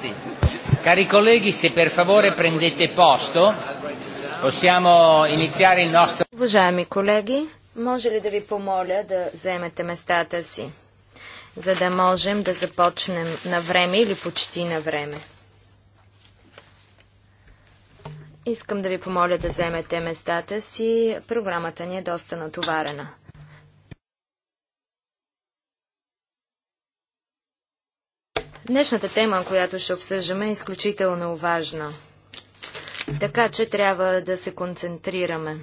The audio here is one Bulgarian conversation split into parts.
Grazie. Cari colleghi, se per favore prendete posto, possiamo iniziare il nostro... Уважаеми колеги, може ли да ви помоля да заемете местата си, за да можем да започнем на време или почти на време? Искам да ви помоля да заемете местата си. Програмата ни е доста натоварена. Днешната тема, която ще обсъждаме, е изключително важна. Така че трябва да се концентрираме.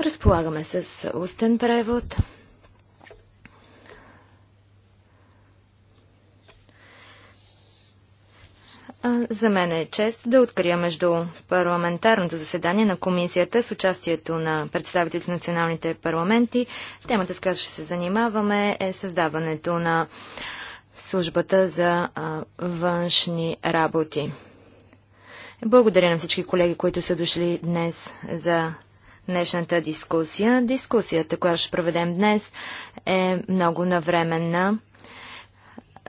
Разполагаме с устен превод. За мен е чест да открия между парламентарното заседание на комисията с участието на представители в националните парламенти. Темата, с която ще се занимаваме, е създаването на службата за външни работи. Благодаря на всички колеги, които са дошли днес за днешната дискусия. Дискусията, която ще проведем днес, е много навременна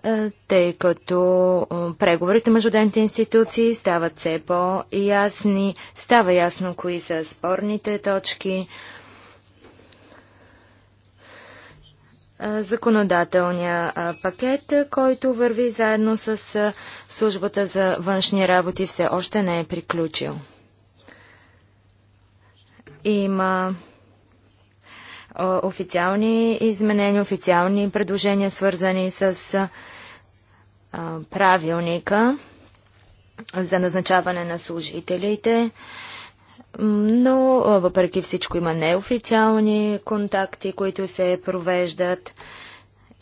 е, тъй като е, преговорите между двете институции стават все по-ясни, става ясно кои са спорните точки. Е, законодателния пакет, който върви заедно с службата за външни работи, все още не е приключил. Има официални изменения, официални предложения, свързани с правилника за назначаване на служителите, но въпреки всичко има неофициални контакти, които се провеждат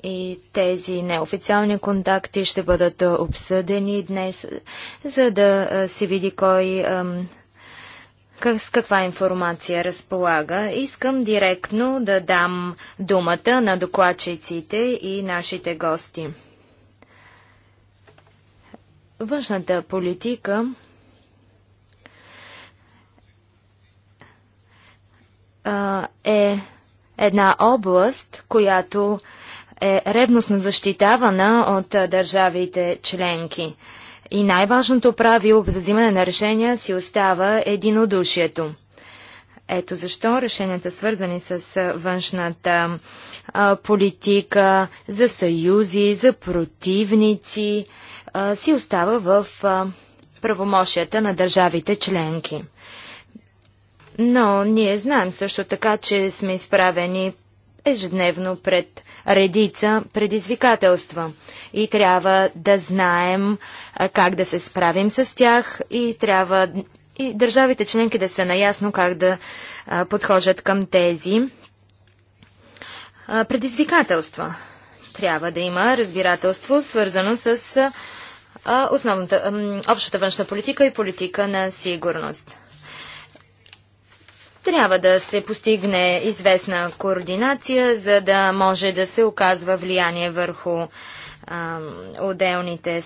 и тези неофициални контакти ще бъдат обсъдени днес, за да се види кой с каква информация разполага. Искам директно да дам думата на докладчиците и нашите гости. Външната политика е една област, която е ревностно защитавана от държавите членки. И най-важното правило за взимане на решения си остава единодушието. Ето защо решенията, свързани с външната политика, за съюзи, за противници, си остава в правомощията на държавите членки. Но ние знаем също така, че сме изправени ежедневно пред редица предизвикателства и трябва да знаем как да се справим с тях и трябва и държавите членки да са наясно как да подхожат към тези предизвикателства. Трябва да има разбирателство, свързано с основната, общата външна политика и политика на сигурност. Трябва да се постигне известна координация, за да може да се оказва влияние върху а, отделните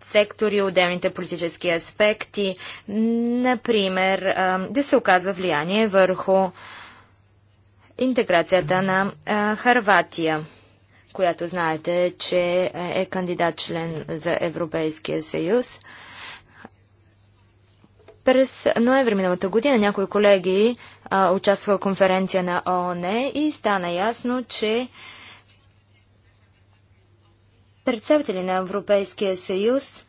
сектори, отделните политически аспекти. Например, а, да се оказва влияние върху интеграцията на а, Харватия която знаете, че е кандидат член за Европейския съюз. През ноември миналата година някои колеги а, участваха в конференция на ООН и стана ясно, че представители на Европейския съюз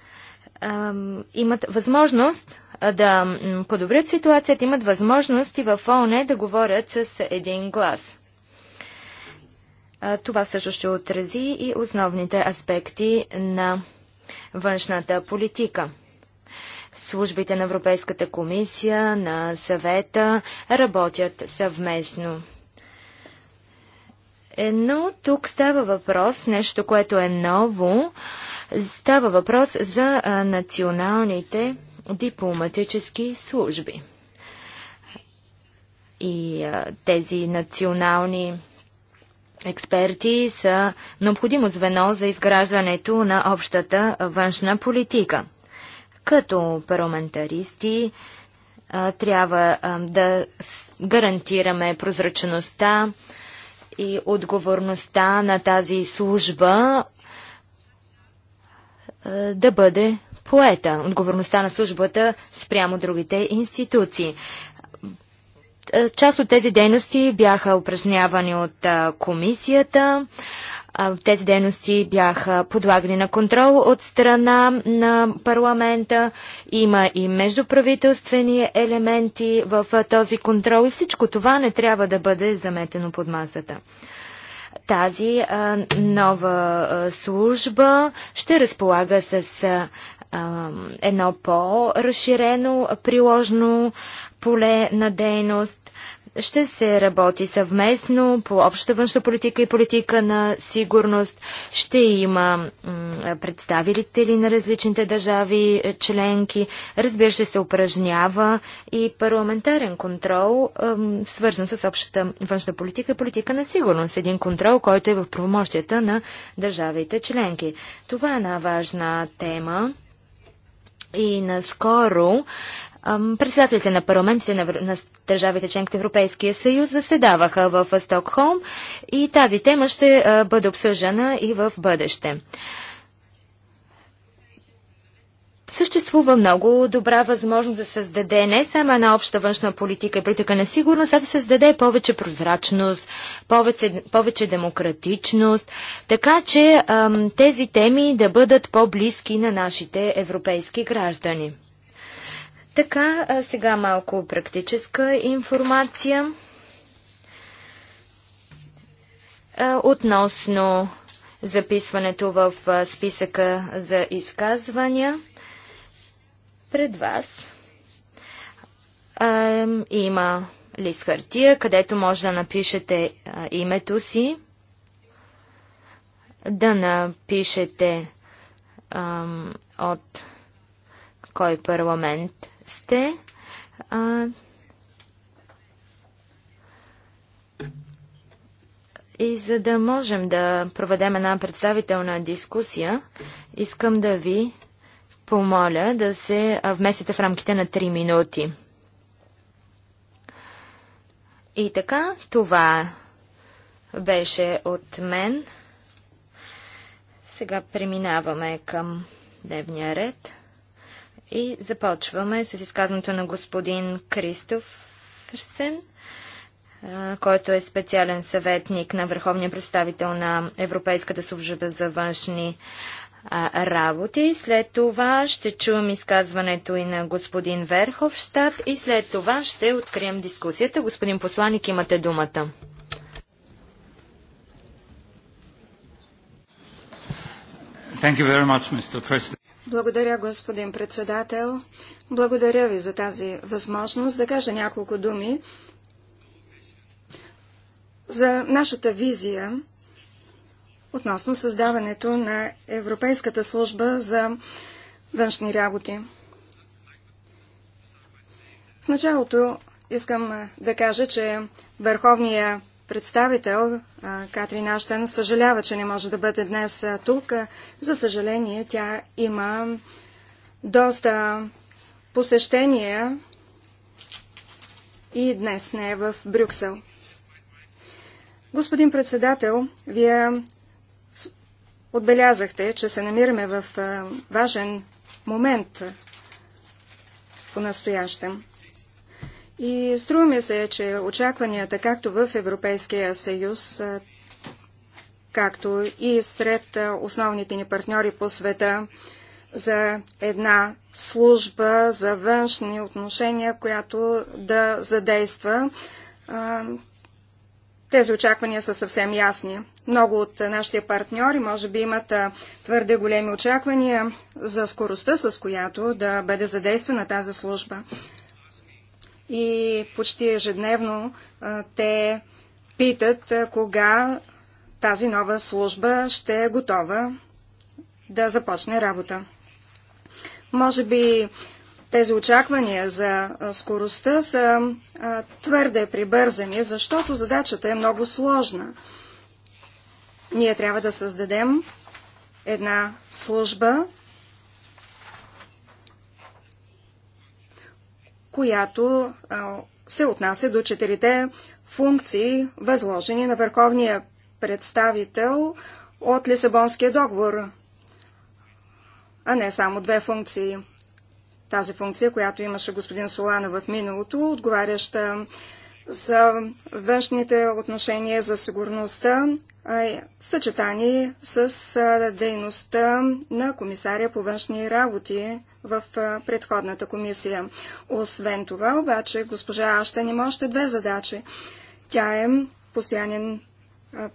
а, имат възможност да подобрят ситуацията, имат възможности в ООН да говорят с един глас. Това също ще отрази и основните аспекти на външната политика. Службите на Европейската комисия, на съвета работят съвместно. Но тук става въпрос, нещо, което е ново, става въпрос за националните дипломатически служби. И тези национални експерти са необходимо звено за изграждането на общата външна политика. Като парламентаристи трябва да гарантираме прозрачността и отговорността на тази служба да бъде поета. Отговорността на службата спрямо другите институции. Е, част от тези дейности бяха упражнявани от е, комисията. Е, тези дейности бяха подлагани на контрол от страна на парламента. Има и междуправителствени елементи в този контрол и всичко това не трябва да бъде заметено под масата. Тази нова служба ще разполага с едно по-разширено приложно поле на дейност. Ще се работи съвместно по общата външна политика и политика на сигурност. Ще има представители на различните държави е, членки. Разбира се, се упражнява и парламентарен контрол, свързан с общата външна политика и политика на сигурност. Един контрол, който е в правомощията на държавите членки. Това е една важна тема. И наскоро председателите на парламентите на, на държавите членки Европейския съюз заседаваха в Стокхолм и тази тема ще бъде обсъждана и в бъдеще съществува много добра възможност да създаде не само една обща външна политика и политика на сигурност, а да създаде повече прозрачност, повече, повече демократичност, така че ам, тези теми да бъдат по-близки на нашите европейски граждани. Така, а сега малко практическа информация а, относно записването в списъка за изказвания. Пред вас има лист хартия, където може да напишете името си, да напишете от кой парламент сте. и за да можем да проведем една представителна дискусия, искам да ви помоля да се вместите в рамките на 3 минути. И така, това беше от мен. Сега преминаваме към дневния ред и започваме с изказването на господин Кристоф Ферсен, който е специален съветник на Върховния представител на Европейската служба за външни работи. След това ще чуем изказването и на господин Верховщад и след това ще открием дискусията. Господин посланик, имате думата. Much, Благодаря, господин председател. Благодаря ви за тази възможност да кажа няколко думи за нашата визия относно създаването на Европейската служба за външни работи. В началото искам да кажа, че върховният представител Катрин Аштен съжалява, че не може да бъде днес тук. За съжаление, тя има доста посещения и днес не е в Брюксел. Господин председател, вие Отбелязахте, че се намираме в важен момент по-настоящем. И струва ми се, че очакванията както в Европейския съюз, както и сред основните ни партньори по света за една служба за външни отношения, която да задейства тези очаквания са съвсем ясни. Много от нашите партньори може би имат твърде големи очаквания за скоростта, с която да бъде задействана тази служба. И почти ежедневно те питат кога тази нова служба ще е готова да започне работа. Може би тези очаквания за скоростта са твърде прибързани, защото задачата е много сложна. Ние трябва да създадем една служба, която се отнася до четирите функции, възложени на върховния представител от Лисабонския договор, а не само две функции тази функция, която имаше господин Солана в миналото, отговаряща за външните отношения за сигурността, съчетани с дейността на комисаря по външни работи в предходната комисия. Освен това, обаче, госпожа Аща, има още две задачи. Тя е постоянен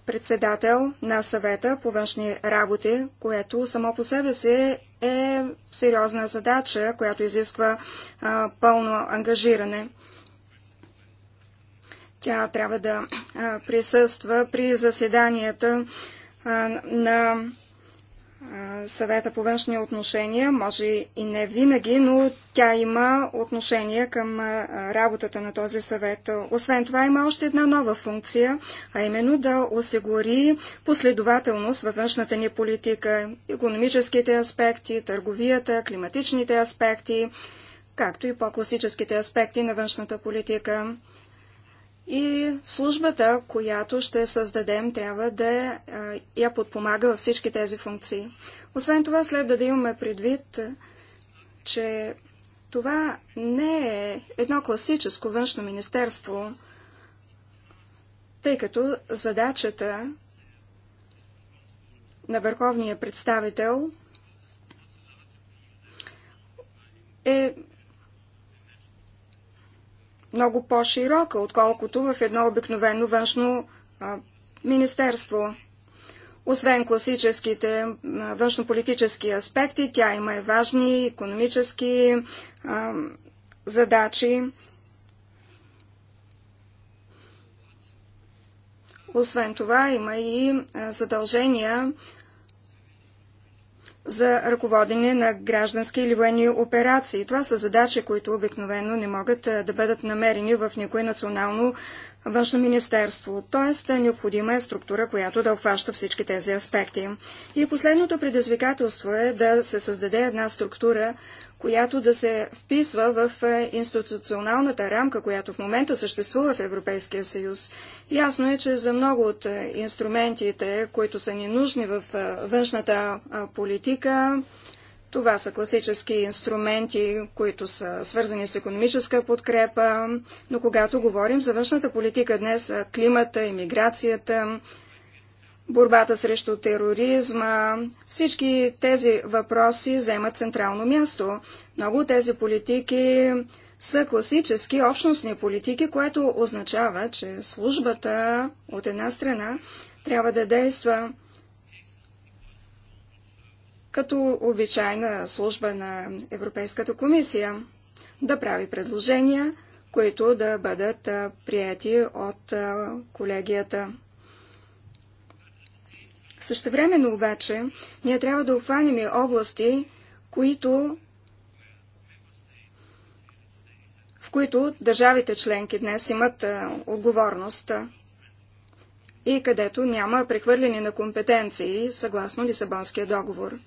председател на съвета по външни работи, което само по себе си е е сериозна задача, която изисква а, пълно ангажиране. Тя трябва да а, присъства при заседанията а, на съвета по външни отношения, може и не винаги, но тя има отношение към работата на този съвет. Освен това има още една нова функция, а именно да осигури последователност във външната ни политика, економическите аспекти, търговията, климатичните аспекти, както и по-класическите аспекти на външната политика. И службата, която ще създадем, трябва да е, я подпомага във всички тези функции. Освен това, следва да имаме предвид, че това не е едно класическо външно министерство, тъй като задачата на върховния представител е много по-широка, отколкото в едно обикновено външно а, министерство. Освен класическите външнополитически аспекти, тя има и важни економически а, задачи. Освен това има и задължения за ръководене на граждански или военни операции. Това са задачи, които обикновено не могат да бъдат намерени в никое национално външно министерство, т.е. необходима е структура, която да обхваща всички тези аспекти. И последното предизвикателство е да се създаде една структура, която да се вписва в е, институционалната рамка, която в момента съществува в Европейския съюз. Ясно е, че за много от е, инструментите, които са ни нужни в е, външната политика, това са класически инструменти, които са свързани с економическа подкрепа, но когато говорим за външната политика днес, климата, иммиграцията, борбата срещу тероризма, всички тези въпроси вземат централно място. Много от тези политики са класически общностни политики, което означава, че службата от една страна трябва да действа като обичайна служба на Европейската комисия, да прави предложения, които да бъдат прияти от колегията. Същевременно обаче, ние трябва да обхванем и области, които, в които държавите членки днес имат отговорност и където няма прехвърляне на компетенции съгласно Лисабонския договор.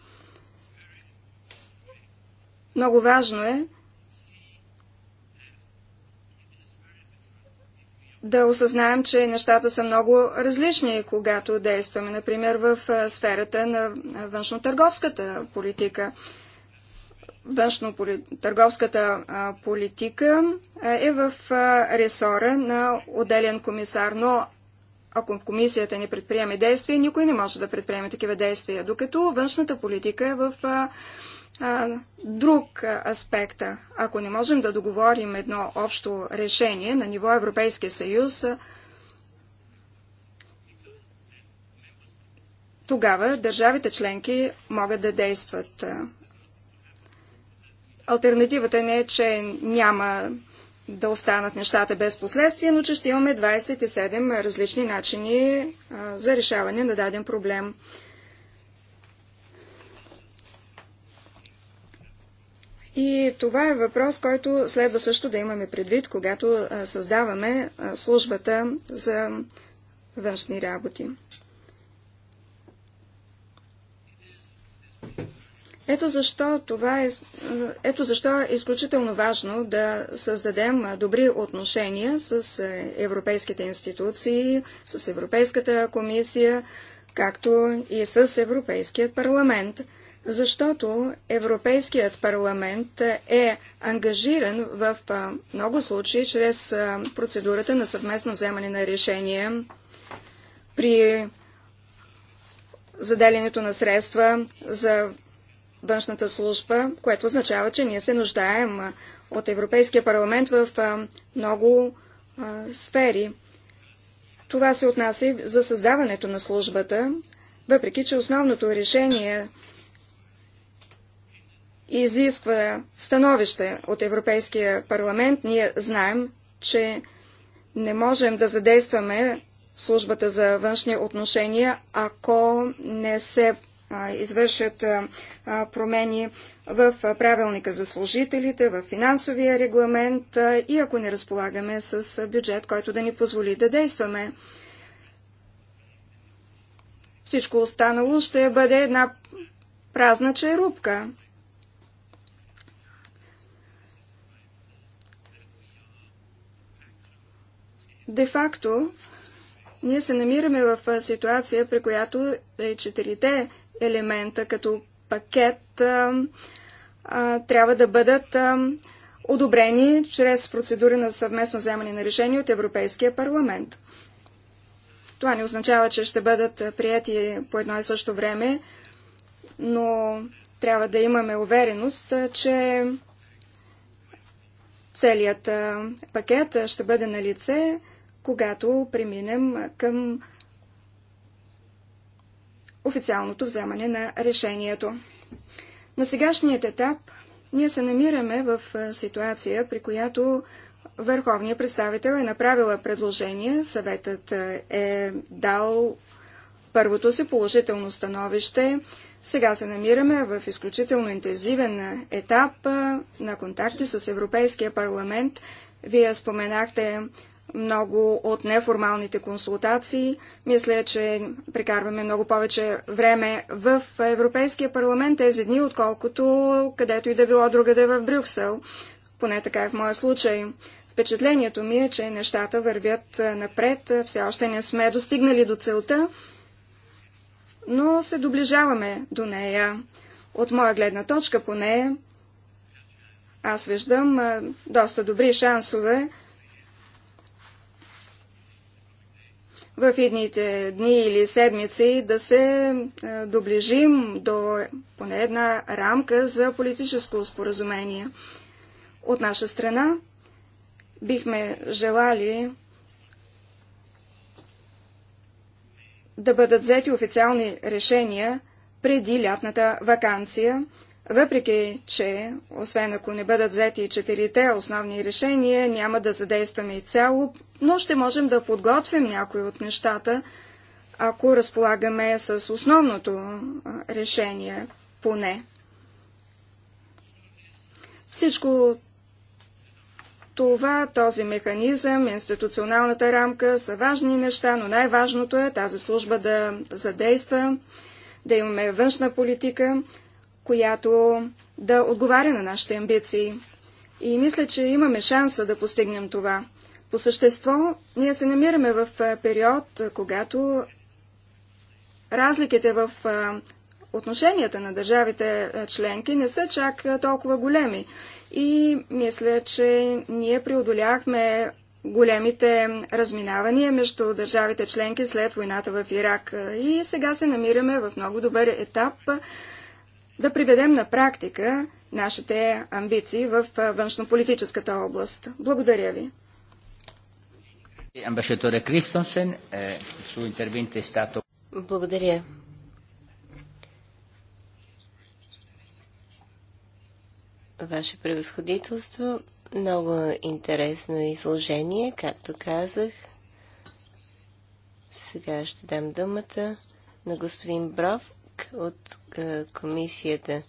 Много важно е да осъзнаем, че нещата са много различни, когато действаме, например, в сферата на външно-търговската политика. Външно-търговската политика е в ресора на отделен комисар, но ако комисията не предприеме действия, никой не може да предприеме такива действия, докато външната политика е в а, друг аспект. Ако не можем да договорим едно общо решение на ниво Европейския съюз, тогава държавите членки могат да действат. Альтернативата не е, че няма да останат нещата без последствия, но че ще имаме 27 различни начини за решаване на даден проблем. И това е въпрос, който следва също да имаме предвид, когато създаваме службата за външни работи. Ето защо, това е, ето защо е изключително важно да създадем добри отношения с европейските институции, с Европейската комисия, както и с Европейският парламент – защото Европейският парламент е ангажиран в много случаи чрез процедурата на съвместно вземане на решения при заделянето на средства за външната служба, което означава, че ние се нуждаем от Европейския парламент в много сфери. Това се отнася и за създаването на службата, въпреки че основното решение изисква становище от Европейския парламент, ние знаем, че не можем да задействаме службата за външни отношения, ако не се извършат промени в правилника за служителите, в финансовия регламент и ако не разполагаме с бюджет, който да ни позволи да действаме. Всичко останало ще бъде една празна черупка. Де-факто, ние се намираме в ситуация, при която е четирите елемента като пакет а, а, трябва да бъдат а, одобрени чрез процедури на съвместно вземане на решение от Европейския парламент. Това не означава, че ще бъдат прияти по едно и също време, но трябва да имаме увереност, че целият пакет ще бъде на лице когато преминем към официалното вземане на решението. На сегашният етап ние се намираме в ситуация, при която Върховният представител е направила предложение, съветът е дал първото си положително становище. Сега се намираме в изключително интензивен етап на контакти с Европейския парламент. Вие споменахте много от неформалните консултации. Мисля, че прекарваме много повече време в Европейския парламент тези дни, отколкото където и да било другаде в Брюксел. Поне така е в моя случай. Впечатлението ми е, че нещата вървят напред. Все още не сме достигнали до целта, но се доближаваме до нея. От моя гледна точка поне аз виждам доста добри шансове в едните дни или седмици да се е, доближим до поне една рамка за политическо споразумение. От наша страна бихме желали да бъдат взети официални решения преди лятната вакансия, въпреки, че, освен ако не бъдат взети и четирите основни решения, няма да задействаме изцяло, но ще можем да подготвим някои от нещата, ако разполагаме с основното решение, поне. Всичко това, този механизъм, институционалната рамка са важни неща, но най-важното е тази служба да задейства, да имаме външна политика, която да отговаря на нашите амбиции. И мисля, че имаме шанса да постигнем това. По същество, ние се намираме в период, когато разликите в отношенията на държавите членки не са чак толкова големи. И мисля, че ние преодоляхме големите разминавания между държавите членки след войната в Ирак. И сега се намираме в много добър етап да приведем на практика нашите амбиции в външнополитическата област. Благодаря ви. Амбасадоре Кристонсен, су стато... Благодаря. Ваше превъзходителство, много интересно изложение, както казах. Сега ще дам думата на господин Бров пак от е, Комисията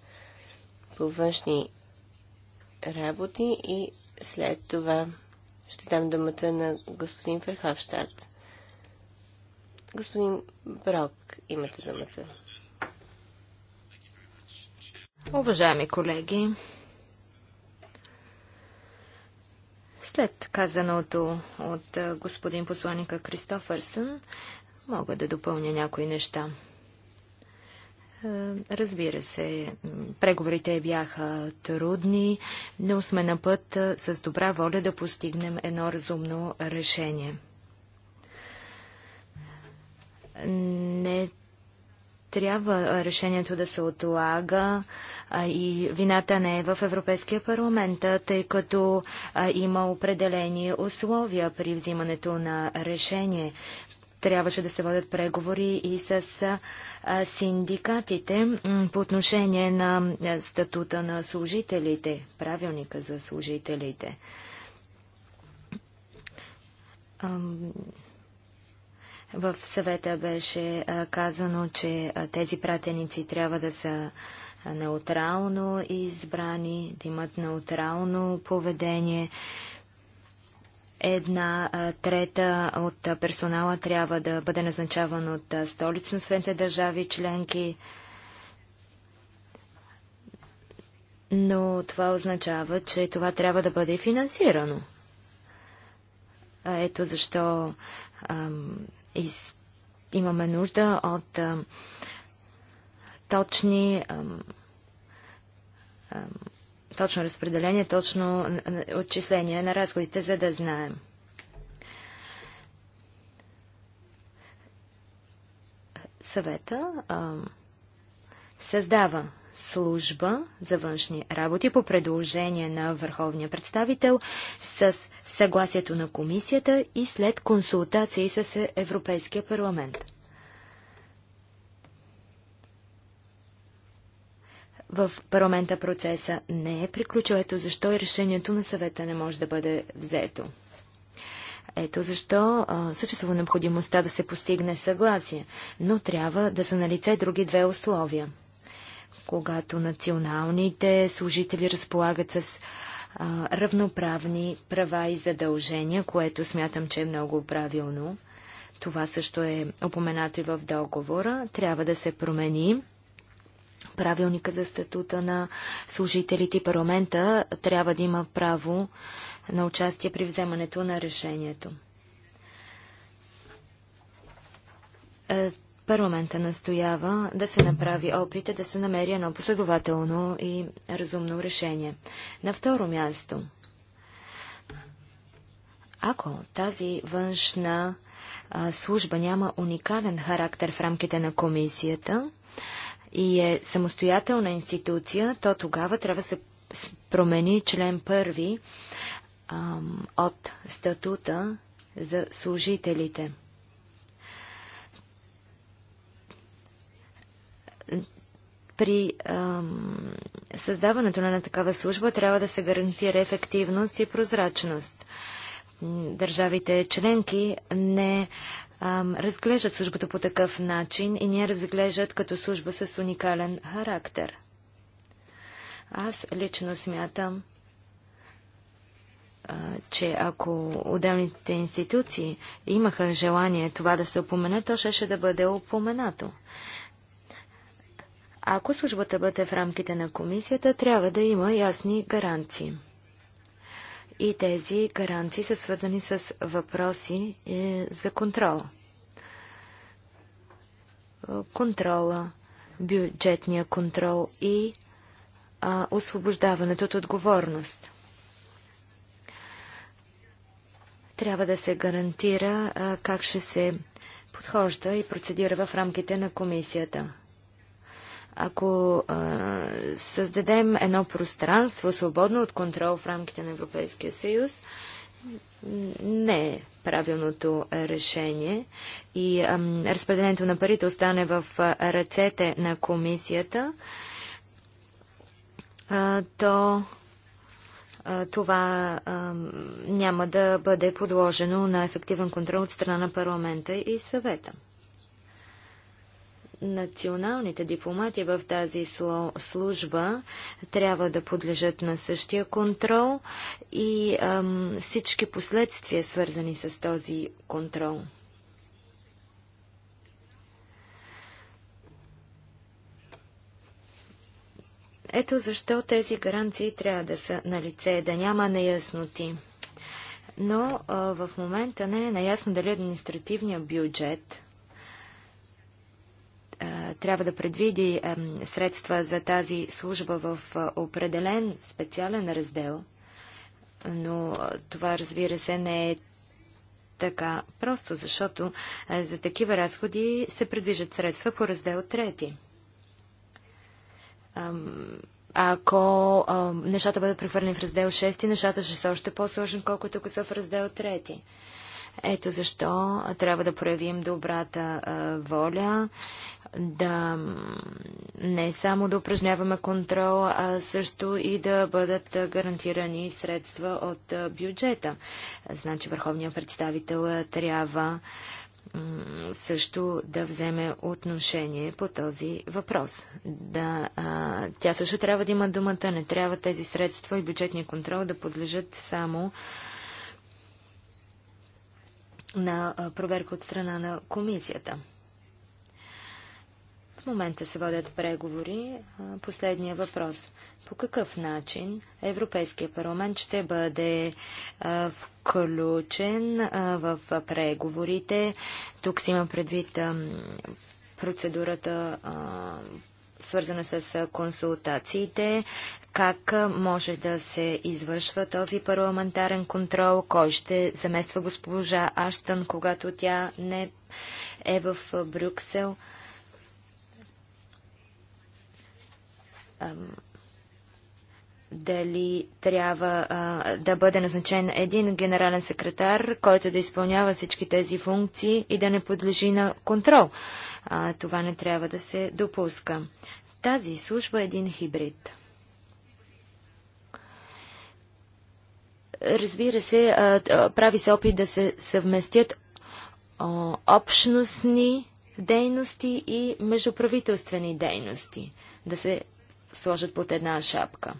по външни работи и след това ще дам думата на господин Ферховщад. Господин Брок, имате думата. Уважаеми колеги, след казаното от е, господин посланика Кристофърсън, мога да допълня някои неща. Е, разбира се, преговорите бяха трудни, но сме на път е, с добра воля да постигнем едно разумно решение. Не трябва решението да се отлага а, и вината не е в Европейския парламент, тъй като има определени условия при взимането на решение трябваше да се водят преговори и с синдикатите по отношение на статута на служителите, правилника за служителите. В съвета беше казано, че тези пратеници трябва да са неутрално избрани, да имат неутрално поведение Една трета от персонала трябва да бъде назначаван от столици на своите държави членки. Но това означава, че това трябва да бъде финансирано. Ето защо ам, из, имаме нужда от ам, точни ам, ам, точно разпределение, точно отчисление на разходите, за да знаем. Съвета а, създава служба за външни работи по предложение на върховния представител с съгласието на комисията и след консултации с Европейския парламент. в парламента процеса не е приключил. Ето защо и решението на съвета не може да бъде взето. Ето защо съществува необходимостта да се постигне съгласие, но трябва да са налице други две условия. Когато националните служители разполагат с а, равноправни права и задължения, което смятам, че е много правилно, това също е опоменато и в договора, трябва да се промени правилника за статута на служителите и парламента трябва да има право на участие при вземането на решението. Е, парламента настоява да се направи опит да се намери едно последователно и разумно решение. На второ място, ако тази външна служба няма уникален характер в рамките на комисията, и е самостоятелна институция, то тогава трябва да се промени член първи ам, от статута за служителите. При ам, създаването на такава служба трябва да се гарантира ефективност и прозрачност. Държавите членки не разглеждат службата по такъв начин и ние разглеждат като служба с уникален характер. Аз лично смятам, че ако отделните институции имаха желание това да се упомене, то ще, ще да бъде упоменато. Ако службата бъде в рамките на комисията, трябва да има ясни гаранции. И тези гаранции са свързани с въпроси е, за контрола. Контрола, бюджетния контрол и а, освобождаването от отговорност. Трябва да се гарантира а, как ще се подхожда и процедира в рамките на комисията. Ако а, създадем едно пространство, свободно от контрол в рамките на Европейския съюз, не е правилното решение и а, разпределението на парите остане в ръцете на комисията, а, то това а, няма да бъде подложено на ефективен контрол от страна на парламента и съвета. Националните дипломати в тази служба трябва да подлежат на същия контрол и ам, всички последствия, свързани с този контрол. Ето защо тези гаранции трябва да са на лице, да няма неясноти. Но а, в момента не е наясно дали административният бюджет трябва да предвиди средства за тази служба в определен специален раздел, но това разбира се не е така просто, защото за такива разходи се предвижат средства по раздел трети. Ако а, нещата бъдат прехвърлени в раздел 6, нещата ще са още по-сложни, колкото са в раздел 3. Ето защо трябва да проявим добрата а, воля да не само да упражняваме контрол, а също и да бъдат гарантирани средства от бюджета. Значи върховният представител трябва също да вземе отношение по този въпрос. Да, а, тя също трябва да има думата, не трябва тези средства и бюджетния контрол да подлежат само на проверка от страна на комисията момента се водят преговори. Последния въпрос. По какъв начин Европейския парламент ще бъде включен в преговорите? Тук си има предвид процедурата свързана с консултациите, как може да се извършва този парламентарен контрол, кой ще замества госпожа Аштън, когато тя не е в Брюксел. дали трябва а, да бъде назначен един генерален секретар, който да изпълнява всички тези функции и да не подлежи на контрол. А, това не трябва да се допуска. Тази служба е един хибрид. Разбира се, а, прави се опит да се съвместят а, общностни дейности и междуправителствени дейности. Да се сложат под една шапка.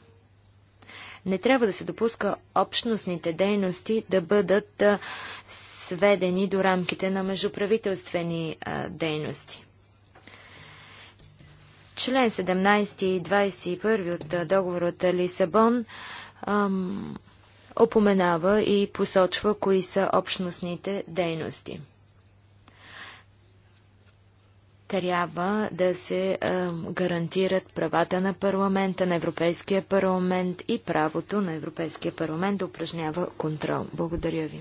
Не трябва да се допуска общностните дейности да бъдат сведени до рамките на междуправителствени дейности. Член 17 и 21 от а, договор от Лисабон ам, опоменава и посочва кои са общностните дейности трябва да се гарантират правата на парламента, на Европейския парламент и правото на Европейския парламент да упражнява контрол. Благодаря ви.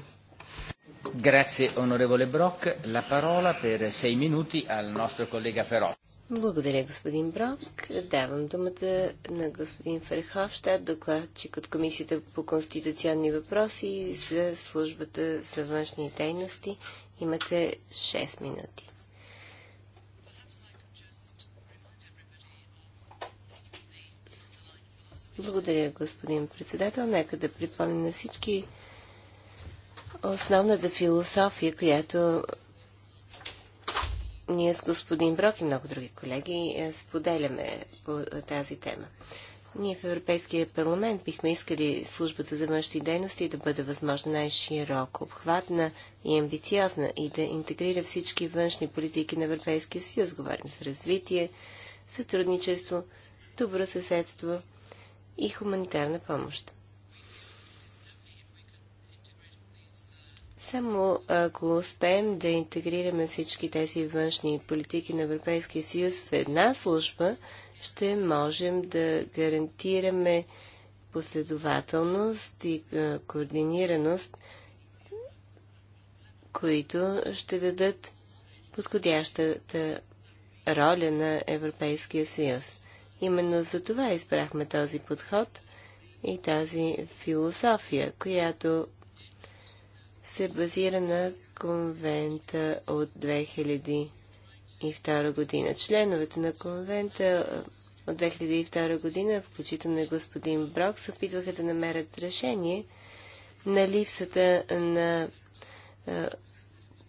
Благодаря, господин Брок. Давам думата на господин Ферховщад, докладчик от Комисията по конституционни въпроси за службата за външни дейности. Имате 6 минути. Благодаря, господин председател. Нека да припомня на всички основната философия, която ние с господин Брок и много други колеги е, споделяме по е, тази тема. Ние в Европейския парламент бихме искали службата за външни дейности да бъде възможно най-широко обхватна и амбициозна и да интегрира всички външни политики на Европейския съюз. Говорим за развитие, сътрудничество, добро съседство – и хуманитарна помощ. Само ако успеем да интегрираме всички тези външни политики на Европейския съюз в една служба, ще можем да гарантираме последователност и координираност, които ще дадат подходящата роля на Европейския съюз. Именно за това избрахме този подход и тази философия, която се базира на конвента от 2002 година. Членовете на конвента от 2002 година, включително и господин Брок, се опитваха да намерят решение на липсата на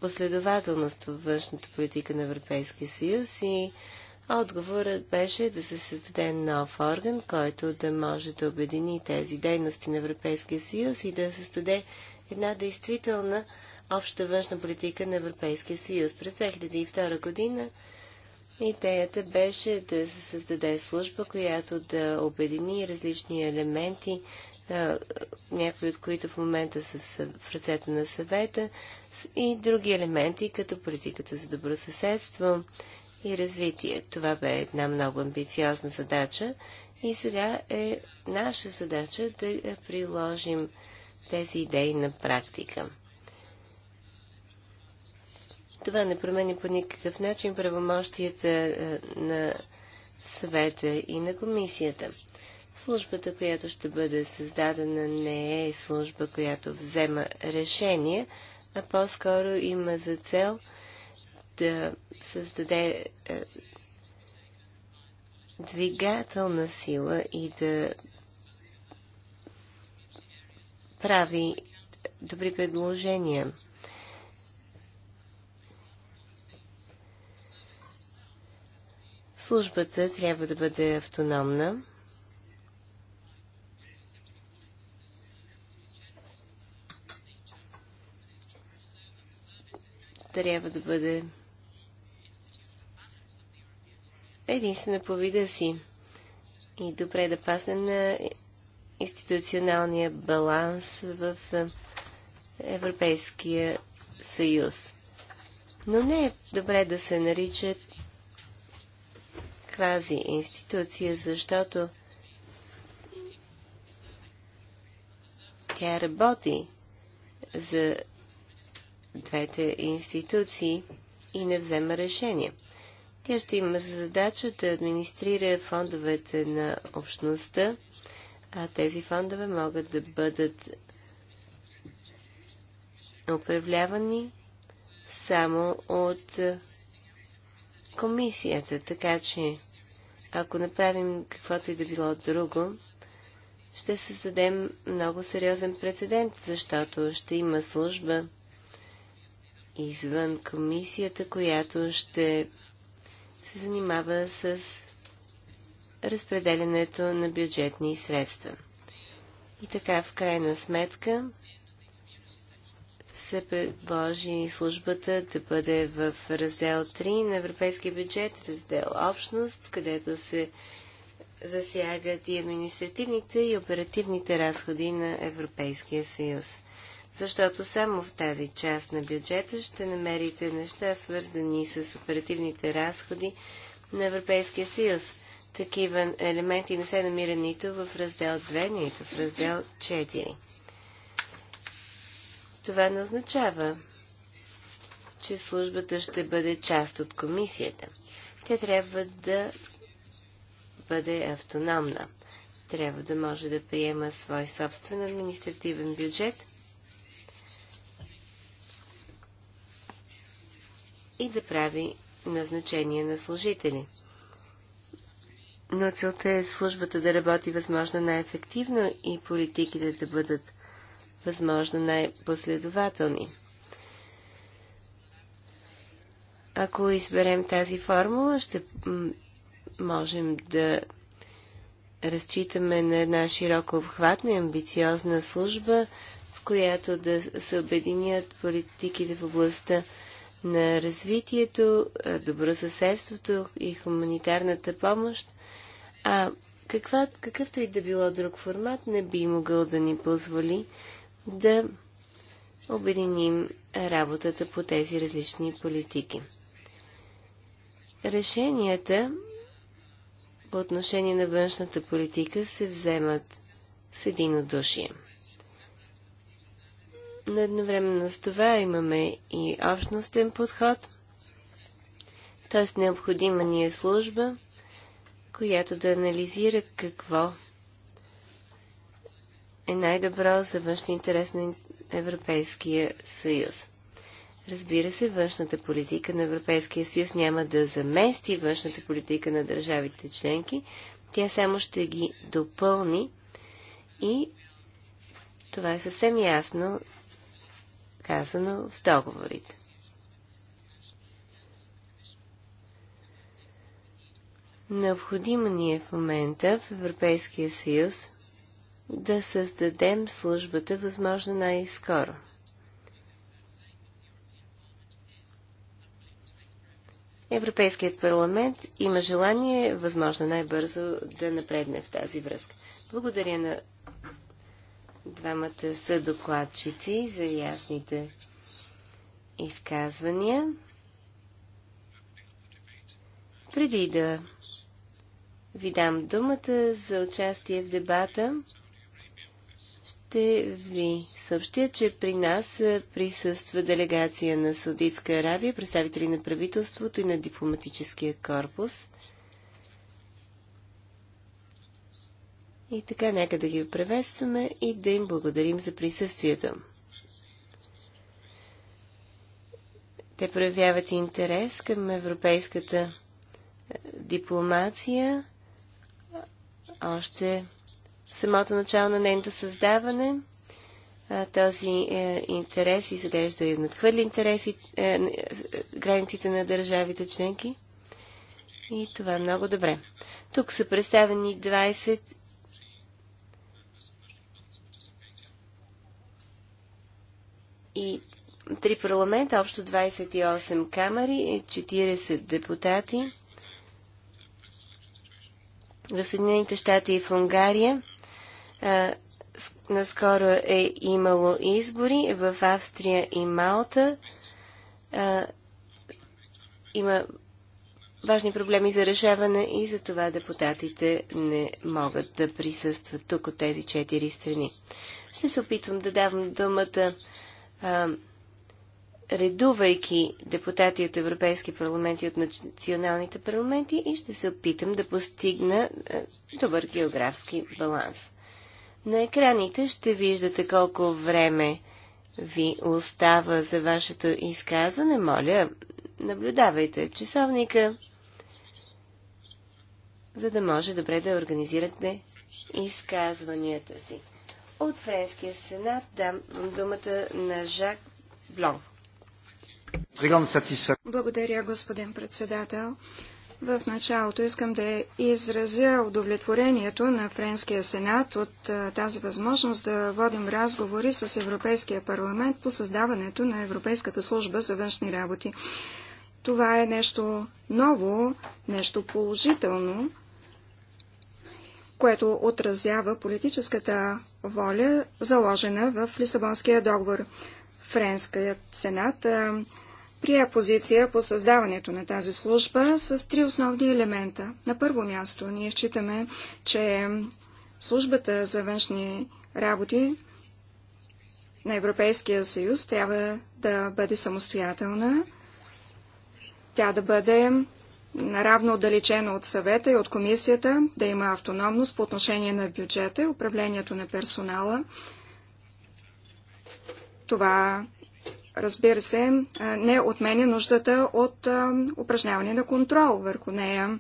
последователност във външната политика на Европейския съюз и Отговорът беше да се създаде нов орган, който да може да обедини тези дейности на Европейския съюз и да създаде една действителна обща външна политика на Европейския съюз. През 2002 година идеята беше да се създаде служба, която да обедини различни елементи, някои от които в момента са в ръцете на съвета, и други елементи, като политиката за добросъседство, и развитие. Това бе една много амбициозна задача и сега е наша задача да приложим тези идеи на практика. Това не променя по никакъв начин правомощията е, на съвета и на комисията. Службата, която ще бъде създадена, не е служба, която взема решения, а по-скоро има за цел – да създаде е, двигателна сила и да прави добри предложения. Службата трябва да бъде автономна. Трябва да бъде Единствено по вида си. И добре да пасне на институционалния баланс в Европейския съюз. Но не е добре да се нарича квази институция, защото тя работи за двете институции и не взема решения. Тя ще има за задача да администрира фондовете на общността, а тези фондове могат да бъдат управлявани само от комисията. Така че, ако направим каквото и да било друго, ще създадем много сериозен прецедент, защото ще има служба извън комисията, която ще се занимава с разпределянето на бюджетни средства. И така, в крайна сметка, се предложи службата да бъде в раздел 3 на европейския бюджет, раздел Общност, където се засягат и административните и оперативните разходи на Европейския съюз защото само в тази част на бюджета ще намерите неща, свързани с оперативните разходи на Европейския съюз. Такива елементи не се намира нито в раздел 2, нито в раздел 4. Това не означава, че службата ще бъде част от комисията. Тя трябва да бъде автономна. Трябва да може да приема свой собствен административен бюджет и да прави назначение на служители. Но целта е службата да работи възможно най-ефективно и политиките да бъдат възможно най-последователни. Ако изберем тази формула, ще можем да разчитаме на една широко обхватна и амбициозна служба, в която да се обединят политиките в областта на развитието, добросъседството и хуманитарната помощ, а каква, какъвто и да било друг формат не би могъл да ни позволи да обединим работата по тези различни политики. Решенията по отношение на външната политика се вземат с единодушие но едновременно с това имаме и общностен подход, т.е. необходима ни е служба, която да анализира какво е най-добро за външния интерес на Европейския съюз. Разбира се, външната политика на Европейския съюз няма да замести външната политика на държавите членки, тя само ще ги допълни и това е съвсем ясно казано в договорите. Необходимо ни е в момента в Европейския съюз да създадем службата възможно най-скоро. Европейският парламент има желание възможно най-бързо да напредне в тази връзка. Благодаря на двамата са докладчици за ясните изказвания. Преди да ви дам думата за участие в дебата, ще ви съобщя, че при нас присъства делегация на Саудитска Арабия, представители на правителството и на дипломатическия корпус – И така, нека да ги приветстваме и да им благодарим за присъствието. Те проявяват интерес към европейската е, дипломация още в самото начало на нейното създаване. Този е, интерес изглежда и надхвърли интереси, е, границите на държавите членки. И това е много добре. Тук са представени 20 и три парламента, общо 28 камери, 40 депутати. В Съединените щати и в Унгария а, наскоро е имало избори. В Австрия и Малта а, има важни проблеми за решаване и за това депутатите не могат да присъстват тук от тези четири страни. Ще се опитвам да давам думата а, редувайки депутати от Европейски парламент и от националните парламенти и ще се опитам да постигна а, добър географски баланс. На екраните ще виждате колко време ви остава за вашето изказване. Моля, наблюдавайте часовника, за да може добре да организирате изказванията си. От Френския сенат дам думата на Жак Блон. Благодаря, господин председател. В началото искам да изразя удовлетворението на Френския сенат от тази възможност да водим разговори с Европейския парламент по създаването на Европейската служба за външни работи. Това е нещо ново, нещо положително, което отразява политическата воля, заложена в Лисабонския договор. Френският сенат а, прие позиция по създаването на тази служба с три основни елемента. На първо място ние считаме, че службата за външни работи на Европейския съюз трябва да бъде самостоятелна, тя да бъде наравно отдалечено от съвета и от комисията, да има автономност по отношение на бюджета и управлението на персонала. Това, разбира се, не отменя нуждата от упражняване на контрол върху нея.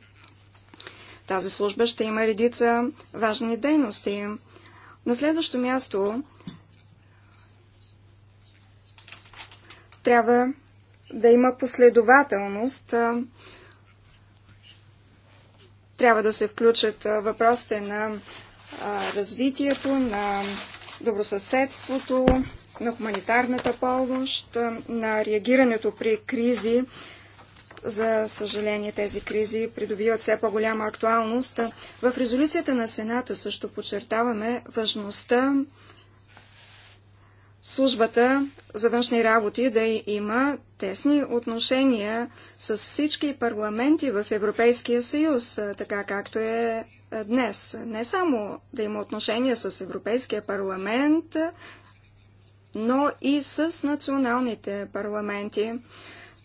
Тази служба ще има редица важни дейности. На следващо място трябва да има последователност трябва да се включат въпросите на развитието, на добросъседството, на хуманитарната помощ, на реагирането при кризи. За съжаление, тези кризи придобиват все по-голяма актуалност. В резолюцията на Сената също подчертаваме важността службата за външни работи да има тесни отношения с всички парламенти в Европейския съюз, така както е днес. Не само да има отношения с Европейския парламент, но и с националните парламенти,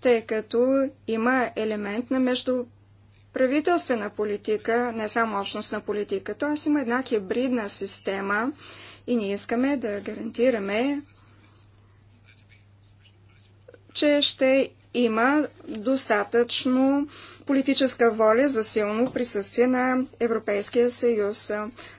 тъй като има елемент на между правителствена политика, не само общностна политика. Тоест има една хибридна система и ние искаме да гарантираме че ще има достатъчно политическа воля за силно присъствие на Европейския съюз.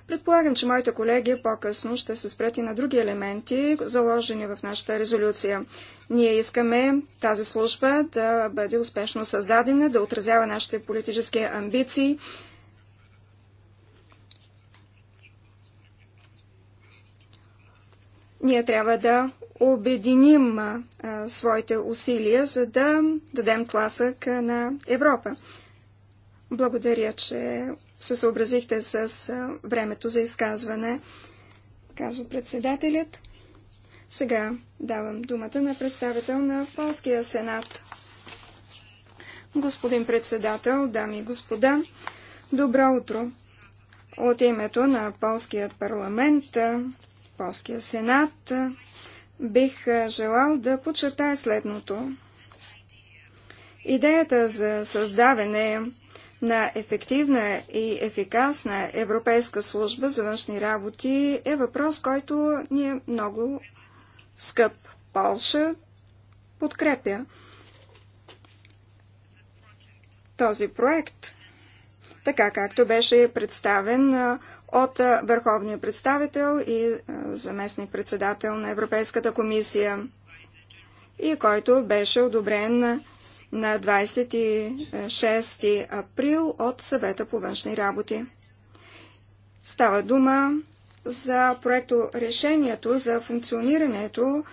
Предполагам, че моите колеги по-късно ще се спрети на други елементи, заложени в нашата резолюция. Ние искаме тази служба да бъде успешно създадена, да отразява нашите политически амбиции. Ние трябва да обединим а, своите усилия, за да дадем тласък на Европа. Благодаря, че се съобразихте с а, времето за изказване, казва председателят. Сега давам думата на представител на Полския сенат. Господин председател, дами и господа, добро утро! От името на Полският парламент, Полския сенат, бих желал да подчертая следното. Идеята за създаване на ефективна и ефикасна Европейска служба за външни работи е въпрос, който ни е много скъп. Полша подкрепя този проект, така както беше представен от върховния представител и заместник-председател на Европейската комисия и който беше одобрен на 26 април от съвета по външни работи. Става дума за проекто решението за функционирането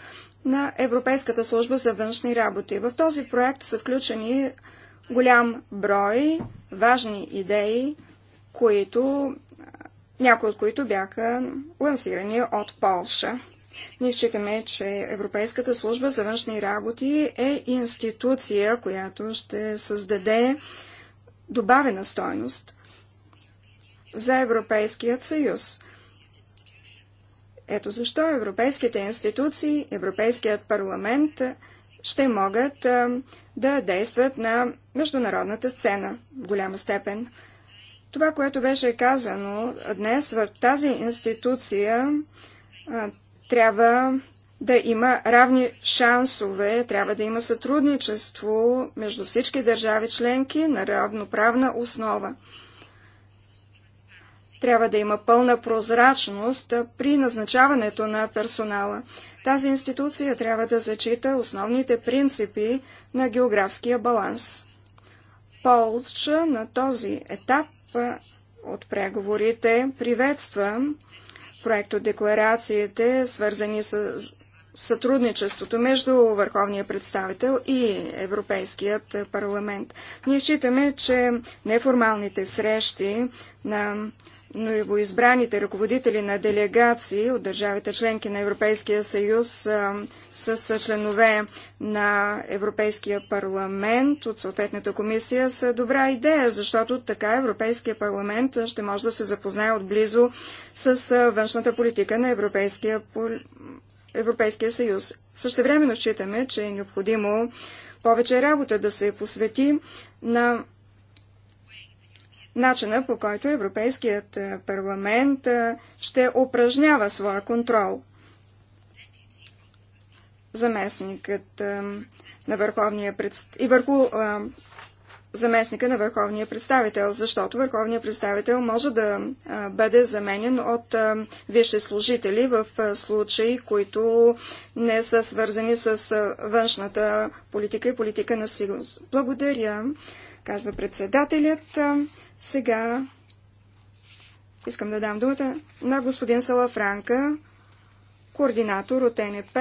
на Европейската служба за външни работи. В този проект са включени голям брой важни идеи, които някои от които бяха лансирани от Полша. Ние считаме, че Европейската служба за външни работи е институция, която ще създаде добавена стойност за Европейският съюз. Ето защо европейските институции, Европейският парламент ще могат да действат на международната сцена в голяма степен. Това, което беше казано днес в тази институция, трябва да има равни шансове, трябва да има сътрудничество между всички държави членки на равноправна основа. Трябва да има пълна прозрачност при назначаването на персонала. Тази институция трябва да зачита основните принципи на географския баланс. Полча на този етап от преговорите. Приветствам проекто декларациите, свързани с сътрудничеството между Върховния представител и Европейският парламент. Ние считаме, че неформалните срещи на но и избраните ръководители на делегации от държавите членки на Европейския съюз с членове на Европейския парламент от съответната комисия са добра идея, защото така Европейския парламент ще може да се запознае отблизо с външната политика на Европейския, Европейския съюз. времено считаме, че е необходимо повече работа да се посвети на начина по който Европейският е, парламент е, ще упражнява своя контрол. Заместникът е, на върховния и върху заместника на върховния представител, защото върховният представител може да бъде заменен от висши служители в случаи, които не са свързани с външната политика и политика на сигурност. Благодаря, казва председателят. Сега искам да дам думата на господин Салафранка, координатор от НЕП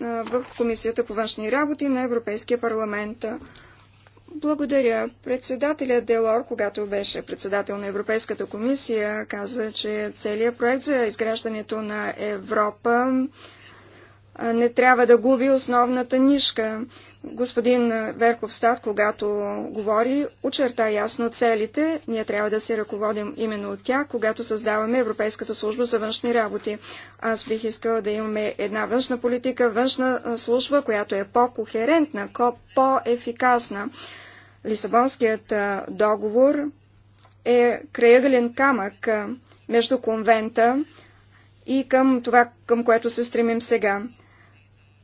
в Комисията по външни работи на Европейския парламент. Благодаря. Председателя Делор, когато беше председател на Европейската комисия, каза, че целият проект за изграждането на Европа не трябва да губи основната нишка. Господин Верков Стат, когато говори, очерта ясно целите. Ние трябва да се ръководим именно от тях, когато създаваме Европейската служба за външни работи. Аз бих искал да имаме една външна политика, външна служба, която е по-кохерентна, по-ефикасна. Лисабонският договор е краягален камък между конвента и към това, към което се стремим сега.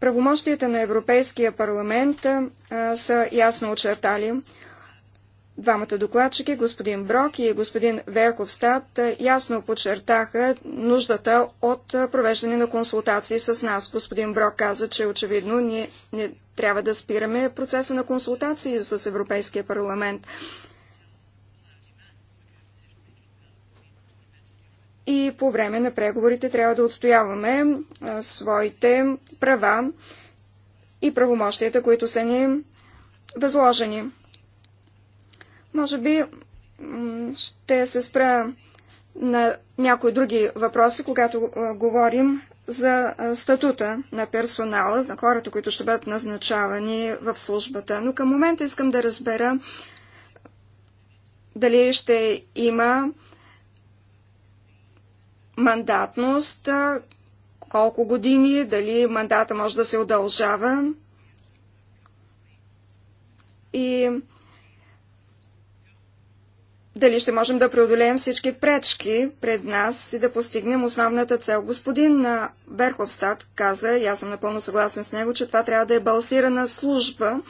Правомощията на Европейския парламент а, са ясно очертали. Двамата докладчики, господин Брок и господин Верковстат, ясно подчертаха нуждата от провеждане на консултации с нас. Господин Брок каза, че очевидно ние не трябва да спираме процеса на консултации с Европейския парламент. и по време на преговорите трябва да отстояваме а, своите права и правомощията, които са ни възложени. Може би ще се спра на някои други въпроси, когато а, говорим за статута на персонала, на хората, които ще бъдат назначавани в службата. Но към момента искам да разбера дали ще има мандатност, колко години, дали мандата може да се удължава. И дали ще можем да преодолеем всички пречки пред нас и да постигнем основната цел. Господин Верховстат каза, и аз съм напълно съгласен с него, че това трябва да е балансирана служба,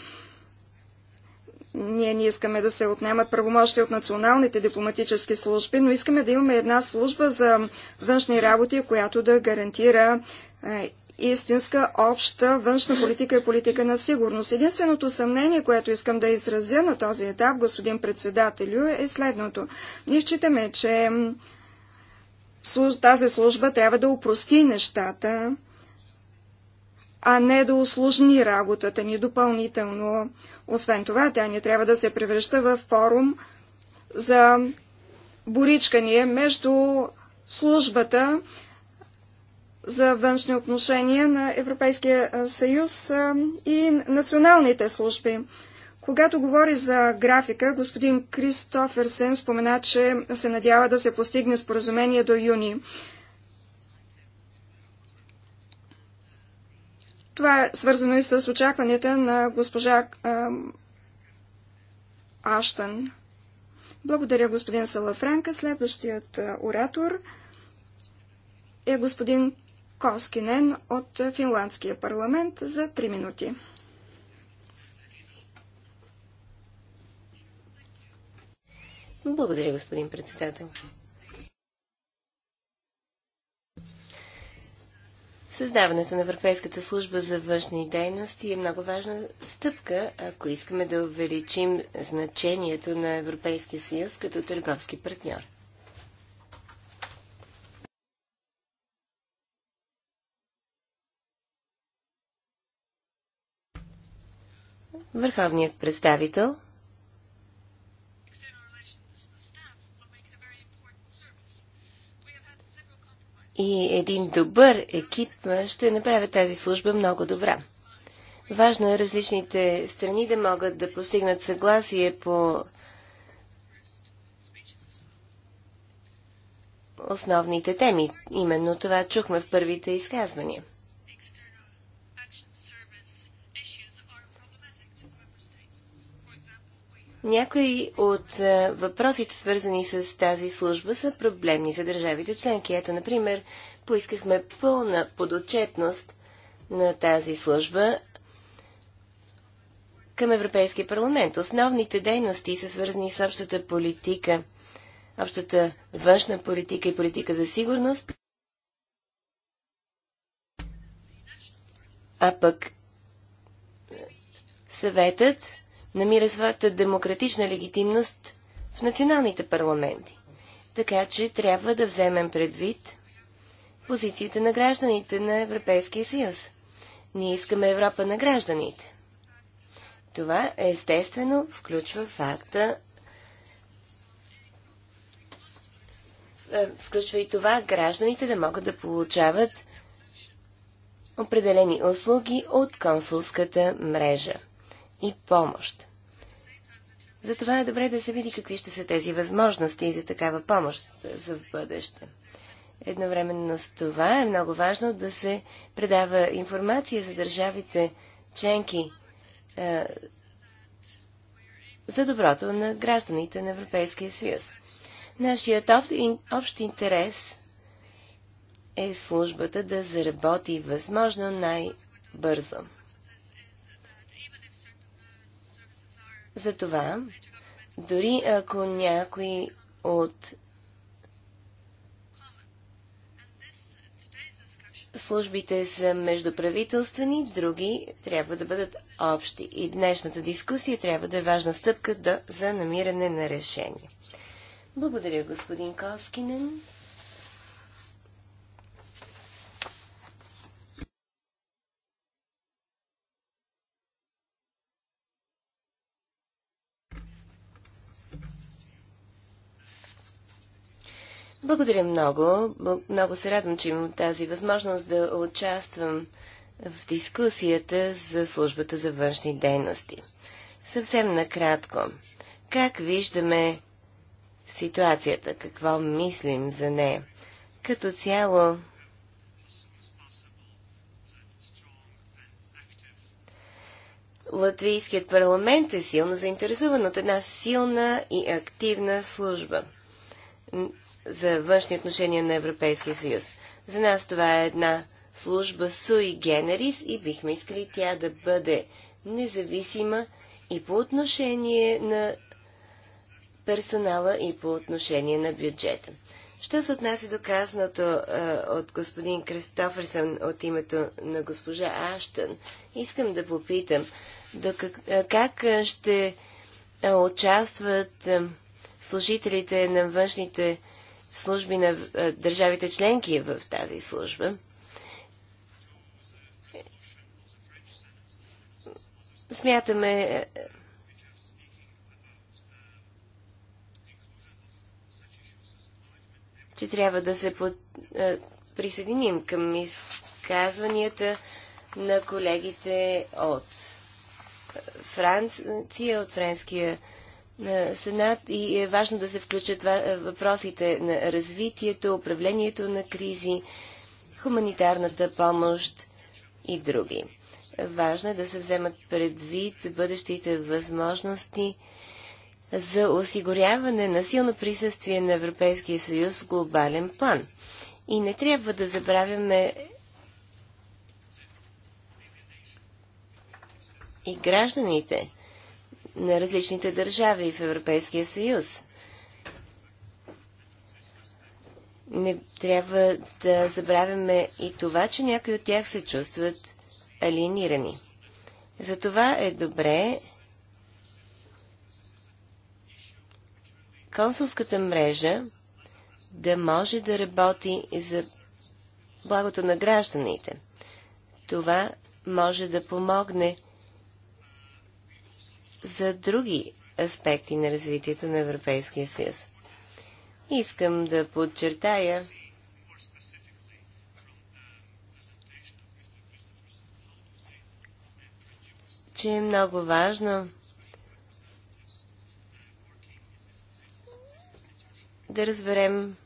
ние не искаме да се отнемат правомощи от националните дипломатически служби, но искаме да имаме една служба за външни работи, която да гарантира е, истинска обща външна политика и политика на сигурност. Единственото съмнение, което искам да изразя на този етап, господин председателю, е следното. Ние считаме, че тази служба трябва да упрости нещата, а не да усложни работата ни допълнително. Освен това, тя не трябва да се превръща в форум за боричкание между службата за външни отношения на Европейския съюз и националните служби. Когато говори за графика, господин Кристоферсен спомена, че се надява да се постигне споразумение до юни. Това е свързано и с очакванията на госпожа Аштън. Благодаря, господин Салафранка. Следващият оратор е господин Коскинен от Финландския парламент за 3 минути. Благодаря, господин председател. Създаването на Европейската служба за външни дейности е много важна стъпка, ако искаме да увеличим значението на Европейския съюз като търговски партньор. Върховният представител – и един добър екип ще направят тази служба много добра. Важно е различните страни да могат да постигнат съгласие по основните теми. Именно това чухме в първите изказвания. Някои от е, въпросите, свързани с тази служба, са проблемни за държавите членки. Ето, например, поискахме пълна подотчетност на тази служба към Европейския парламент. Основните дейности са свързани с общата политика, общата външна политика и политика за сигурност, а пък е, съветът намира своята демократична легитимност в националните парламенти. Така че трябва да вземем предвид позициите на гражданите на Европейския съюз. Ние искаме Европа на гражданите. Това естествено включва факта е, включва и това гражданите да могат да получават определени услуги от консулската мрежа и помощ. Затова е добре да се види какви ще са тези възможности за такава помощ за в бъдеще. Едновременно с това е много важно да се предава информация за държавите членки е, за доброто на гражданите на Европейския съюз. Нашият общ интерес е службата да заработи възможно най-бързо. Затова, дори ако някой от службите са междуправителствени, други трябва да бъдат общи. И днешната дискусия трябва да е важна стъпка да, за намиране на решение. Благодаря, господин Коскинен. Благодаря много. Много се радвам, че имам тази възможност да участвам в дискусията за службата за външни дейности. Съвсем накратко. Как виждаме ситуацията? Какво мислим за нея? Като цяло, Латвийският парламент е силно заинтересован от една силна и активна служба за външни отношения на Европейския съюз. За нас това е една служба Суи Генерис и бихме искали тя да бъде независима и по отношение на персонала и по отношение на бюджета. Що се отнася до казаното а, от господин Кристоферсън от името на госпожа Аштън, искам да попитам до как, а, как ще а, участват а, служителите на външните служби на държавите членки в тази служба. Смятаме, че трябва да се под, присъединим към изказванията на колегите от Франция, от Френския на Сенат и е важно да се включат е, въпросите на развитието, управлението на кризи, хуманитарната помощ и други. Важно е да се вземат предвид бъдещите възможности за осигуряване на силно присъствие на Европейския съюз в глобален план. И не трябва да забравяме и гражданите, на различните държави в Европейския съюз. Не трябва да забравяме и това, че някои от тях се чувстват алиенирани. Затова е добре консулската мрежа да може да работи за благото на гражданите. Това може да помогне за други аспекти на развитието на Европейския съюз. Искам да подчертая, че е много важно да разберем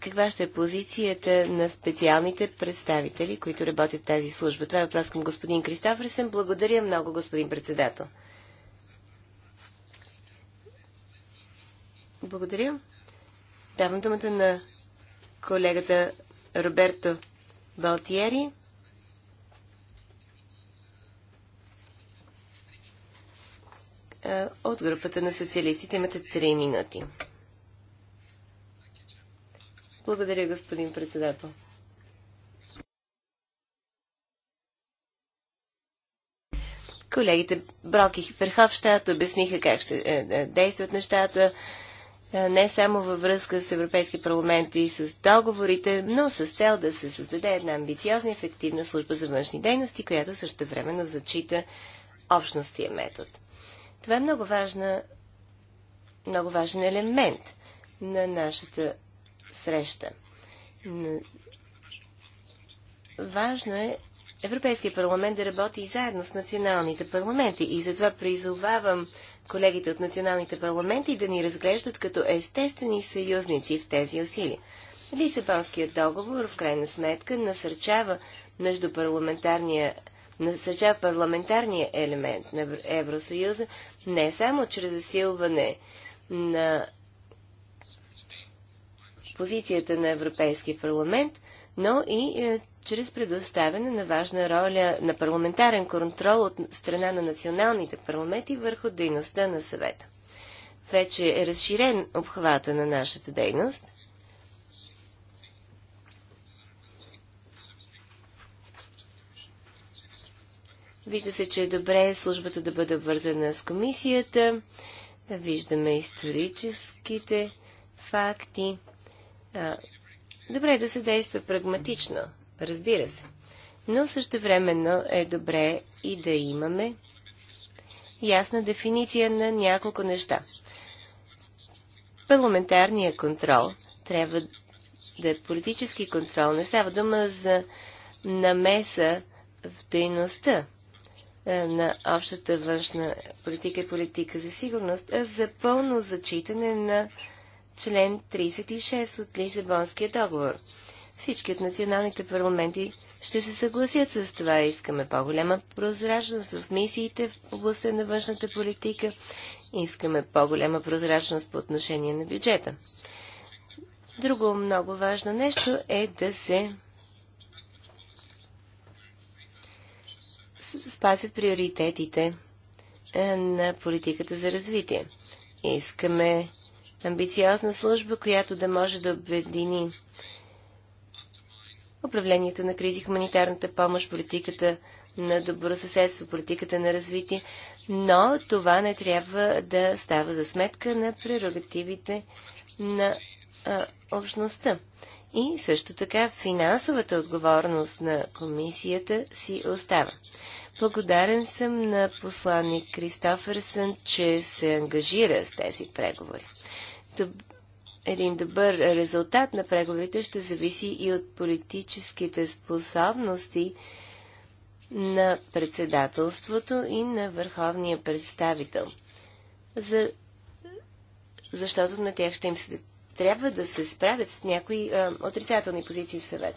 каква ще е позицията на специалните представители, които работят тази служба? Това е въпрос към господин Кристоферсен. Благодаря много, господин председател. Благодаря. Давам думата на колегата Роберто Балтиери. Е, от групата на социалистите имате 3 минути. Благодаря, господин председател. Колегите Броки и Ферховщат обясниха как ще е, е, действат нещата е, не само във връзка с Европейски парламент и с договорите, но с цел да се създаде една амбициозна и ефективна служба за външни дейности, която също времено зачита общностия метод. Това е много, важна, много важен елемент на нашата среща. Важно е Европейския парламент да работи заедно с националните парламенти и затова призовавам колегите от националните парламенти да ни разглеждат като естествени съюзници в тези усилия. Лисабонският договор в крайна сметка насърчава междупарламентарния насърчава парламентарния елемент на Евросъюза не само чрез засилване на позицията на Европейския парламент, но и е, чрез предоставяне на важна роля на парламентарен контрол от страна на националните парламенти върху дейността на съвета. Вече е разширен обхвата на нашата дейност – Вижда се, че е добре службата да бъде вързана с комисията. Виждаме историческите факти. А, добре е да се действа прагматично, разбира се. Но същевременно е добре и да имаме ясна дефиниция на няколко неща. Парламентарният контрол трябва да е политически контрол. Не става дума за намеса в дейността на общата външна политика и политика за сигурност, а за пълно зачитане на член 36 от Лисабонския договор. Всички от националните парламенти ще се съгласят с това. Искаме по-голяма прозрачност в мисиите в областта на външната политика. Искаме по-голяма прозрачност по отношение на бюджета. Друго много важно нещо е да се спасят приоритетите на политиката за развитие. Искаме амбициозна служба, която да може да обедини управлението на кризи, хуманитарната помощ, политиката на добросъседство, политиката на развитие, но това не трябва да става за сметка на прерогативите на а, общността. И също така финансовата отговорност на комисията си остава. Благодарен съм на посланник Кристоферсън, че се ангажира с тези преговори един добър резултат на преговорите ще зависи и от политическите способности на председателството и на върховния представител. За... Защото на тях ще им се трябва да се справят с някои а, отрицателни позиции в съвет.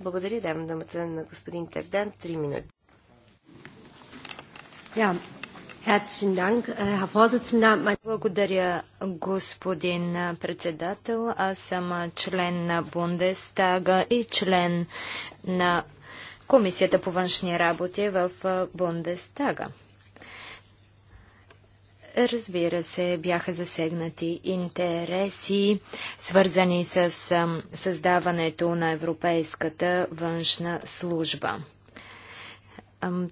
Благодаря. Давам думата на господин Тардан. Три минути. Yeah. Äh, Благодаря, господин председател. Аз съм член на Бундестага и член на Комисията по външни работи в Бундестага. Разбира се, бяха засегнати интереси, свързани с създаването на Европейската външна служба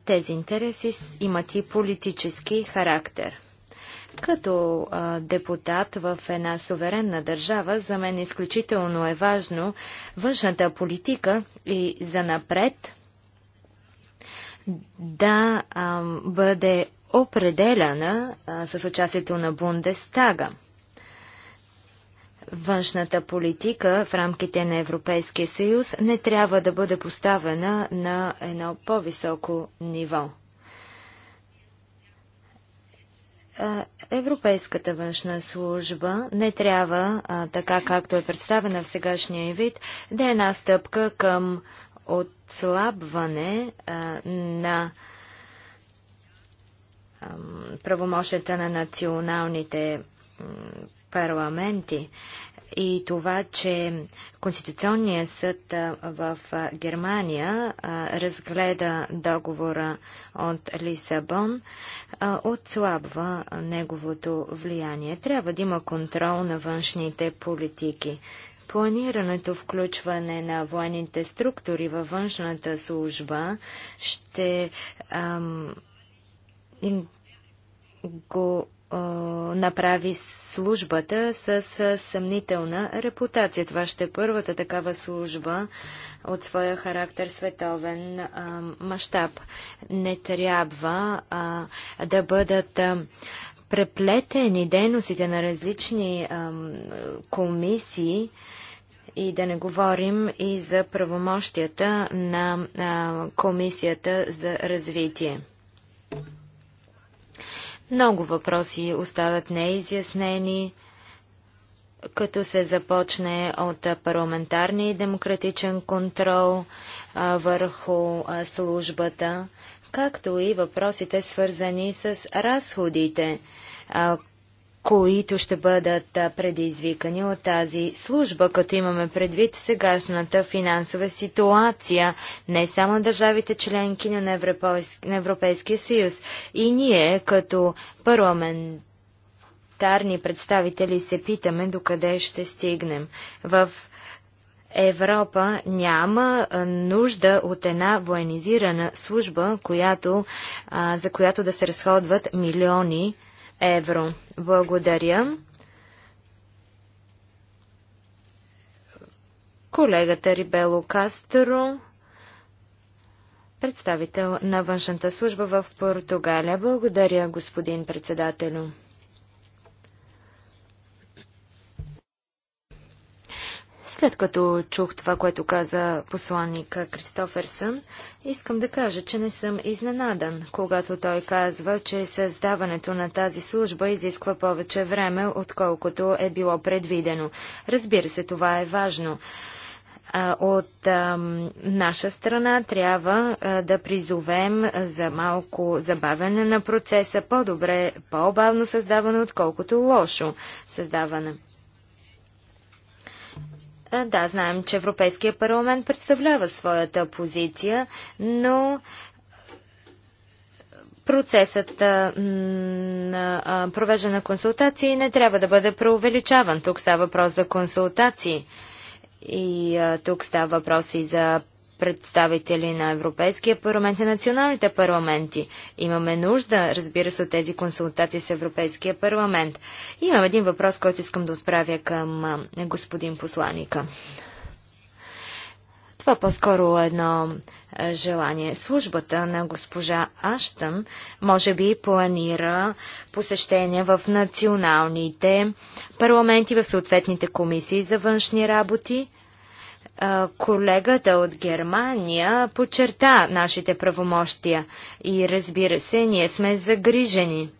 тези интереси имат и политически характер. Като а, депутат в една суверенна държава, за мен изключително е важно външната политика и за напред да а, бъде определена а, с участието на Бундестага. Външната политика в рамките на Европейския съюз не трябва да бъде поставена на едно по-високо ниво. Европейската външна служба не трябва, така както е представена в сегашния вид, да е една стъпка към отслабване на правомощията на националните парламенти и това, че Конституционният съд в Германия разгледа договора от Лисабон, отслабва неговото влияние. Трябва да има контрол на външните политики. Планирането включване на военните структури във външната служба ще ам, го направи службата с съмнителна репутация. Това ще е първата такава служба от своя характер световен мащаб. Не трябва а, да бъдат а, преплетени дейностите на различни а, комисии и да не говорим и за правомощията на Комисията за развитие. Много въпроси остават неизяснени, като се започне от парламентарния и демократичен контрол а, върху а, службата, както и въпросите свързани с разходите, а, които ще бъдат предизвикани от тази служба, като имаме предвид сегашната финансова ситуация не само на държавите членки, но на, Европейски, на Европейския съюз. И ние, като парламентарни представители, се питаме докъде ще стигнем. В Европа няма нужда от една военизирана служба, която, а, за която да се разходват милиони евро. Благодаря. Колегата Рибело Кастро, представител на външната служба в Португалия. Благодаря, господин председателю. След като чух това, което каза посланник Кристоферсън, искам да кажа, че не съм изненадан, когато той казва, че създаването на тази служба изисква повече време, отколкото е било предвидено. Разбира се, това е важно. От а, наша страна трябва а, да призовем за малко забавяне на процеса, по-добре, по-бавно създаване, отколкото лошо създаване. Да, знаем, че Европейския парламент представлява своята позиция, но процесът на провеждане на консултации не трябва да бъде преувеличаван. Тук става въпрос за консултации и тук става въпрос и за представители на Европейския парламент и националните парламенти. Имаме нужда, разбира се, от тези консултации с Европейския парламент. имам един въпрос, който искам да отправя към господин посланика. Това по-скоро е едно желание. Службата на госпожа Аштън може би планира посещения в националните парламенти, в съответните комисии за външни работи колегата от Германия подчерта нашите правомощия и разбира се, ние сме загрижени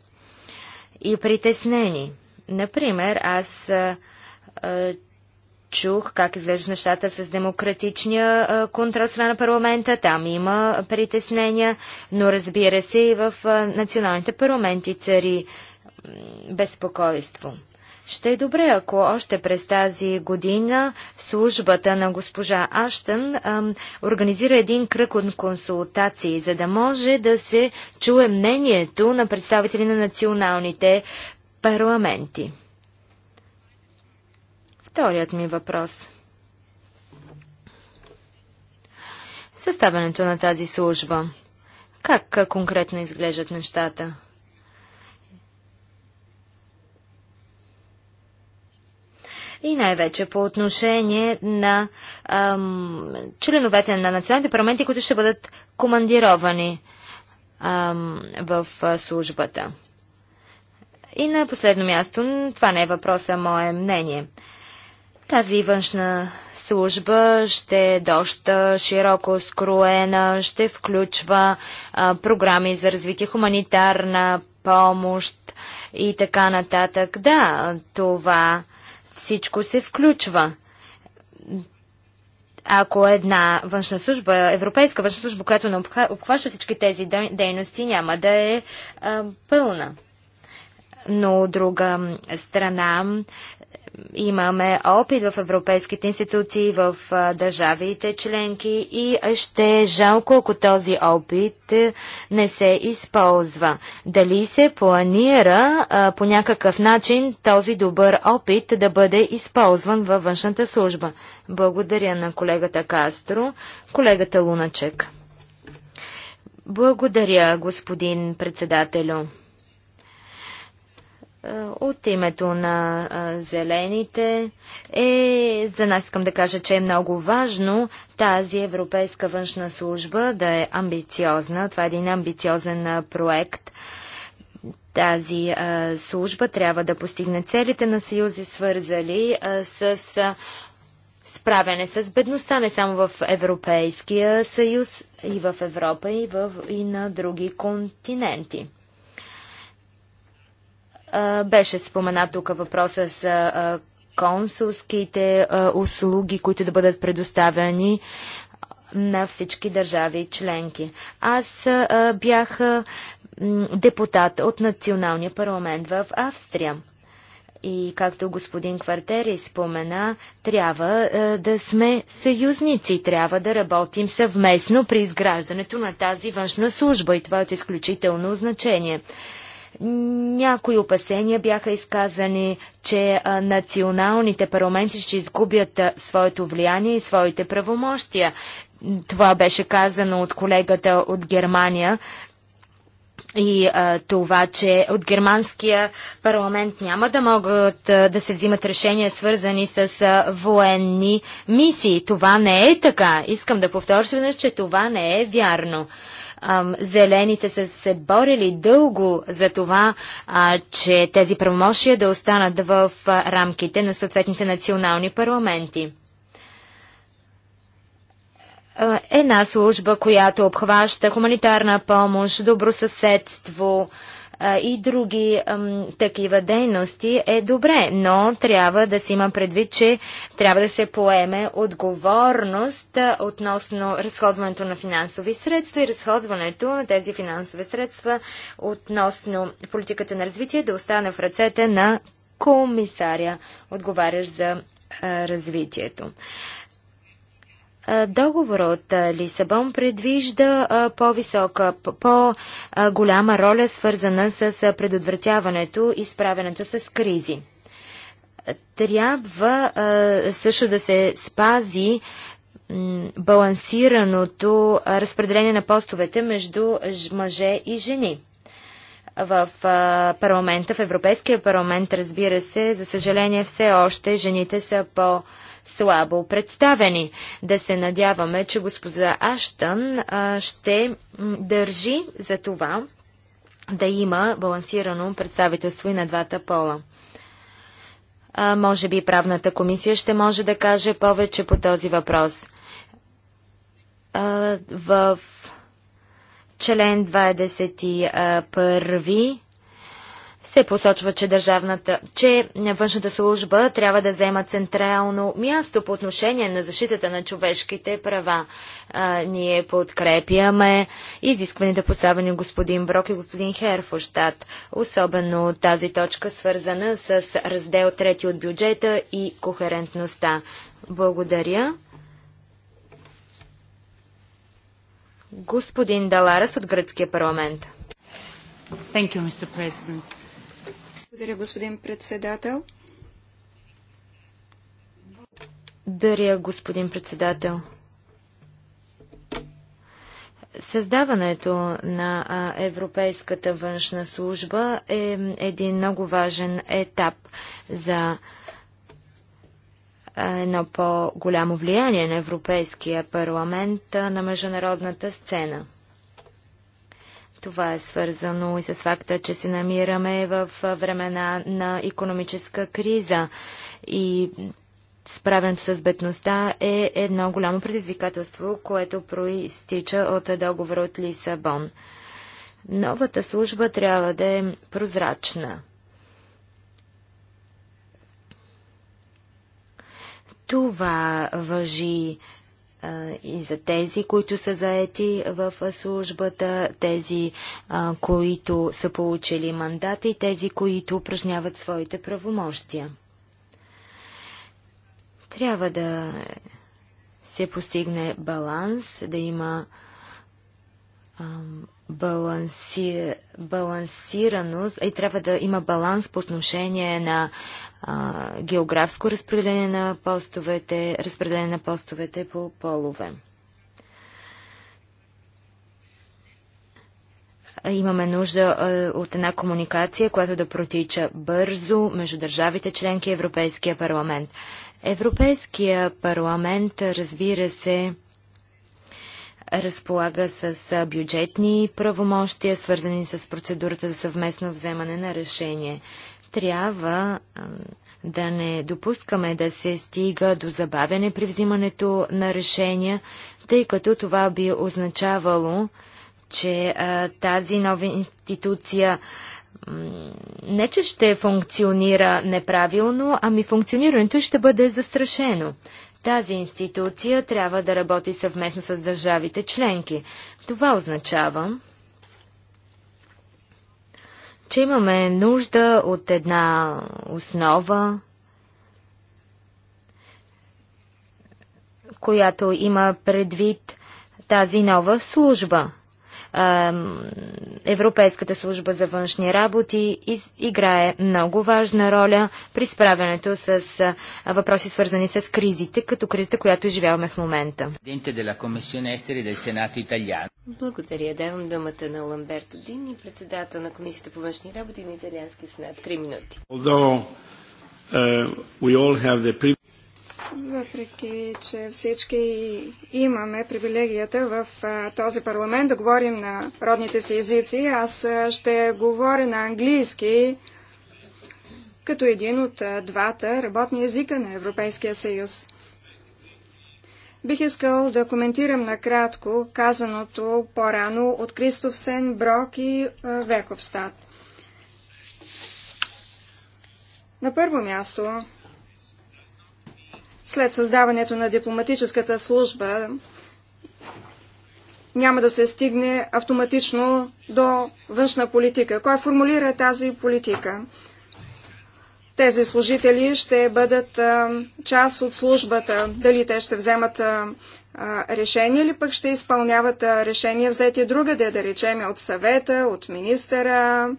и притеснени. Например, аз чух как изглежда нещата с демократичния контрол страна на парламента. Там има притеснения, но разбира се и в националните парламенти цари безпокойство. Ще е добре, ако още през тази година службата на госпожа Аштън ам, организира един кръг от консултации, за да може да се чуе мнението на представители на националните парламенти. Вторият ми въпрос. Съставянето на тази служба. Как конкретно изглеждат нещата? и най-вече по отношение на ам, членовете на националните парламенти, които ще бъдат командировани ам, в службата. И на последно място, това не е въпроса, мое мнение. Тази външна служба ще е доста широко скроена, ще включва а, програми за развитие, хуманитарна помощ и така нататък. Да, това всичко се включва. Ако една външна служба, европейска външна служба, която обхваща всички тези дейности, няма да е а, пълна но от друга страна имаме опит в европейските институции, в държавите членки и ще е жалко, ако този опит е, не се използва. Дали се планира по някакъв начин този добър опит да бъде използван във външната служба? Благодаря на колегата Кастро, колегата Луначек. Благодаря, господин председателю. Е, от името на е, зелените е, за нас искам да кажа, че е много важно тази Европейска външна служба да е амбициозна. Това е един амбициозен е, проект. Тази а, служба трябва да постигне целите на Съюзи, свързали а, с а, справяне с бедността не само в Европейския съюз, и в Европа, и, в, и на други континенти. Беше споменат тук въпроса с консулските услуги, които да бъдат предоставени на всички държави членки. Аз а, бях а, депутат от Националния парламент в Австрия. И както господин Квартери спомена, трябва а, да сме съюзници, трябва да работим съвместно при изграждането на тази външна служба и това е от изключително значение. Някои опасения бяха изказани, че националните парламенти ще изгубят своето влияние и своите правомощия. Това беше казано от колегата от Германия. И а, това, че от германския парламент няма да могат а, да се взимат решения, свързани с а, военни мисии. Това не е така. Искам да повторя, че това не е вярно. Зелените са се борили дълго за това, че тези правомощия да останат в рамките на съответните национални парламенти една служба, която обхваща хуманитарна помощ, добросъседство, и други ам, такива дейности е добре, но трябва да си има предвид, че трябва да се поеме отговорност относно разходването на финансови средства и разходването на тези финансови средства относно политиката на развитие да остане в ръцете на комисаря, отговарящ за а, развитието. Договор от Лисабон предвижда по-висока, по-голяма роля, свързана с предотвратяването и справянето с кризи. Трябва също да се спази балансираното разпределение на постовете между мъже и жени в парламента, в Европейския парламент, разбира се, за съжаление все още жените са по- слабо представени. Да се надяваме, че госпожа Аштън а, ще държи за това да има балансирано представителство и на двата пола. А, може би правната комисия ще може да каже повече по този въпрос. А, в член 21 се посочва, че държавната, че външната служба трябва да взема централно място по отношение на защитата на човешките права. А, ние подкрепяме изискваните поставени господин Брок и господин Херфоштат, особено тази точка свързана с раздел 3 от бюджета и кохерентността. Благодаря. Господин Даларас от Гръцкия парламент. Thank you, Mr. President. Благодаря, господин председател. Благодаря, господин председател. Създаването на Европейската външна служба е един много важен етап за едно по-голямо влияние на Европейския парламент на международната сцена. Това е свързано и с факта, че се намираме в времена на економическа криза и справянето с бедността е едно голямо предизвикателство, което проистича от договора от Лисабон. Новата служба трябва да е прозрачна. Това въжи и за тези, които са заети в службата, тези, които са получили мандата и тези, които упражняват своите правомощия. Трябва да се постигне баланс, да има баланси, балансираност и трябва да има баланс по отношение на а, географско разпределение на постовете, разпределение на постовете по полове. Имаме нужда от една комуникация, която да протича бързо между държавите членки и Европейския парламент. Европейския парламент, разбира се, разполага с бюджетни правомощия, свързани с процедурата за съвместно вземане на решение. Трябва да не допускаме да се стига до забавяне при взимането на решения, тъй като това би означавало, че тази нова институция не че ще функционира неправилно, ами функционирането ще бъде застрашено. Тази институция трябва да работи съвместно с държавите членки. Това означава, че имаме нужда от една основа, която има предвид тази нова служба. Европейската служба за външни работи играе много важна роля при справянето с въпроси свързани с кризите, като кризата, която изживяваме в момента. Благодаря. Давам думата на Ламберто Дин и председател на Комисията по външни работи на Италиански сенат. Три минути. Although, uh, въпреки, че всички имаме привилегията в този парламент да говорим на родните си езици, аз ще говоря на английски като един от двата работни езика на Европейския съюз. Бих искал да коментирам накратко казаното по-рано от Кристофсен, Брок и Вековстад. На първо място, след създаването на дипломатическата служба няма да се стигне автоматично до външна политика. Кой формулира тази политика? Тези служители ще бъдат а, част от службата. Дали те ще вземат а, решение или пък ще изпълняват а, решения взети другаде, да речеме от съвета, от министъра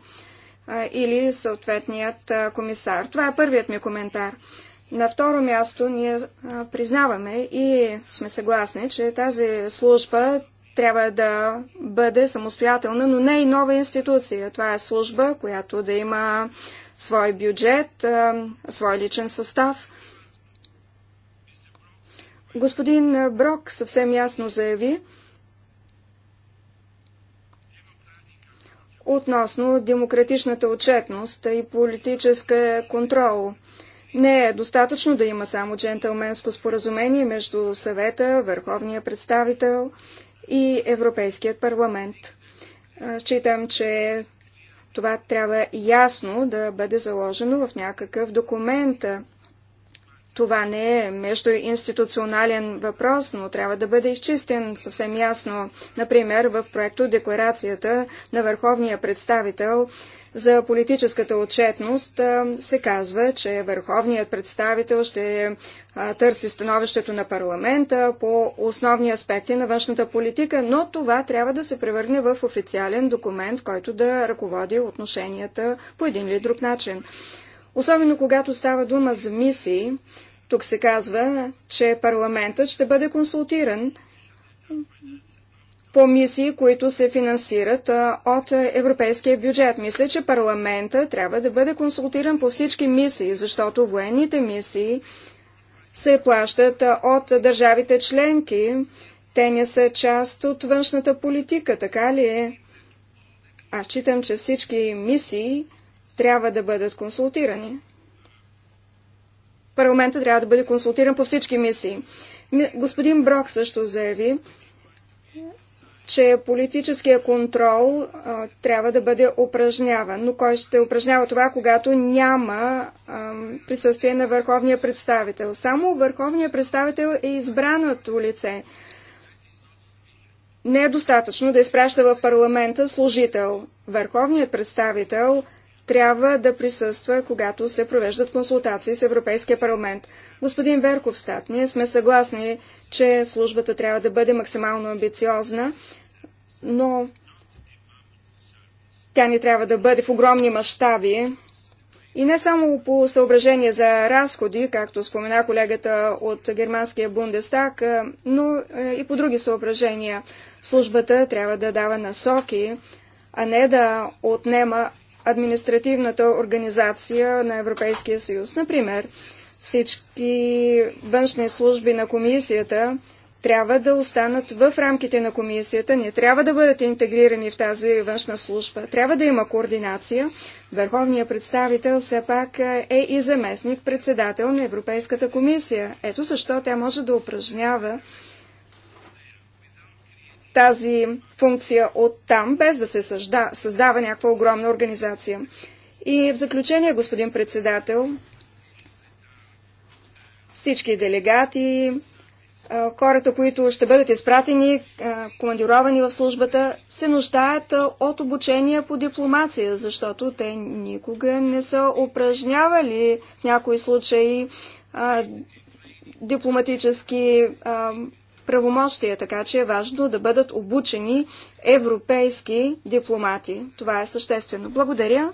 а, или съответният а, комисар. Това е първият ми коментар. На второ място ние признаваме и сме съгласни, че тази служба трябва да бъде самостоятелна, но не и нова институция. Това е служба, която да има свой бюджет, свой личен състав. Господин Брок съвсем ясно заяви относно демократичната отчетност и политическа контрол – не е достатъчно да има само джентълменско споразумение между съвета, върховния представител и Европейският парламент. Считам, че това трябва ясно да бъде заложено в някакъв документ. Това не е междуинституционален въпрос, но трябва да бъде изчистен съвсем ясно. Например, в проекто Декларацията на Върховния представител за политическата отчетност се казва, че върховният представител ще търси становището на парламента по основни аспекти на външната политика, но това трябва да се превърне в официален документ, който да ръководи отношенията по един или друг начин. Особено когато става дума за мисии, тук се казва, че парламентът ще бъде консултиран – по мисии, които се финансират от европейския бюджет. Мисля, че парламента трябва да бъде консултиран по всички мисии, защото военните мисии се плащат от държавите членки. Те не са част от външната политика, така ли е? Аз читам, че всички мисии трябва да бъдат консултирани. Парламента трябва да бъде консултиран по всички мисии. Господин Брок също заяви, че политическия контрол а, трябва да бъде упражняван. Но кой ще упражнява това, когато няма а, присъствие на върховния представител? Само върховния представител е избраното лице. Не е достатъчно да изпраща в парламента служител. Върховният представител – трябва да присъства, когато се провеждат консултации с Европейския парламент. Господин Верковстат, ние сме съгласни, че службата трябва да бъде максимално амбициозна, но тя не трябва да бъде в огромни мащаби. И не само по съображение за разходи, както спомена колегата от германския Бундестаг, но и по други съображения. Службата трябва да дава насоки, а не да отнема административната организация на Европейския съюз. Например, всички външни служби на комисията трябва да останат в рамките на комисията, не трябва да бъдат интегрирани в тази външна служба. Трябва да има координация. Върховният представител все пак е и заместник председател на Европейската комисия. Ето защо тя може да упражнява тази функция от там, без да се съжда, създава някаква огромна организация. И в заключение, господин председател, всички делегати, хората, които ще бъдат изпратени, командировани в службата, се нуждаят от обучение по дипломация, защото те никога не са упражнявали в някои случаи дипломатически правомощия, така че е важно да бъдат обучени европейски дипломати. Това е съществено. Благодаря.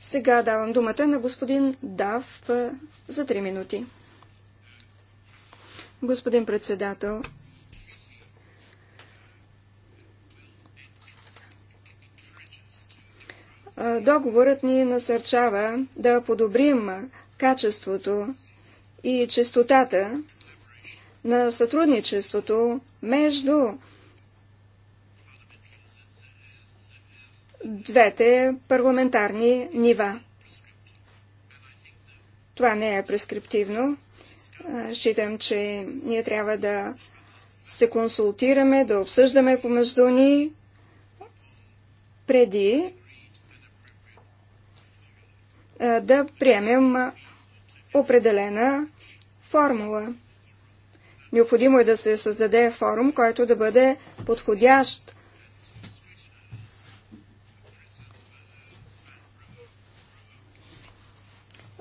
Сега давам думата на господин Дав за 3 минути. Господин председател, договорът ни насърчава да подобрим качеството и чистотата на сътрудничеството между двете парламентарни нива. Това не е прескриптивно. Считам, че ние трябва да се консултираме, да обсъждаме помежду ни преди да приемем определена формула. Необходимо е да се създаде форум, който да бъде подходящ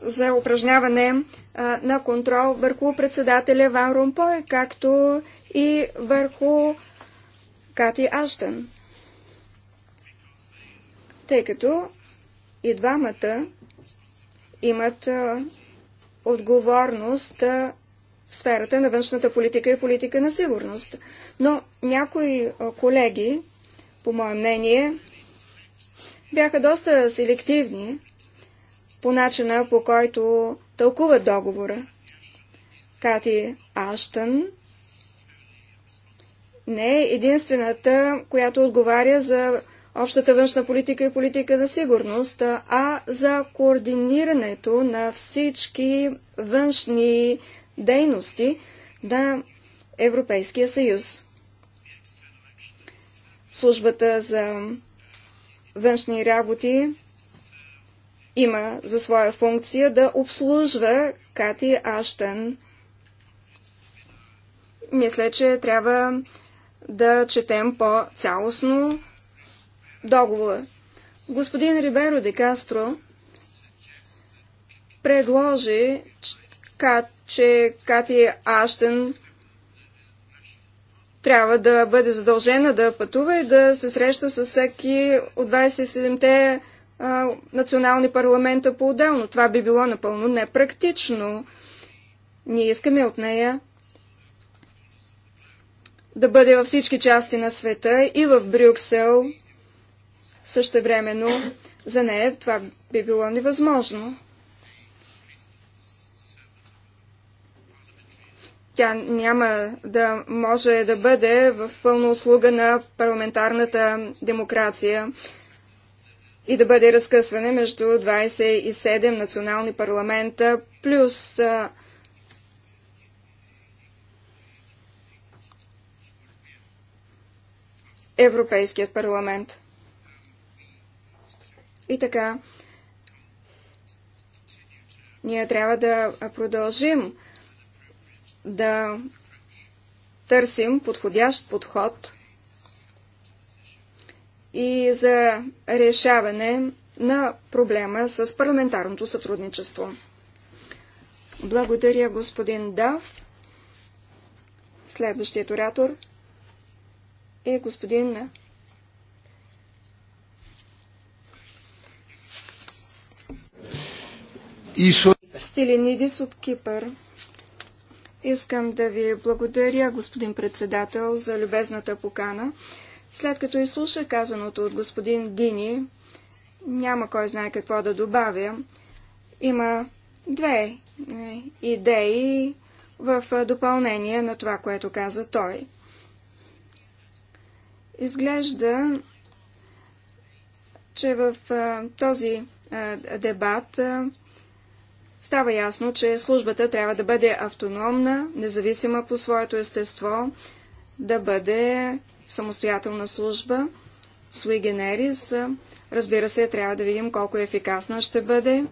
за упражняване а, на контрол върху председателя Ван Румпой, както и върху Кати Аштън. Тъй като и двамата имат а, отговорност в сферата на външната политика и политика на сигурност. Но някои колеги, по мое мнение, бяха доста селективни по начина, по който тълкуват договора. Кати Аштън не е единствената, която отговаря за общата външна политика и политика на сигурност, а за координирането на всички външни дейности на Европейския съюз. Службата за външни работи има за своя функция да обслужва Кати Аштън. Мисля, че трябва да четем по-цялостно договора. Господин Риберо де Кастро предложи, че Кати Аштен трябва да бъде задължена да пътува и да се среща с всеки от 27-те национални парламента по-отделно. Това би било напълно непрактично. Ние искаме от нея да бъде във всички части на света и в Брюксел, Същевременно за нея това би било невъзможно. Тя няма да може да бъде в пълна услуга на парламентарната демокрация и да бъде разкъсване между 27 национални парламента плюс Европейският парламент. И така, ние трябва да продължим да търсим подходящ подход и за решаване на проблема с парламентарното сътрудничество. Благодаря, господин Дав. Следващият оратор е господин Стилинидис от Кипър. Искам да ви благодаря, господин председател, за любезната покана. След като изслуша казаното от господин Дини, няма кой знае какво да добавя. Има две е, идеи в е, допълнение на това, което каза той. Изглежда, че в е, този дебат става ясно, че службата трябва да бъде автономна, независима по своето естество, да бъде самостоятелна служба, sui generis. Разбира се, трябва да видим колко е ефикасна ще бъде,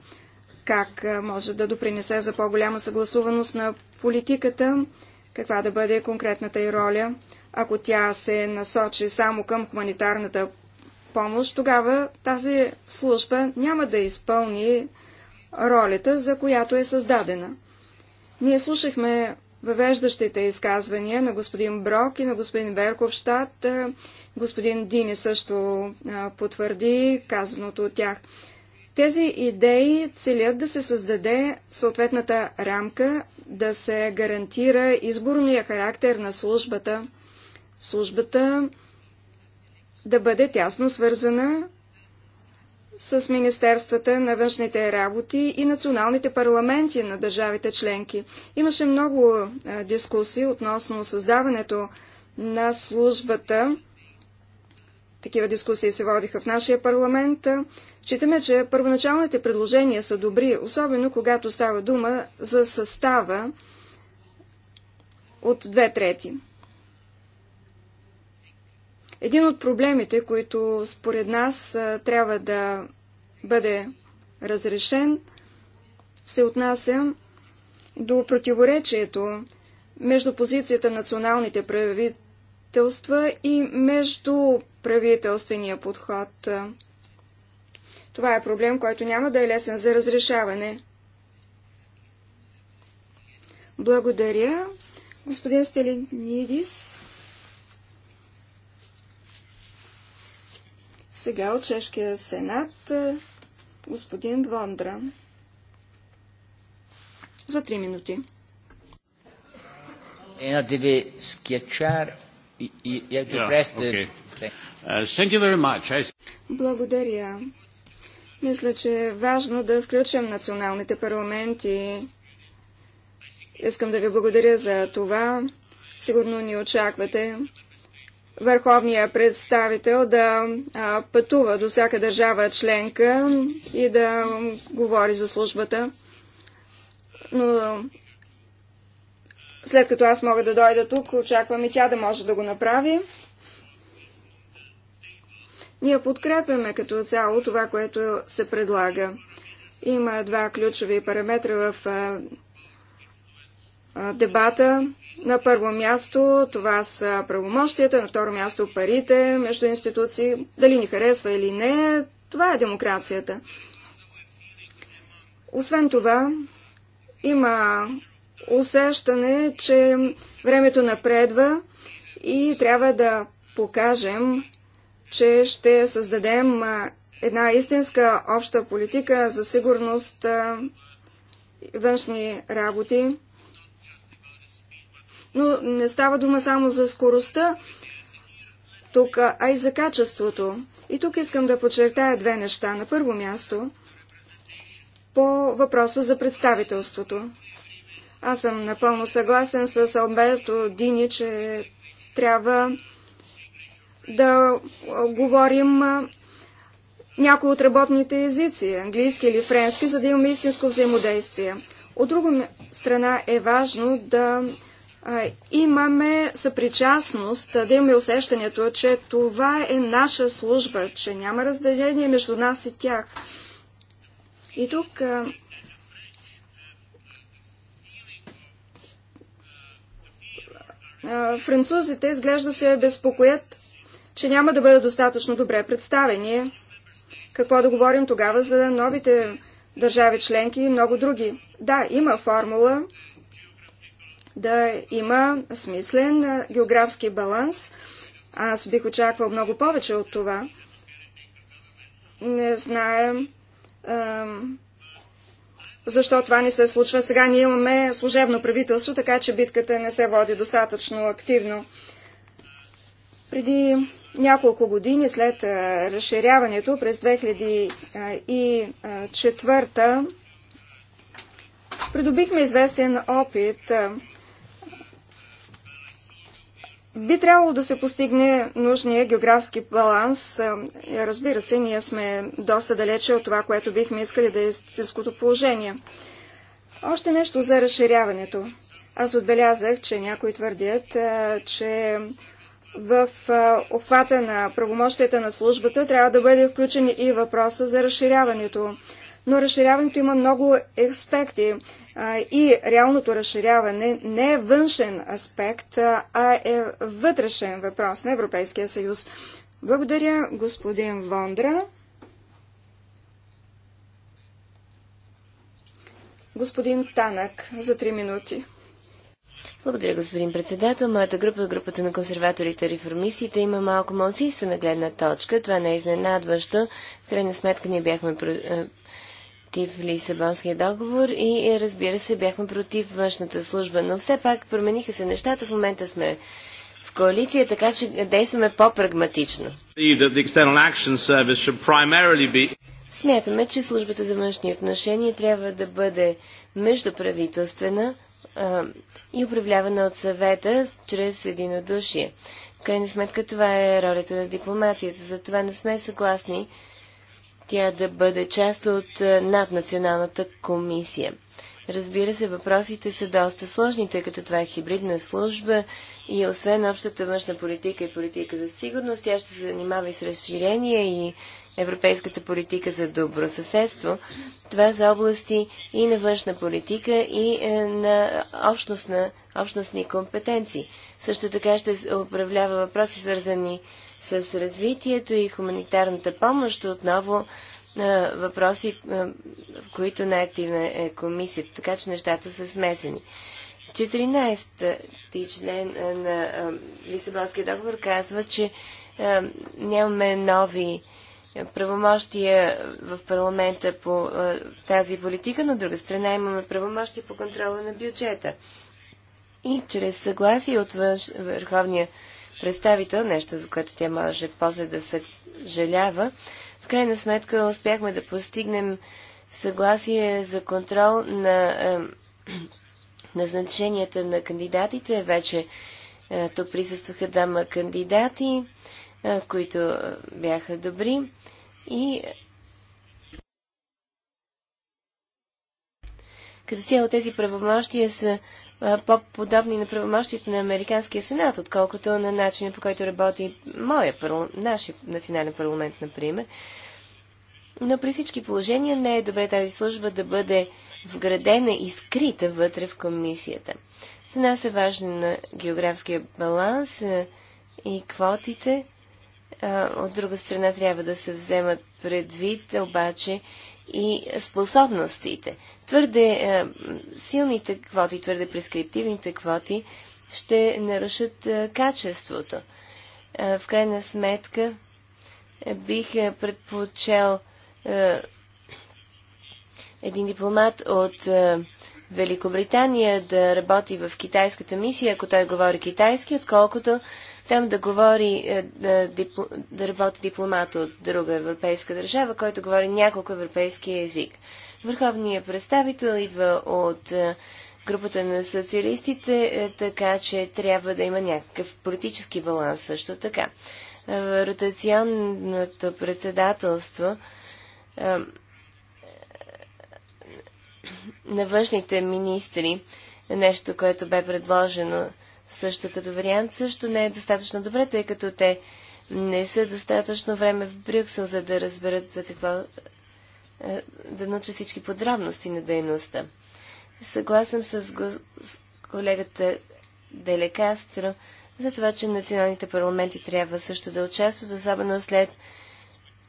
как може да допринесе за по-голяма съгласуваност на политиката, каква да бъде конкретната й роля. Ако тя се насочи само към хуманитарната помощ, тогава тази служба няма да изпълни ролята, за която е създадена. Ние слушахме въвеждащите изказвания на господин Брок и на господин Берковщад. Е, господин Дини също е, потвърди казаното от тях. Тези идеи целят да се създаде съответната рамка, да се гарантира изборния характер на службата. Службата да бъде тясно свързана с Министерствата на външните работи и националните парламенти на държавите членки. Имаше много дискусии относно създаването на службата. Такива дискусии се водиха в нашия парламент. Читаме, че първоначалните предложения са добри, особено когато става дума за състава от две трети. Един от проблемите, които според нас трябва да бъде разрешен, се отнася до противоречието между позицията националните правителства и между правителствения подход. Това е проблем, който няма да е лесен за разрешаване. Благодаря, господин Стелинидис. Сега от Чешкия сенат е, господин Вондра. За три минути. Една деве скетчар и я е uh, to Благодаря. Мисля, че е важно да включим националните парламенти. Искам да ви благодаря за това. Сигурно ни очаквате върховния представител да а, пътува до всяка държава членка и да говори за службата. Но след като аз мога да дойда тук, очаквам и тя да може да го направи. Ние подкрепяме като цяло това, което се предлага. Има два ключови параметра в а, а, дебата на първо място това са правомощията, на второ място парите между институции. Дали ни харесва или не, това е демокрацията. Освен това, има усещане, че времето напредва и трябва да покажем, че ще създадем една истинска обща политика за сигурност, външни работи. Но не става дума само за скоростта, тук, а и за качеството. И тук искам да подчертая две неща. На първо място, по въпроса за представителството. Аз съм напълно съгласен с Алберто Дини, че трябва да говорим някои от работните езици, английски или френски, за да имаме истинско взаимодействие. От друга страна е важно да имаме съпричастност, да имаме усещането, че това е наша служба, че няма разделение между нас и тях. И тук французите изглежда се безпокоят, че няма да бъдат достатъчно добре представени. Какво да говорим тогава за новите държави членки и много други? Да, има формула, да има смислен географски баланс. Аз бих очаквал много повече от това. Не знаем защо това не се случва. Сега ние имаме служебно правителство, така че битката не се води достатъчно активно. Преди няколко години след разширяването през 2004 придобихме известен опит би трябвало да се постигне нужния географски баланс. Е, разбира се, ние сме доста далече от това, което бихме искали да е истинското положение. Още нещо за разширяването. Аз отбелязах, че някои твърдят, е, че в е, обхвата на правомощията на службата трябва да бъде включен и въпроса за разширяването но разширяването има много аспекти и реалното разширяване не е външен аспект, а е вътрешен въпрос на Европейския съюз. Благодаря, господин Вондра. Господин Танък за 3 минути. Благодаря, господин председател. Моята група, е групата на консерваторите и реформистите, има малко малцинствена гледна точка. Това не е изненадващо. В крайна сметка ние бяхме е, против Лисабонския договор и разбира се бяхме против външната служба. Но все пак промениха се нещата. В момента сме в коалиция, така че действаме по-прагматично. Смятаме, че службата за външни отношения трябва да бъде междуправителствена а, и управлявана от съвета чрез единодушие. В крайна сметка това е ролята на дипломацията, Затова не сме съгласни тя да бъде част от е, наднационалната комисия. Разбира се, въпросите са доста сложни, тъй като това е хибридна служба и освен общата външна политика и политика за сигурност, тя ще се занимава и с разширение и европейската политика за добро съседство. Това са области и на външна политика, и е, на общностни компетенции. Също така ще управлява въпроси, свързани с с развитието и хуманитарната помощ отново въпроси, в които най-активна е комисията, така че нещата са смесени. 14-ти член на Лисабонския договор казва, че нямаме нови правомощия в парламента по тази политика, но друга страна имаме правомощия по контрола на бюджета. И чрез съгласие от Върховния представител, нещо за което тя може после да съжалява. В крайна сметка успяхме да постигнем съгласие за контрол на е, назначенията на кандидатите. Вече е, тук присъстваха двама кандидати, е, които е, бяха добри и като цяло тези правомощия са по-подобни на правомощите на Американския сенат, отколкото на начина по който работи моя парламент, нашия национален парламент, например. Но при всички положения не е добре тази служба да бъде вградена и скрита вътре в комисията. За нас е важен географския баланс и квотите. От друга страна трябва да се вземат предвид обаче и способностите. Твърде е, силните квоти, твърде прескриптивните квоти ще нарушат е, качеството. Е, в крайна сметка е, бих е, предпочел е, един дипломат от Великобритания да работи в китайската мисия, ако той говори китайски, отколкото там да говори, е, да, да работи дипломат от друга европейска държава, който говори няколко европейски език. Върховният представител идва от е, групата на социалистите, е, така че трябва да има някакъв политически баланс също така. Ротационното председателство на външните министри, нещо, което бе предложено също като вариант, също не е достатъчно добре, тъй като те не са достатъчно време в Брюксел, за да разберат за какво е, да научат всички подробности на дейността. Съгласен с, го, с колегата Деле Кастро за това, че националните парламенти трябва също да участват, особено след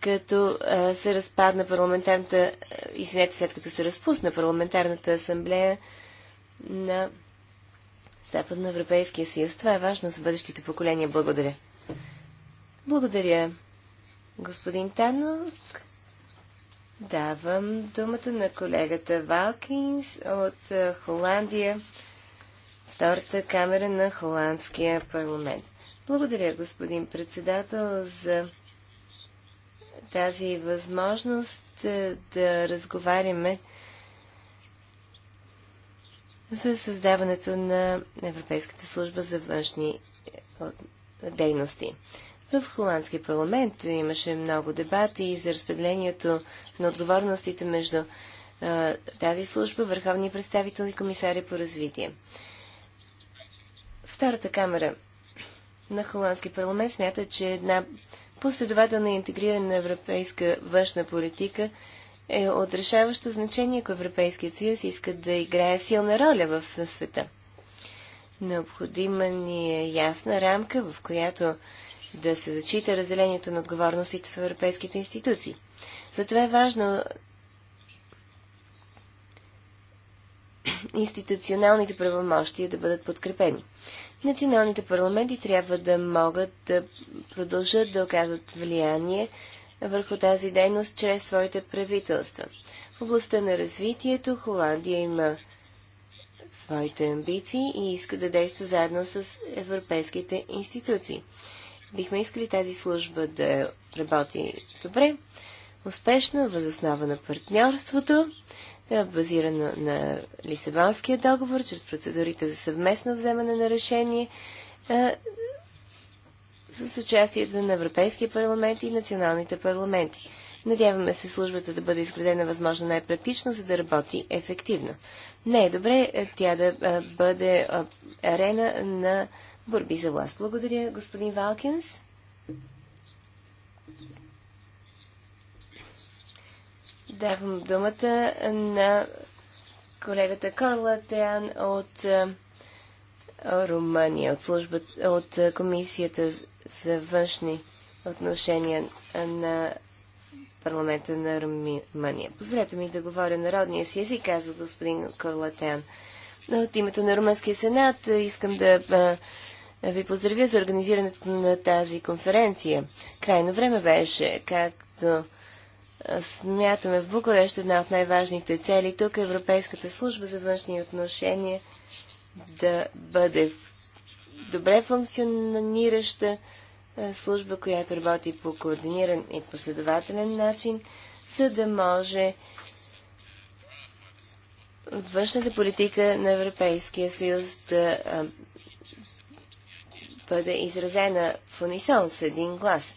като а, е, се разпадна парламентарната, е, извинете, след като се разпусна парламентарната асамблея на Западноевропейския съюз. Това е важно за бъдещите поколения. Благодаря. Благодаря, господин Танок. Давам думата на колегата Валкинс от е, Холандия, втората камера на Холандския парламент. Благодаря, господин председател, за тази възможност е, да разговаряме за създаването на Европейската служба за външни е, дейности. В Холандския парламент имаше много дебати за разпределението на отговорностите между е, тази служба, върховния представител и комисари по развитие. Втората камера на Холандски парламент смята, че една последователна и интегрирана европейска външна политика – е от решаващо значение, ако Европейският съюз иска да играе силна роля в света. Необходима ни е ясна рамка, в която да се зачита разделението на отговорностите в европейските институции. Затова е важно институционалните правомощия да бъдат подкрепени. Националните парламенти трябва да могат да продължат да оказват влияние върху тази дейност чрез своите правителства. В областта на развитието Холандия има своите амбиции и иска да действа заедно с европейските институции. Бихме искали тази служба да работи добре, успешно, възоснова на партньорството, е базирано на Лисабонския договор, чрез процедурите за съвместно вземане на решение, е, с участието на Европейския парламент и националните парламенти. Надяваме се службата да бъде изградена възможно най-практично, за да работи ефективно. Не е добре е, тя да е, бъде е, арена на борби за власт. Благодаря, господин Валкинс. Давам думата на колегата Корла Теан от Румъния, от, службата, от Комисията за външни отношения на парламента на Румъния. Позволете ми да говоря народния си език, казва господин Корлатен. От името на Румънския сенат искам да ви поздравя за организирането на тази конференция. Крайно време беше, както смятаме в Букурещ, една от най-важните цели тук е Европейската служба за външни отношения – да бъде добре функционираща служба, която работи по координиран и последователен начин, за да може външната политика на Европейския съюз да бъде изразена в унисон с един глас.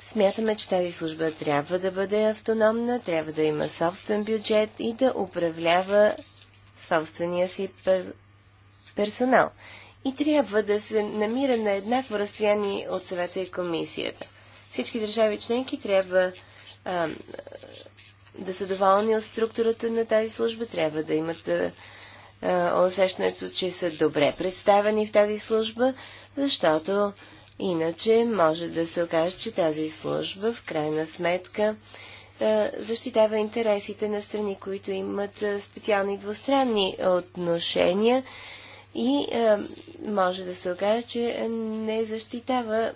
Смятаме, че тази служба трябва да бъде автономна, трябва да има собствен бюджет и да управлява собствения си персонал. И трябва да се намира на еднакво разстояние от съвета и комисията. Всички държави членки трябва а, да са доволни от структурата на тази служба, трябва да имат а, усещането, че са добре представени в тази служба, защото иначе може да се окаже, че тази служба в крайна сметка а, защитава интересите на страни, които имат специални двустранни отношения и а, е, може да се окаже, че не защитава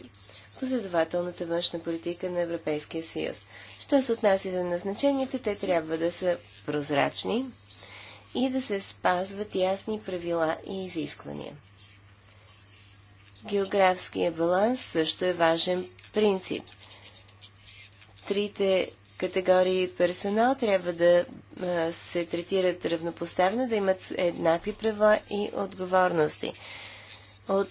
последователната външна политика на Европейския съюз. Що се отнася за назначенията, те трябва да са прозрачни и да се спазват ясни правила и изисквания. Географския баланс също е важен принцип. Трите категории персонал трябва да се третират равнопоставено, да имат еднакви права и отговорности. От,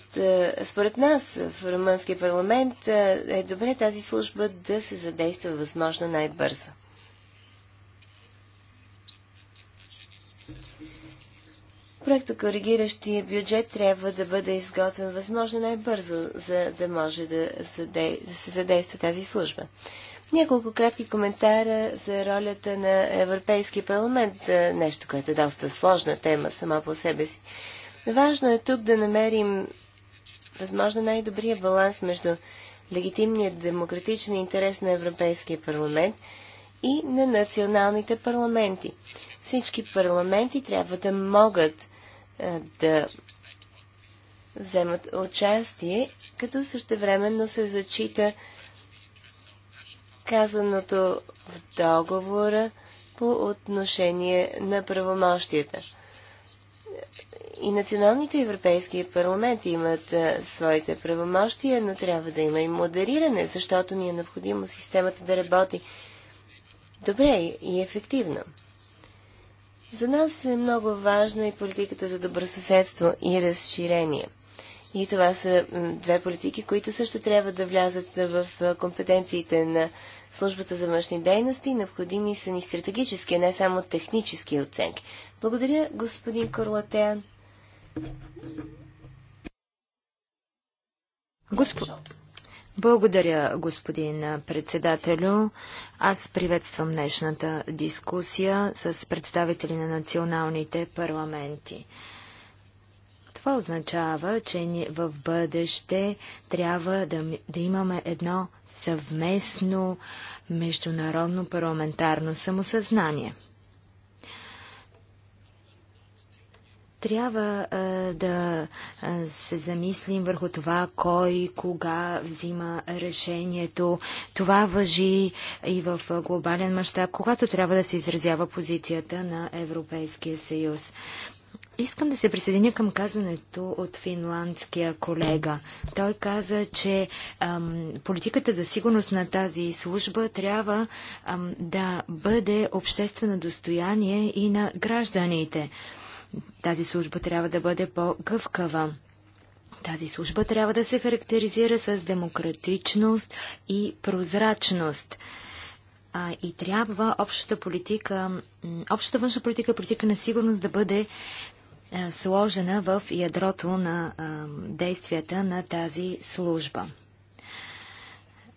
според нас в Румънския парламент е добре тази служба да се задейства възможно най-бързо. Проектът коригиращия бюджет трябва да бъде изготвен възможно най-бързо, за да може да, да се задейства тази служба. Няколко кратки коментара за ролята на Европейския парламент, е, нещо, което е доста сложна тема сама по себе си. Важно е тук да намерим възможно най-добрия баланс между легитимният демократичен интерес на Европейския парламент и на националните парламенти. Всички парламенти трябва да могат е, да вземат участие, като същевременно се зачита казаното в договора по отношение на правомощията. И националните европейски парламенти имат а, своите правомощия, но трябва да има и модериране, защото ни е необходимо системата да работи добре и ефективно. За нас е много важна и политиката за добросъседство и разширение. И това са две политики, които също трябва да влязат в компетенциите на службата за външни дейности, необходими са ни стратегически, а не само технически оценки. Благодаря, господин Корлатеан. Господ... Благодаря, господин председателю. Аз приветствам днешната дискусия с представители на националните парламенти. Това означава, че ни в бъдеще трябва да, да имаме едно съвместно международно парламентарно самосъзнание. Трябва а, да а, се замислим върху това, кой, кога взима решението. Това въжи и в глобален мащаб, когато трябва да се изразява позицията на Европейския съюз. Искам да се присъединя към казането от финландския колега. Той каза, че ам, политиката за сигурност на тази служба трябва ам, да бъде обществено достояние и на гражданите. Тази служба трябва да бъде по-гъвкава. Тази служба трябва да се характеризира с демократичност и прозрачност. А, и трябва общата политика, общата външна политика и политика на сигурност да бъде е, сложена в ядрото на е, действията на тази служба.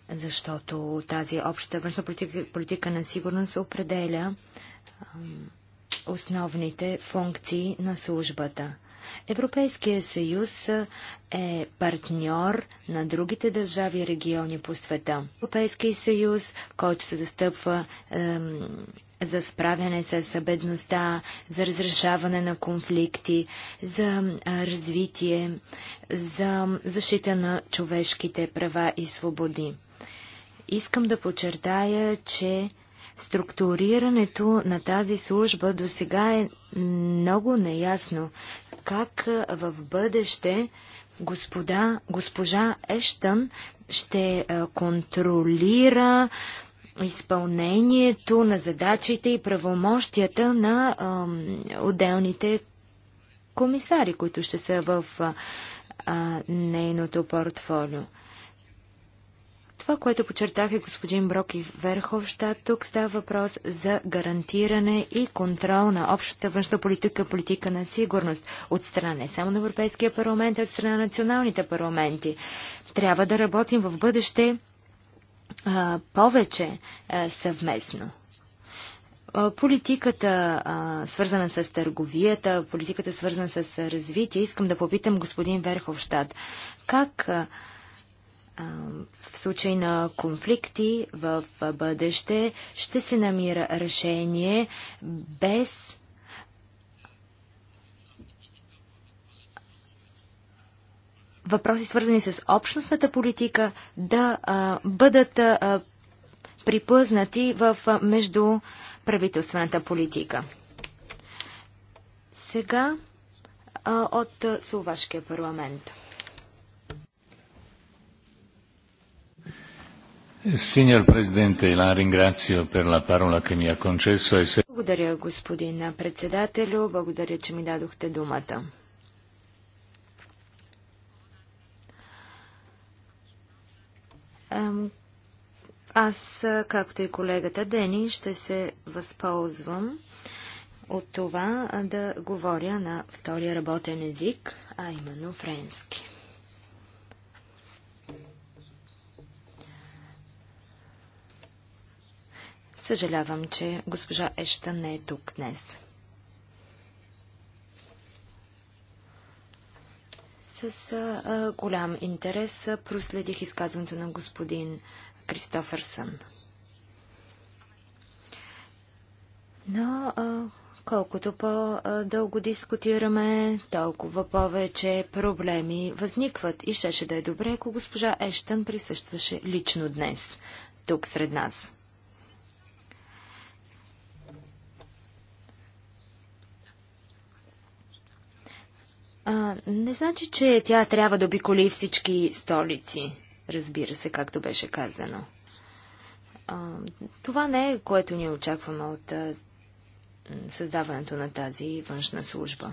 Защото тази обща външна политика, политика на сигурност определя е, основните функции на службата. Европейския съюз е партньор на другите държави и региони по света. Европейския съюз, който се застъпва за справяне с събедността, за разрешаване на конфликти, за развитие, за защита на човешките права и свободи. Искам да подчертая, че структурирането на тази служба до сега е много неясно. Как в бъдеще господа, госпожа Ештън ще контролира изпълнението на задачите и правомощията на а, отделните комисари, които ще са в а, нейното портфолио. Това, което почертах е господин Брок и Верховщад, тук става въпрос за гарантиране и контрол на общата външна политика, политика на сигурност от страна не само на Европейския парламент, а от страна на националните парламенти. Трябва да работим в бъдеще повече съвместно. политиката, свързана с търговията, политиката, свързана с развитие, искам да попитам господин Верховщад, как в случай на конфликти в бъдеще ще се намира решение без въпроси, свързани с общностната политика, да а, бъдат а, припъзнати в а, междуправителствената политика. Сега а, от Словашкия парламент. Е е Благодаря, господин председателю. Благодаря, че ми дадохте думата. Аз, както и колегата Дени, ще се възползвам от това да говоря на втория работен език, а именно френски. Съжалявам, че госпожа Ешта не е тук днес. С а, голям интерес проследих изказването на господин Кристофърсън. Но а, колкото по-дълго дискутираме, толкова повече проблеми възникват. И щеше да е добре, ако госпожа Ештън присъстваше лично днес тук сред нас. а, не значи, че тя трябва да обиколи всички столици, разбира се, както беше казано. А, това не е което ние очакваме от а, създаването на тази външна служба.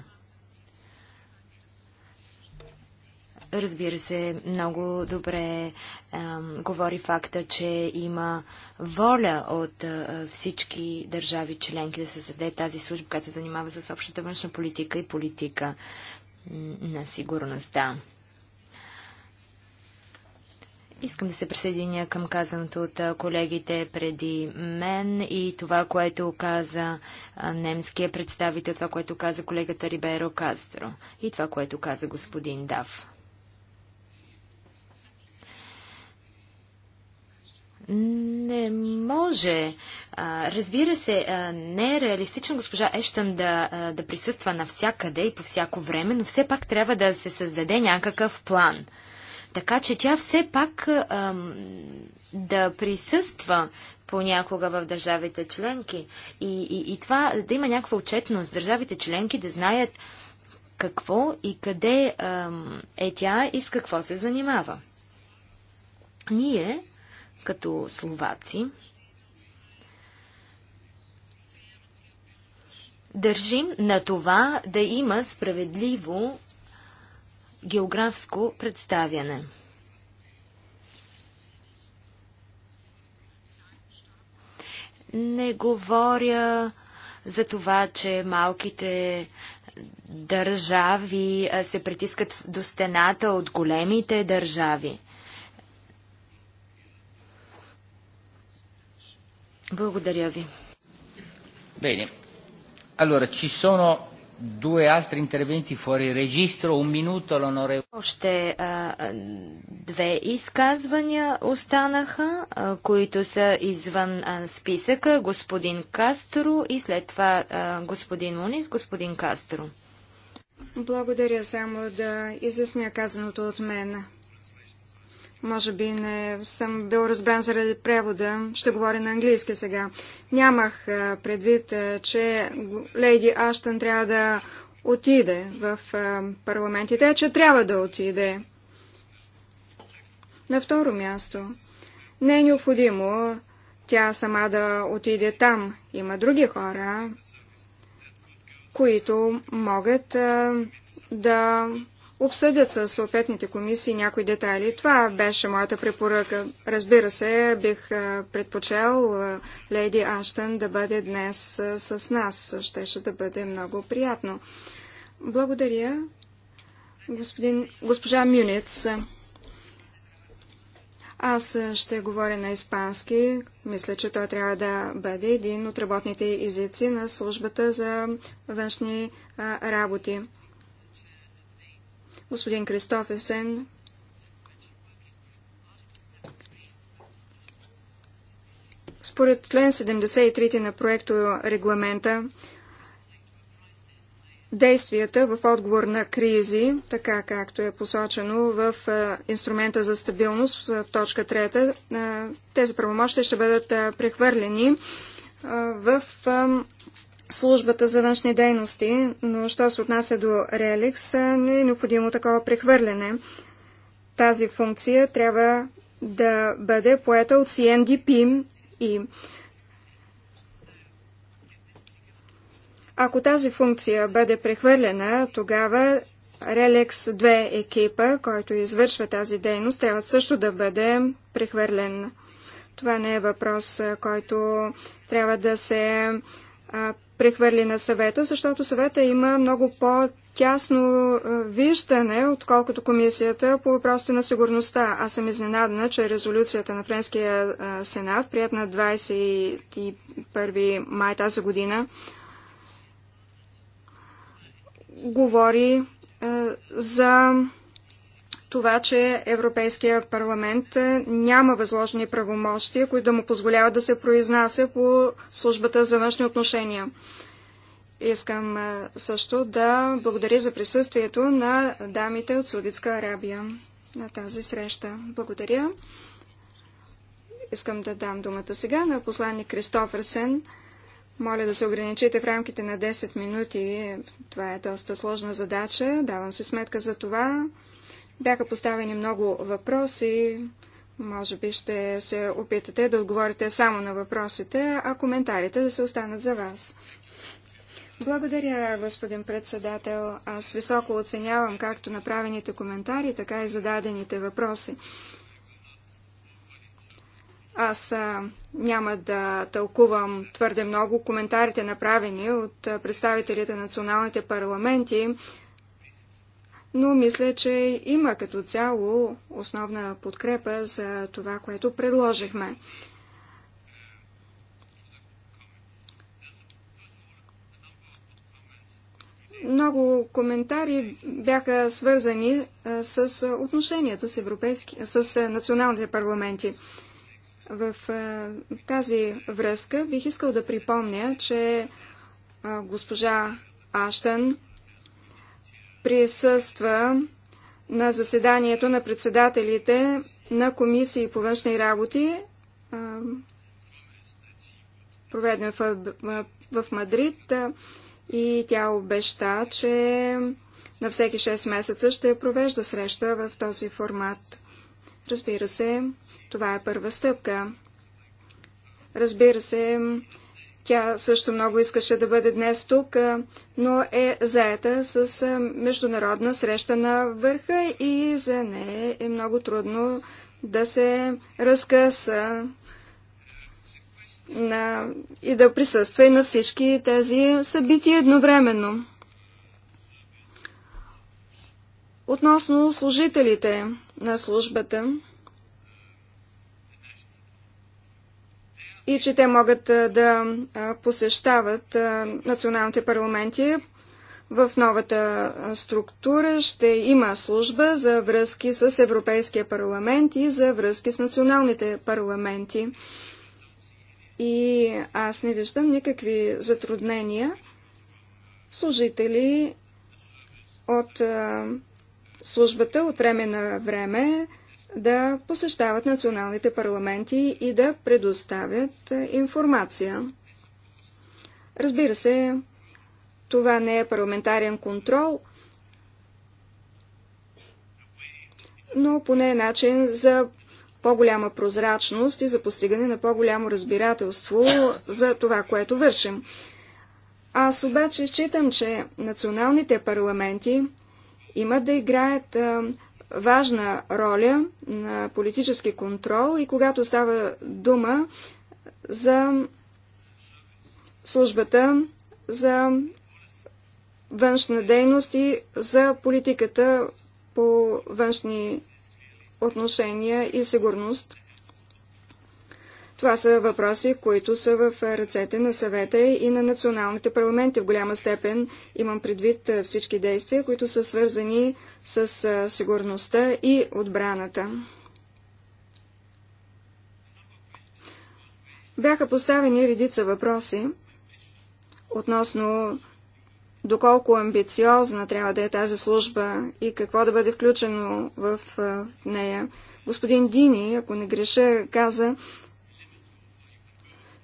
Разбира се, много добре а, говори факта, че има воля от а, всички държави членки да се създаде тази служба, която се занимава с общата външна политика и политика на сигурността. Искам да се присъединя към казаното от колегите преди мен и това, което каза немския представител, това, което каза колегата Риберо Кастро и това, което каза господин Дав. Не може. А, разбира се, а, не е реалистично госпожа Ещън да, а, да присъства навсякъде и по всяко време, но все пак трябва да се създаде някакъв план. Така че тя все пак ам, да присъства понякога в държавите членки. И, и, и това да има някаква отчетност. Държавите членки да знаят какво и къде ам, е тя и с какво се занимава. Ние като словаци. Държим на това да има справедливо географско представяне. Не говоря за това, че малките държави се притискат до стената от големите държави. Благодаря ви. Bene. Allora, ci sono due altri interventi fuori registro. Un minuto, l'onorevole. Още а, две изказвания останаха, а, които са извън а, списъка. Господин Кастро и след това а, господин Мунис, господин Кастро. Благодаря само да изясня казаното от мен. Може би не съм бил разбран заради превода. Ще говоря на английски сега. Нямах предвид, че леди Аштън трябва да отиде в парламентите, че трябва да отиде. На второ място. Не е необходимо тя сама да отиде там. Има други хора, които могат да обсъдят с съответните комисии някои детайли. Това беше моята препоръка. Разбира се, бих предпочел Леди Аштън да бъде днес с нас. Щеше да бъде много приятно. Благодаря, господин, госпожа Мюниц. Аз ще говоря на испански. Мисля, че той трябва да бъде един от работните езици на службата за външни а, работи господин Кристофесен Според член 73 на проекто регламента, действията в отговор на кризи, така както е посочено в инструмента за стабилност в точка 3, тези правомощи ще бъдат прехвърлени в службата за външни дейности, но що се отнася до Реликс, не е необходимо такова прехвърляне. Тази функция трябва да бъде поета от CNDP и Ако тази функция бъде прехвърлена, тогава Relex 2 екипа, който извършва тази дейност, трябва също да бъде прехвърлен. Това не е въпрос, който трябва да се прехвърли на съвета, защото съвета има много по-тясно виждане, отколкото комисията по въпросите на сигурността. Аз съм изненадана, че резолюцията на Френския сенат, прият на 21 май тази година, говори за това, че Европейския парламент е, няма възложени правомощия, които да му позволяват да се произнася по службата за външни отношения. Искам е, също да благодаря за присъствието на дамите от Саудитска Арабия на тази среща. Благодаря. Искам да дам думата сега на посланник Кристоферсен. Моля да се ограничите в рамките на 10 минути. Това е доста сложна задача. Давам се сметка за това. Бяха поставени много въпроси. Може би ще се опитате да отговорите само на въпросите, а коментарите да се останат за вас. Благодаря, господин председател. Аз високо оценявам както направените коментари, така и зададените въпроси. Аз а, няма да тълкувам твърде много коментарите, направени от представителите на националните парламенти но мисля, че има като цяло основна подкрепа за това, което предложихме. Много коментари бяха свързани с отношенията с, европейски, с националните парламенти. В тази връзка бих искал да припомня, че госпожа Аштън присъства на заседанието на председателите на комисии по външни работи, проведено в, в Мадрид, и тя обеща, че на всеки 6 месеца ще провежда среща в този формат. Разбира се, това е първа стъпка. Разбира се, тя също много искаше да бъде днес тук, но е заета с международна среща на върха и за нея е много трудно да се разкъса на... и да присъства и на всички тези събития едновременно. Относно служителите на службата, и че те могат да посещават националните парламенти. В новата структура ще има служба за връзки с Европейския парламент и за връзки с националните парламенти. И аз не виждам никакви затруднения служители от службата от време на време да посещават националните парламенти и да предоставят е, информация. Разбира се, това не е парламентарен контрол, но поне е начин за по-голяма прозрачност и за постигане на по-голямо разбирателство за това, което вършим. Аз обаче считам, че националните парламенти имат да играят е, важна роля на политически контрол и когато става дума за службата за външна дейност и за политиката по външни отношения и сигурност. Това са въпроси, които са в ръцете на съвета и на националните парламенти. В голяма степен имам предвид всички действия, които са свързани с сигурността и отбраната. Бяха поставени редица въпроси относно доколко амбициозна трябва да е тази служба и какво да бъде включено в нея. Господин Дини, ако не греша, каза,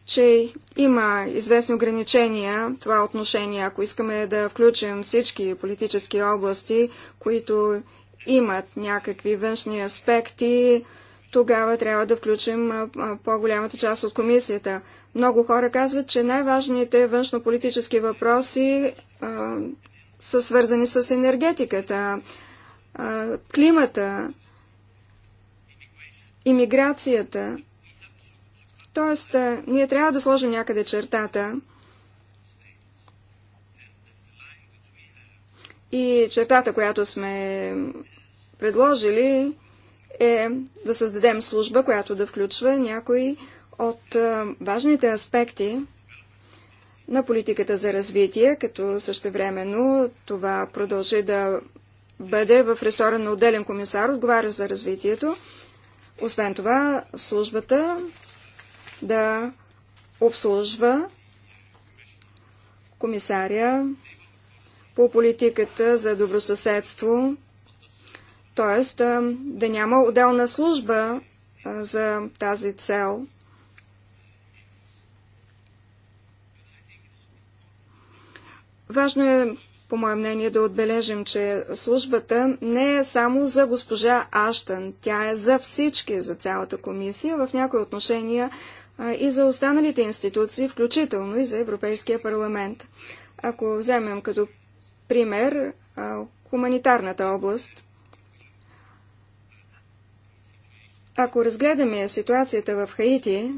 че има известни ограничения това отношение, ако искаме да включим всички политически области, които имат някакви външни аспекти, тогава трябва да включим по-голямата част от комисията. Много хора казват, че най-важните външнополитически въпроси а, са свързани с енергетиката, а, климата, имиграцията, Тоест, ние трябва да сложим някъде чертата. И чертата, която сме предложили, е да създадем служба, която да включва някои от важните аспекти на политиката за развитие, като същевременно това продължи да бъде в ресора на отделен комисар, отговаря за развитието. Освен това, службата да обслужва комисаря по политиката за добросъседство, т.е. Да, няма отделна служба за тази цел. Важно е, по мое мнение, да отбележим, че службата не е само за госпожа Аштън, тя е за всички, за цялата комисия. В някои отношения и за останалите институции, включително и за Европейския парламент. Ако вземем като пример хуманитарната област, ако разгледаме ситуацията в Хаити,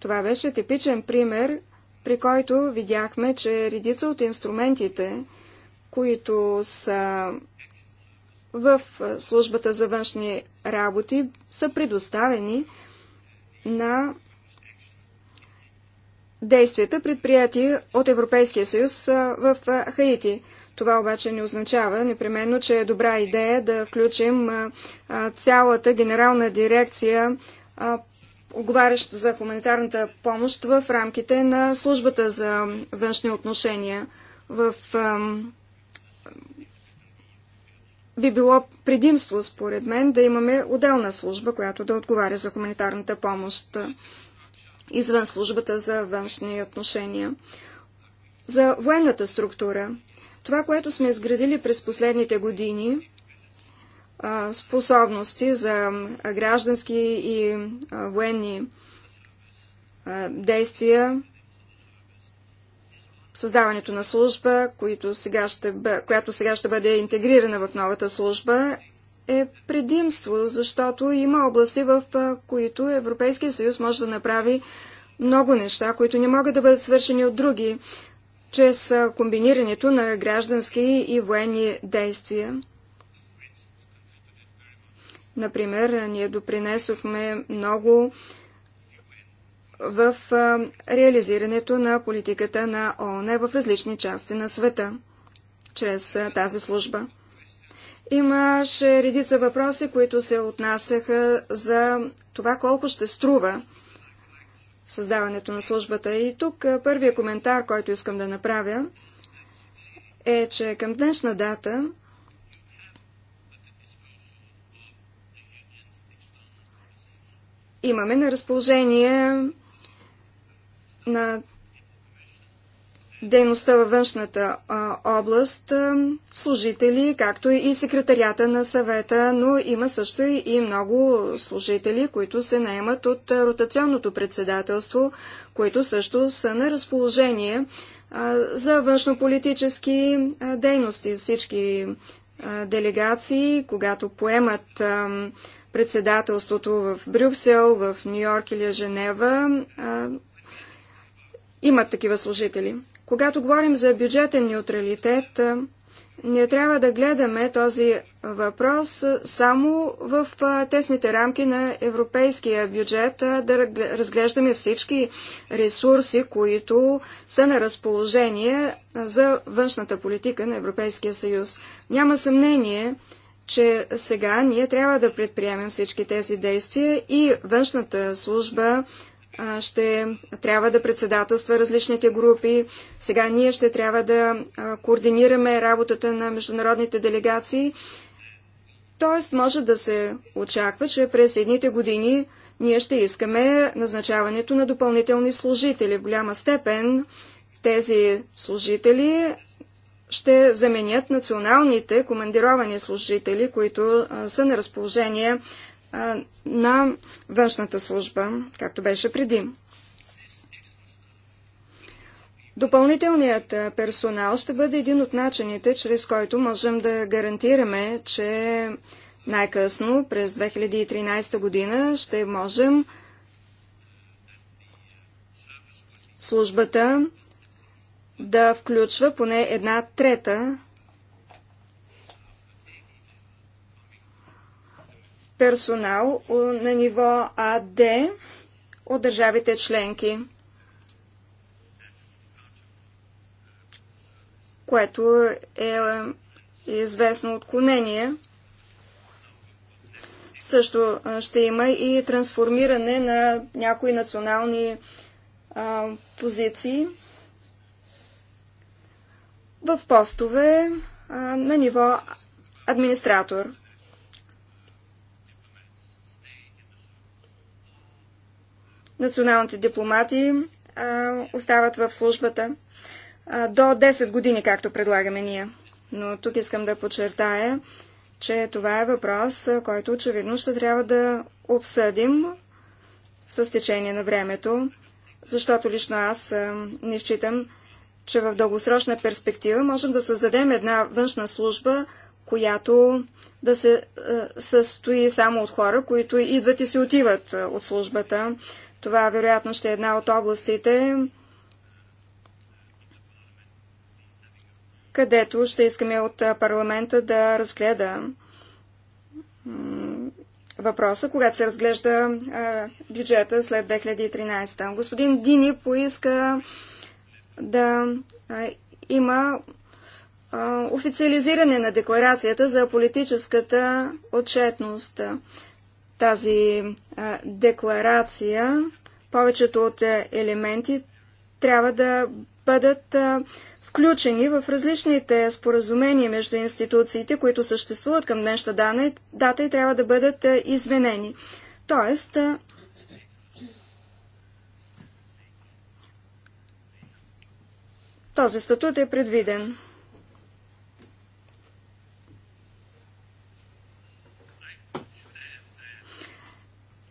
това беше типичен пример, при който видяхме, че редица от инструментите, които са в службата за външни работи, са предоставени на действията, предприяти от Европейския съюз в Хаити. Това обаче не означава непременно, че е добра идея да включим цялата генерална дирекция, оговаряща за хуманитарната помощ в рамките на службата за външни отношения. В, би било предимство, според мен, да имаме отделна служба, която да отговаря за хуманитарната помощ извън службата за външни отношения. За военната структура. Това, което сме изградили през последните години, способности за граждански и военни действия, създаването на служба, която сега ще бъде интегрирана в новата служба, е предимство, защото има области, в които Европейския съюз може да направи много неща, които не могат да бъдат свършени от други, чрез комбинирането на граждански и военни действия. Например, ние допринесохме много в реализирането на политиката на ООН в различни части на света, чрез тази служба. Имаше редица въпроси, които се отнасяха за това колко ще струва създаването на службата. И тук първият коментар, който искам да направя, е, че към днешна дата имаме на разположение на дейността във външната а, област, а, служители, както и секретарията на съвета, но има също и много служители, които се наемат от ротационното председателство, които също са на разположение а, за външнополитически дейности. Всички делегации, когато поемат председателството в Брюксел, в Нью-Йорк или Женева, имат такива служители. Когато говорим за бюджетен неутралитет, не трябва да гледаме този въпрос само в тесните рамки на европейския бюджет, да разглеждаме всички ресурси, които са на разположение за външната политика на Европейския съюз. Няма съмнение, че сега ние трябва да предприемем всички тези действия и външната служба ще трябва да председателства различните групи. Сега ние ще трябва да координираме работата на международните делегации. Тоест, може да се очаква, че през едните години ние ще искаме назначаването на допълнителни служители. В голяма степен тези служители ще заменят националните командировани служители, които са на разположение на външната служба, както беше преди. Допълнителният персонал ще бъде един от начините, чрез който можем да гарантираме, че най-късно през 2013 година ще можем службата да включва поне една трета персонал на ниво АД от държавите членки, което е известно отклонение. Също ще има и трансформиране на някои национални а, позиции в постове а, на ниво администратор. националните дипломати а, остават в службата а, до 10 години, както предлагаме ние. Но тук искам да подчертая, че това е въпрос, който очевидно ще трябва да обсъдим с течение на времето, защото лично аз не считам, че в дългосрочна перспектива можем да създадем една външна служба, която да се състои само от хора, които идват и се отиват от службата. Това вероятно ще е една от областите, където ще искаме от парламента да разгледа въпроса, когато се разглежда бюджета след 2013. Господин Дини поиска да има официализиране на декларацията за политическата отчетност тази декларация, повечето от е, елементи трябва да бъдат включени в различните споразумения между институциите, които съществуват към днешна дата и трябва да бъдат е, изменени. Тоест, този статут е предвиден.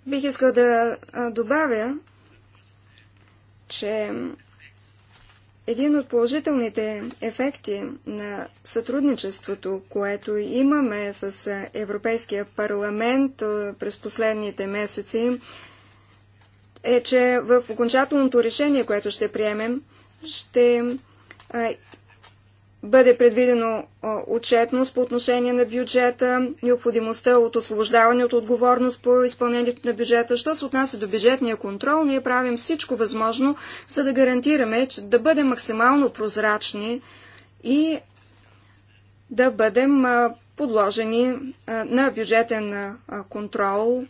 Бих искал да добавя, че един от положителните ефекти на сътрудничеството, което имаме с Европейския парламент през последните месеци, е, че в окончателното решение, което ще приемем, ще бъде предвидено отчетност по отношение на бюджета, необходимостта от освобождаване от отговорност по изпълнението на бюджета. Що се отнася до бюджетния контрол, ние правим всичко възможно, за да гарантираме, че да бъдем максимално прозрачни и да бъдем подложени на бюджетен контрол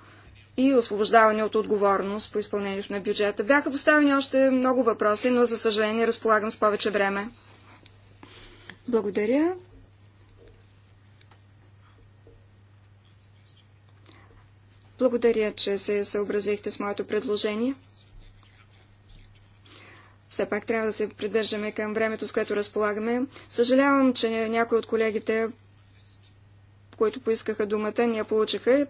и освобождаване от отговорност по изпълнението на бюджета. Бяха поставени още много въпроси, но за съжаление разполагам с повече време. Благодаря. Благодаря, че се съобразихте с моето предложение. Все пак трябва да се придържаме към времето, с което разполагаме. Съжалявам, че някои от колегите, които поискаха думата, ни я получиха.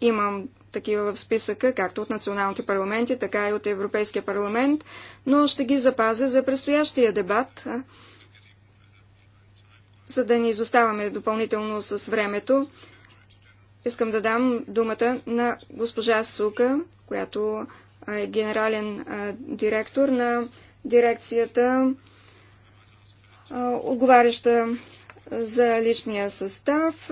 Имам такива в списъка, както от националните парламенти, така и от Европейския парламент, но ще ги запазя за предстоящия дебат за да не изоставаме допълнително с времето. Искам да дам думата на госпожа Сука, която е генерален директор на дирекцията, отговаряща за личния състав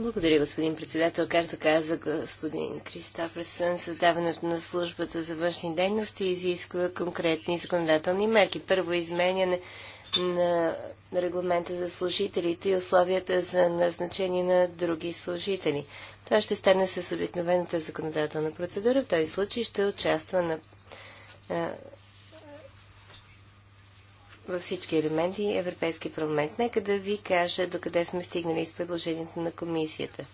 Благодаря, господин председател. Както каза господин Кристоферсън, създаването на службата за външни дейности изисква конкретни законодателни мерки. Първо изменяне на регламента за служителите и условията за назначение на други служители. Това ще стане с обикновената законодателна процедура. В този случай ще участва на във всички елементи Европейски парламент. Нека да ви кажа докъде сме стигнали с предложението на комисията.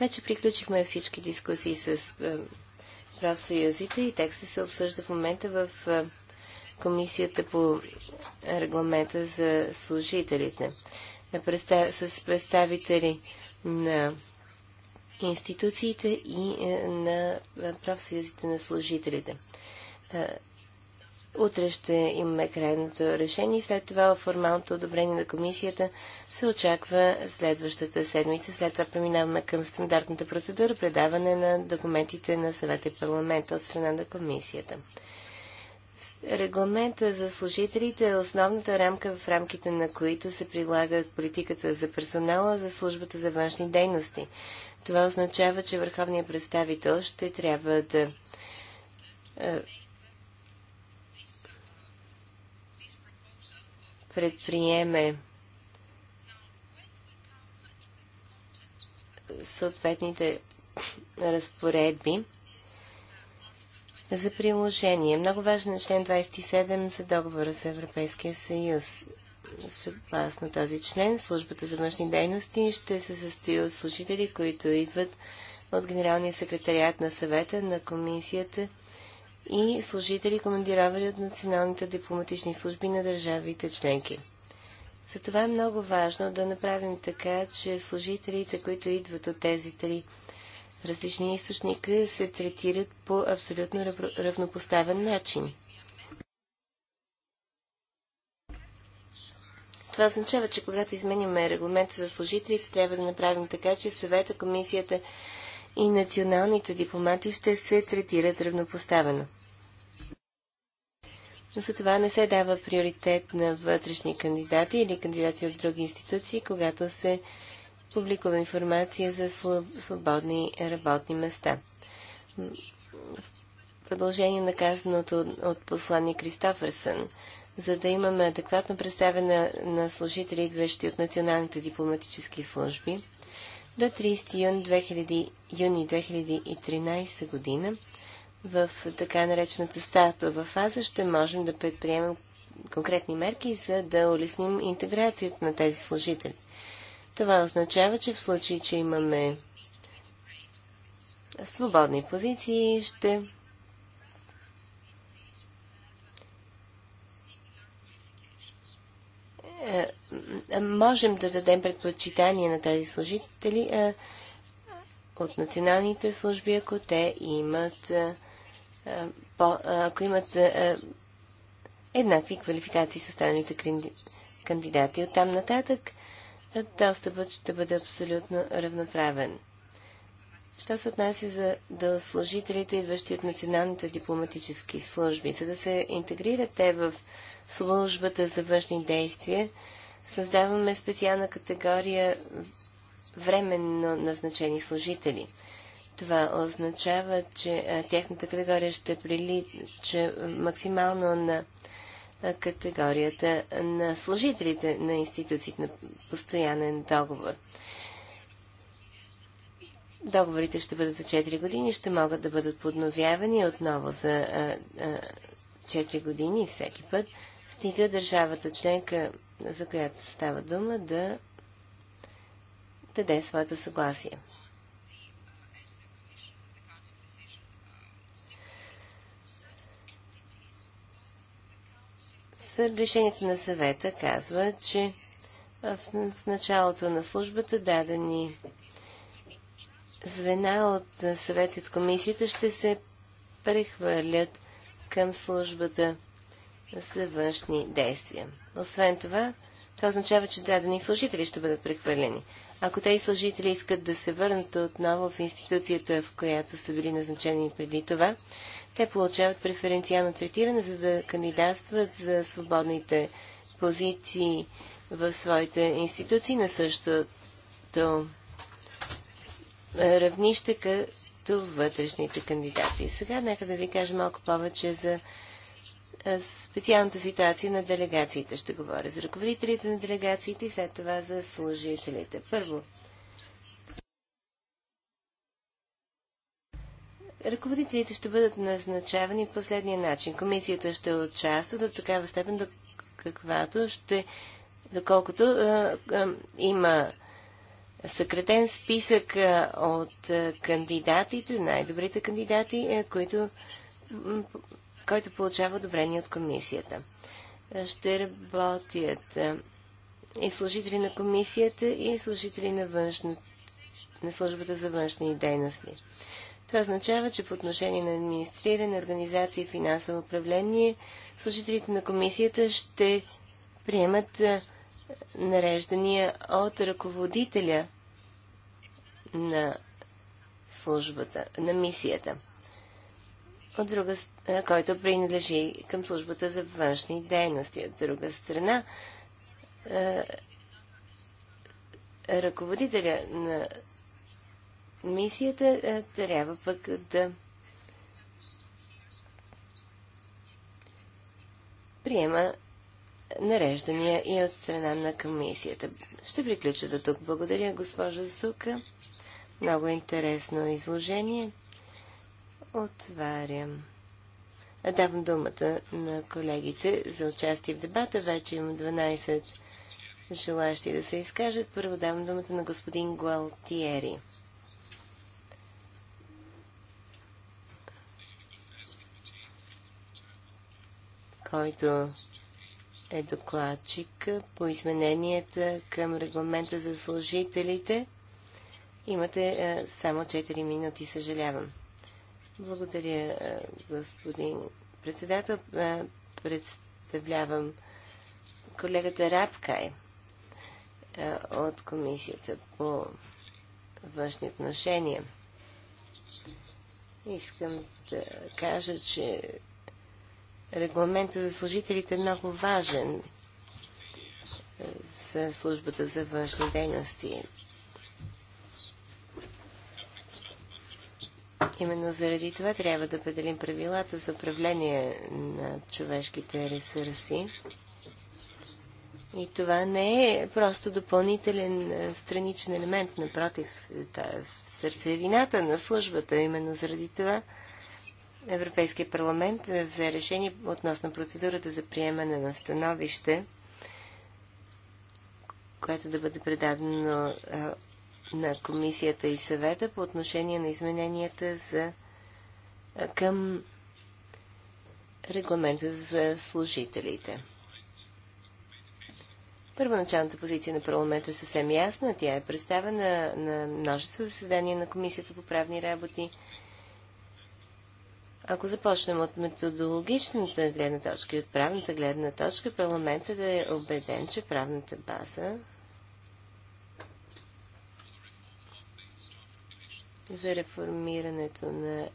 Вече приключихме всички дискусии с е, профсъюзите и текстът се обсъжда в момента в е, комисията по регламента за служителите. С представители на институциите и е, на профсъюзите на служителите. Утре ще имаме крайното решение и след това формалното одобрение на комисията се очаква следващата седмица. След това преминаваме към стандартната процедура предаване на документите на съвета и парламента от страна на комисията. Регламента за служителите е основната рамка, в рамките на които се прилага политиката за персонала за службата за външни дейности. Това означава, че върховният представител ще трябва да е, предприеме съответните разпоредби за приложение. Много важен е член 27 за договора за Европейския съюз. Съгласно този член, службата за външни дейности ще се състои от служители, които идват от Генералния секретариат на съвета на комисията и служители, командировани от националните дипломатични служби на държавите членки. Затова е много важно да направим така, че служителите, които идват от тези три различни източника, се третират по абсолютно равнопоставен начин. Това означава, че когато изменяме регламента за служителите, трябва да направим така, че съвета, комисията и националните дипломати ще се третират равнопоставено. Затова не се дава приоритет на вътрешни кандидати или кандидати от други институции, когато се публикува информация за свободни работни места. В продължение на казаното от послани Кристофърсън, за да имаме адекватно представяне на служители, идващи от националните дипломатически служби, до 30 юни 2013 година в така наречената стартова фаза ще можем да предприемем конкретни мерки, за да улесним интеграцията на тези служители. Това означава, че в случай, че имаме свободни позиции, ще е, можем да дадем предпочитание на тези служители е, от националните служби, ако те имат е, е, по, е, ако имат е, еднакви квалификации с останалите кандидати. От там нататък достъпът ще бъде абсолютно равноправен. Що се отнася за, до служителите, идващи от националните дипломатически служби, за да се интегрират те в службата за външни действия, създаваме специална категория временно назначени служители. Това означава, че тяхната категория ще прилича максимално на категорията на служителите на институциите на постоянен договор. Договорите ще бъдат за 4 години, ще могат да бъдат подновявани отново за 4 години всеки път, стига държавата членка, за която става дума, да даде своето съгласие. Решението на съвета казва, че в началото на службата дадени звена от съвета от комисията ще се прехвърлят към службата за външни действия. Освен това, това означава, че дадени служители ще бъдат прехвърлени. Ако тези служители искат да се върнат отново в институцията, в която са били назначени преди това, те получават преференциално третиране, за да кандидатстват за свободните позиции в своите институции на същото равнище като вътрешните кандидати. Сега нека да ви кажа малко повече за специалната ситуация на делегациите. Ще говоря за ръководителите на делегациите и след това за служителите. Първо, Ръководителите ще бъдат назначавани по последния начин. Комисията ще участва до такава степен, до каквато ще, доколкото а, а, има съкретен списък а, от а, кандидатите, най-добрите кандидати, а, които, който получава одобрение от комисията. А, ще работят а, и служители на комисията, и служители на, външна, на службата за външни дейности. Това означава, че по отношение на администриране, организация и финансово управление, служителите на комисията ще приемат нареждания от ръководителя на службата, на мисията, от друга, който принадлежи към службата за външни дейности. От друга страна, ръководителя на мисията, трябва пък да приема нареждания и от страна на комисията. Ще приключа до тук. Благодаря, госпожа Сука. Много интересно изложение. Отварям. Давам думата на колегите за участие в дебата. Вече имам 12 желащи да се изкажат. Първо давам думата на господин Гуалтиери. който е докладчик по измененията към регламента за служителите. Имате а, е, само 4 минути, съжалявам. Благодаря, а, е, господин председател. А, е, представлявам колегата Рапкай от Комисията по външни отношения. Искам да кажа, че регламента за служителите е много важен е, за службата за външни дейности. Именно заради това трябва да определим правилата за управление на човешките ресурси. И това не е просто допълнителен е, страничен елемент, напротив, това е в сърцевината на службата. Именно заради това Европейския парламент е взе решение относно процедурата за приемане на становище, което да бъде предадено на комисията и съвета по отношение на измененията за, към регламента за служителите. Първоначалната позиция на парламента е съвсем ясна. Тя е представена на множество заседания на Комисията по правни работи – ако започнем от методологичната гледна точка и от правната гледна точка, парламентът е убеден, че правната база за реформирането на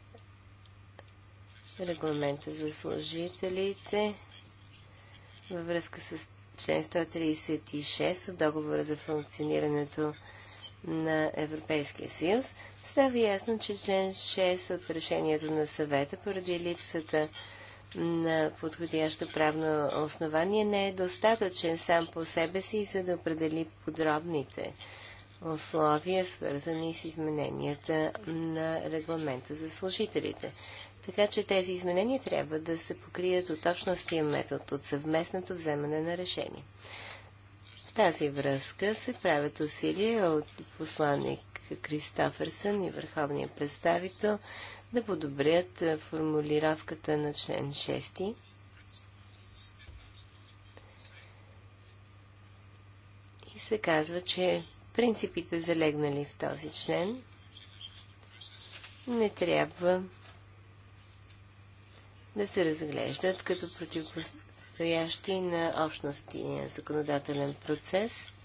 регламента за служителите във връзка с член 136 от договора за функционирането на Европейския съюз – Става ясно, че член 6 от решението на съвета поради липсата на подходящо правно основание не е достатъчен сам по себе си, за да определи подробните условия, свързани с измененията на регламента за служителите. Така че тези изменения трябва да се покрият от общностия метод, от съвместното вземане на решение. В тази връзка се правят усилия от посланник Хелга Кристоферсън и върховния представител да подобрят формулировката на член 6 и се казва, че принципите залегнали в този член не трябва да се разглеждат като противостоящи на общностния законодателен процес –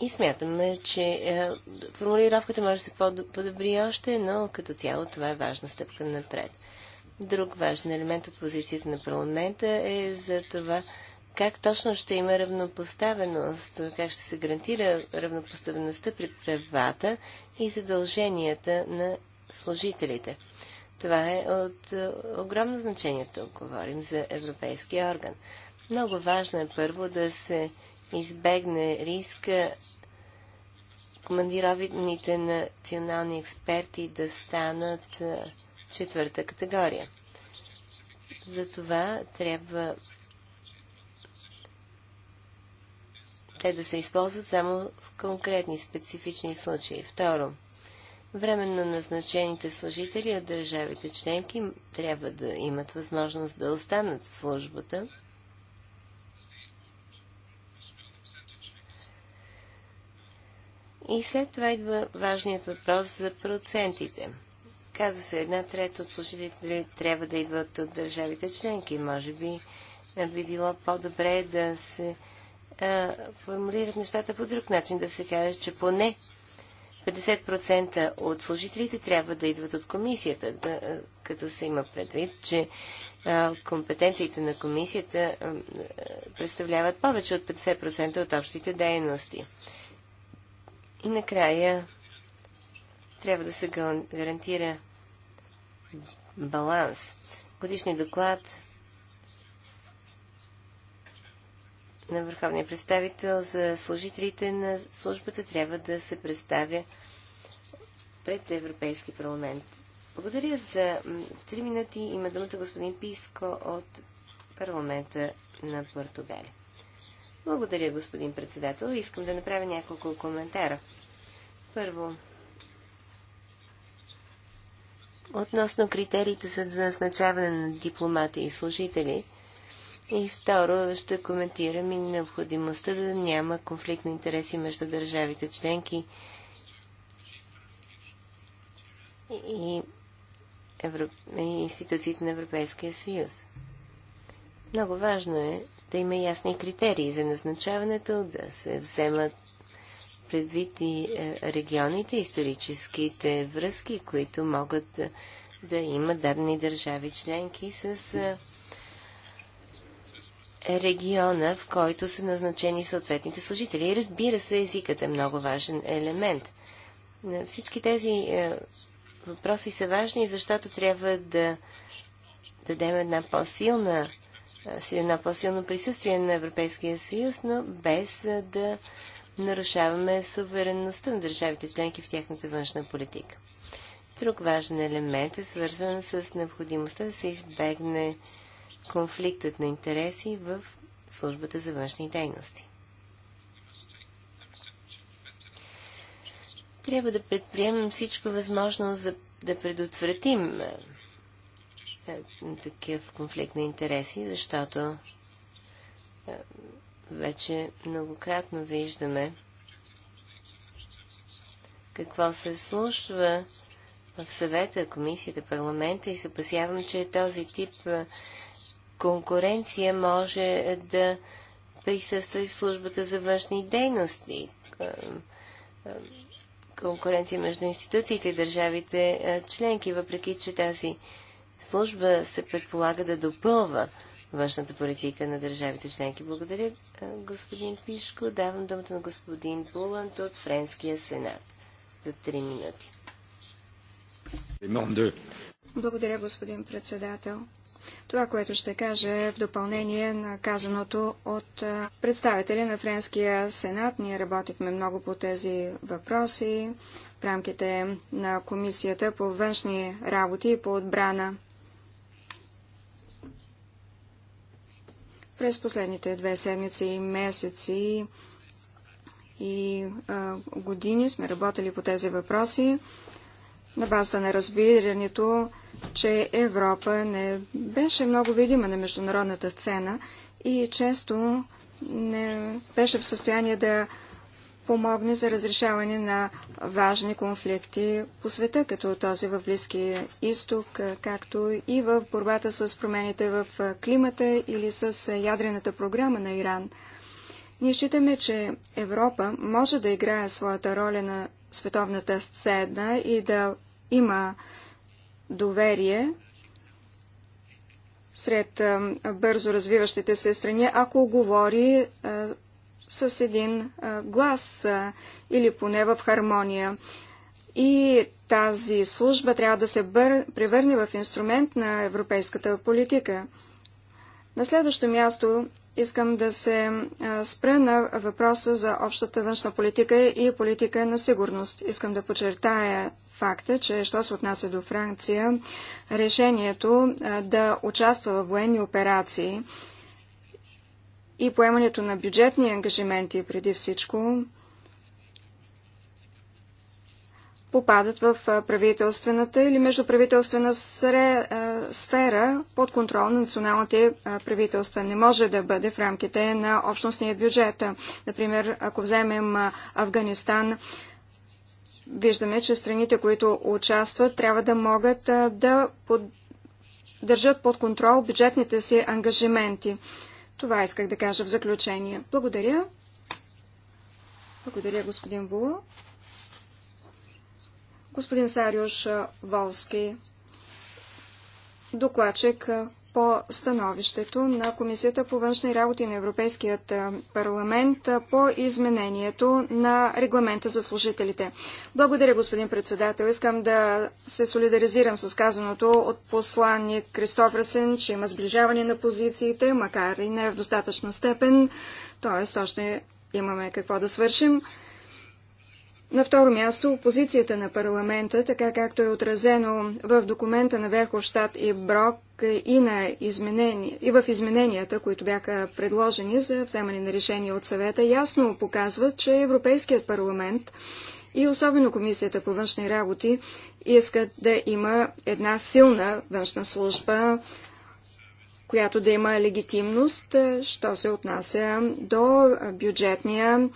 И смятаме, че е, формулировката може да се подобри още, но като цяло това е важна стъпка напред. Друг важен елемент от позицията на парламента е за това как точно ще има равнопоставеност, как ще се гарантира равнопоставеността при правата и задълженията на служителите. Това е от е, огромно значение тук. Говорим за Европейския орган. Много важно е първо да се избегне риска командировните национални експерти да станат четвърта категория. Затова трябва те да се използват само в конкретни специфични случаи. Второ, временно назначените служители от държавите членки трябва да имат възможност да останат в службата – И след това идва важният въпрос за процентите. Казва се, една трета от служителите трябва да идват от държавите членки. Може би би било по-добре да се а, формулират нещата по друг начин, да се каже, че поне 50% от служителите трябва да идват от комисията, да, като се има предвид, че а, компетенциите на комисията а, представляват повече от 50% от общите дейности. И накрая трябва да се гарантира баланс. Годишният доклад на върховния представител за служителите на службата трябва да се представя пред Европейски парламент. Благодаря за 3 минути. Има думата господин Писко от парламента на Португалия. Благодаря, господин председател. Искам да направя няколко коментара. Първо, относно критериите за назначаване на дипломати и служители. И второ, ще коментирам и необходимостта да няма конфликт на интереси между държавите членки и, Евро... и институциите на Европейския съюз. Много важно е да има ясни критерии за назначаването, да се вземат предвид и е, регионите, историческите връзки, които могат да, имат дадени държави членки с е, региона, в който са назначени съответните служители. И разбира се, езикът е много важен елемент. Е, всички тези въпроси са важни, защото трябва да дадем една по-силна си едно по-силно присъствие на Европейския съюз, но без да нарушаваме суверенността на държавите членки в тяхната външна политика. Друг важен елемент е свързан с необходимостта да се избегне конфликтът на интереси в службата за външни дейности. Трябва да предприемем всичко възможно за да предотвратим е, такъв конфликт на интереси, защото е, вече многократно виждаме какво се случва в съвета, комисията, парламента и се опасявам, че този тип е, конкуренция може да присъства и в службата за външни дейности. Конкуренция между институциите и държавите членки, въпреки че тази служба се предполага да допълва външната политика на държавите членки. Благодаря, е, господин Пишко. Давам думата на господин Буланд от Френския сенат за 3 минути. Благодаря, господин председател. Това, което ще кажа е в допълнение на казаното от е, представители на Френския сенат. Ние работихме много по тези въпроси в рамките на Комисията по външни работи и по отбрана. През последните две седмици и месеци и а, години сме работили по тези въпроси на базата на разбирането, че Европа не беше много видима на международната сцена и често не беше в състояние да помогне за разрешаване на важни конфликти по света, като този в Близкия изток, както и в борбата с промените в климата или с ядрената програма на Иран. Ние считаме, че Европа може да играе своята роля на световната сцена и да има доверие сред бързо развиващите се страни, ако говори с един глас или поне в хармония. И тази служба трябва да се бър... превърне в инструмент на европейската политика. На следващо място искам да се спра на въпроса за общата външна политика и политика на сигурност. Искам да подчертая факта, че що се отнася до Франция, решението да участва в военни операции и поемането на бюджетни ангажименти преди всичко попадат в правителствената или междуправителствена сфера под контрол на националните правителства. Не може да бъде в рамките на общностния бюджет. Например, ако вземем Афганистан, виждаме, че страните, които участват, трябва да могат да под... държат под контрол бюджетните си ангажименти. Това исках да кажа в заключение. Благодаря. Благодаря, господин Було. Господин Сариуш Волски, докладчик по становището на Комисията по външни работи на Европейският парламент по изменението на регламента за служителите. Благодаря, господин председател. Искам да се солидаризирам с казаното от посланник Кристоферсен, че има сближаване на позициите, макар и не в достатъчна степен, т.е. още имаме какво да свършим. На второ място, опозицията на парламента, така както е отразено в документа на Верховщад и Брок и, на и в измененията, които бяха предложени за вземане на решение от съвета, ясно показва, че Европейският парламент и особено Комисията по външни работи искат да има една силна външна служба, която да има легитимност, що се отнася до бюджетния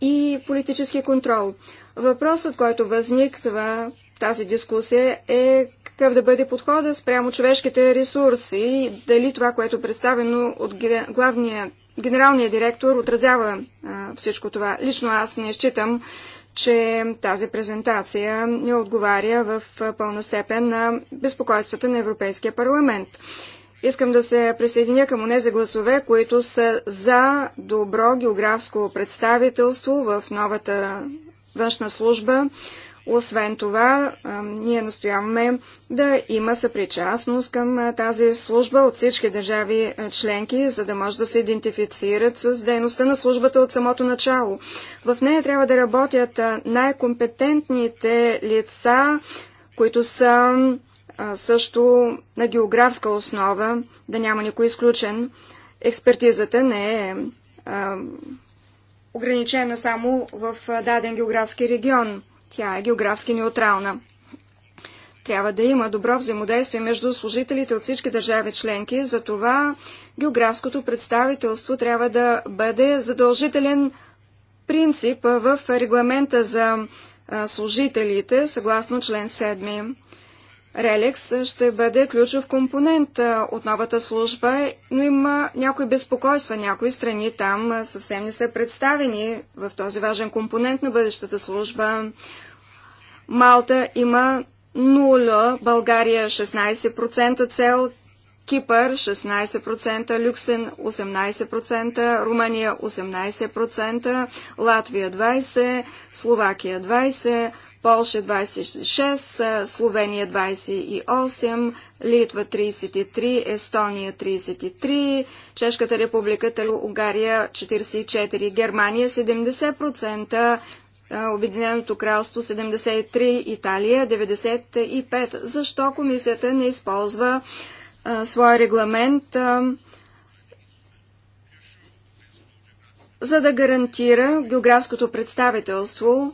и политически контрол. Въпросът, който възниква тази дискусия е какъв да бъде подхода спрямо човешките ресурси и дали това, което е представено от главния генералния директор, отразява а, всичко това. Лично аз не считам, че тази презентация не отговаря в пълна степен на безпокойствата на Европейския парламент. Искам да се присъединя към онези гласове, които са за добро географско представителство в новата външна служба. Освен това, ние настояваме да има съпричастност към тази служба от всички държави членки, за да може да се идентифицират с дейността на службата от самото начало. В нея трябва да работят най-компетентните лица, които са също на географска основа, да няма никой изключен. Експертизата не е а, ограничена само в даден географски регион. Тя е географски неутрална. Трябва да има добро взаимодействие между служителите от всички държави членки, затова географското представителство трябва да бъде задължителен принцип в регламента за служителите, съгласно член 7. Релекс ще бъде ключов компонент от новата служба, но има някои безпокойства. Някои страни там съвсем не са представени в този важен компонент на бъдещата служба. Малта има 0, България 16% цел, Кипър 16%, Люксен 18%, Румъния 18%, Латвия 20%, Словакия 20%, Полша 26, Словения 28, Литва 33, Естония 33, Чешката република, Угария 44, Германия 70%, Обединеното кралство 73, Италия 95. Защо комисията не използва а, своя регламент, а, за да гарантира географското представителство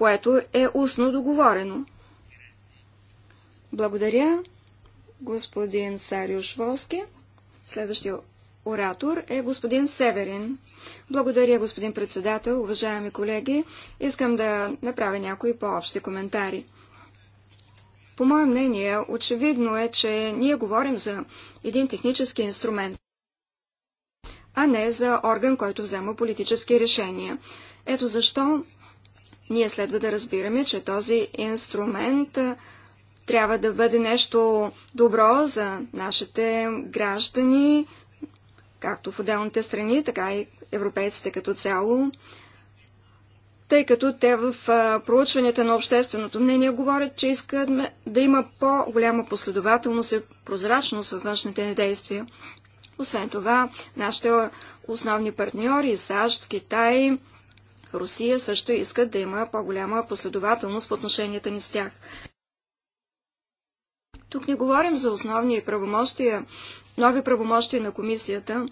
което е устно договорено. Благодаря, господин Сариуш Волски. Следващия оратор е господин Северин. Благодаря, господин председател, уважаеми колеги. Искам да направя някои по-общи коментари. По мое мнение, очевидно е, че ние говорим за един технически инструмент, а не за орган, който взема политически решения. Ето защо ние следва да разбираме, че този инструмент трябва да бъде нещо добро за нашите граждани, както в отделните страни, така и европейците като цяло, тъй като те в проучванията на общественото мнение говорят, че искат да има по-голяма последователност и прозрачност във външните действия. Освен това, нашите основни партньори САЩ, Китай, Русия също искат да има по-голяма последователност в отношенията ни с тях. Тук не говорим за основни правомощия, нови правомощия на комисията,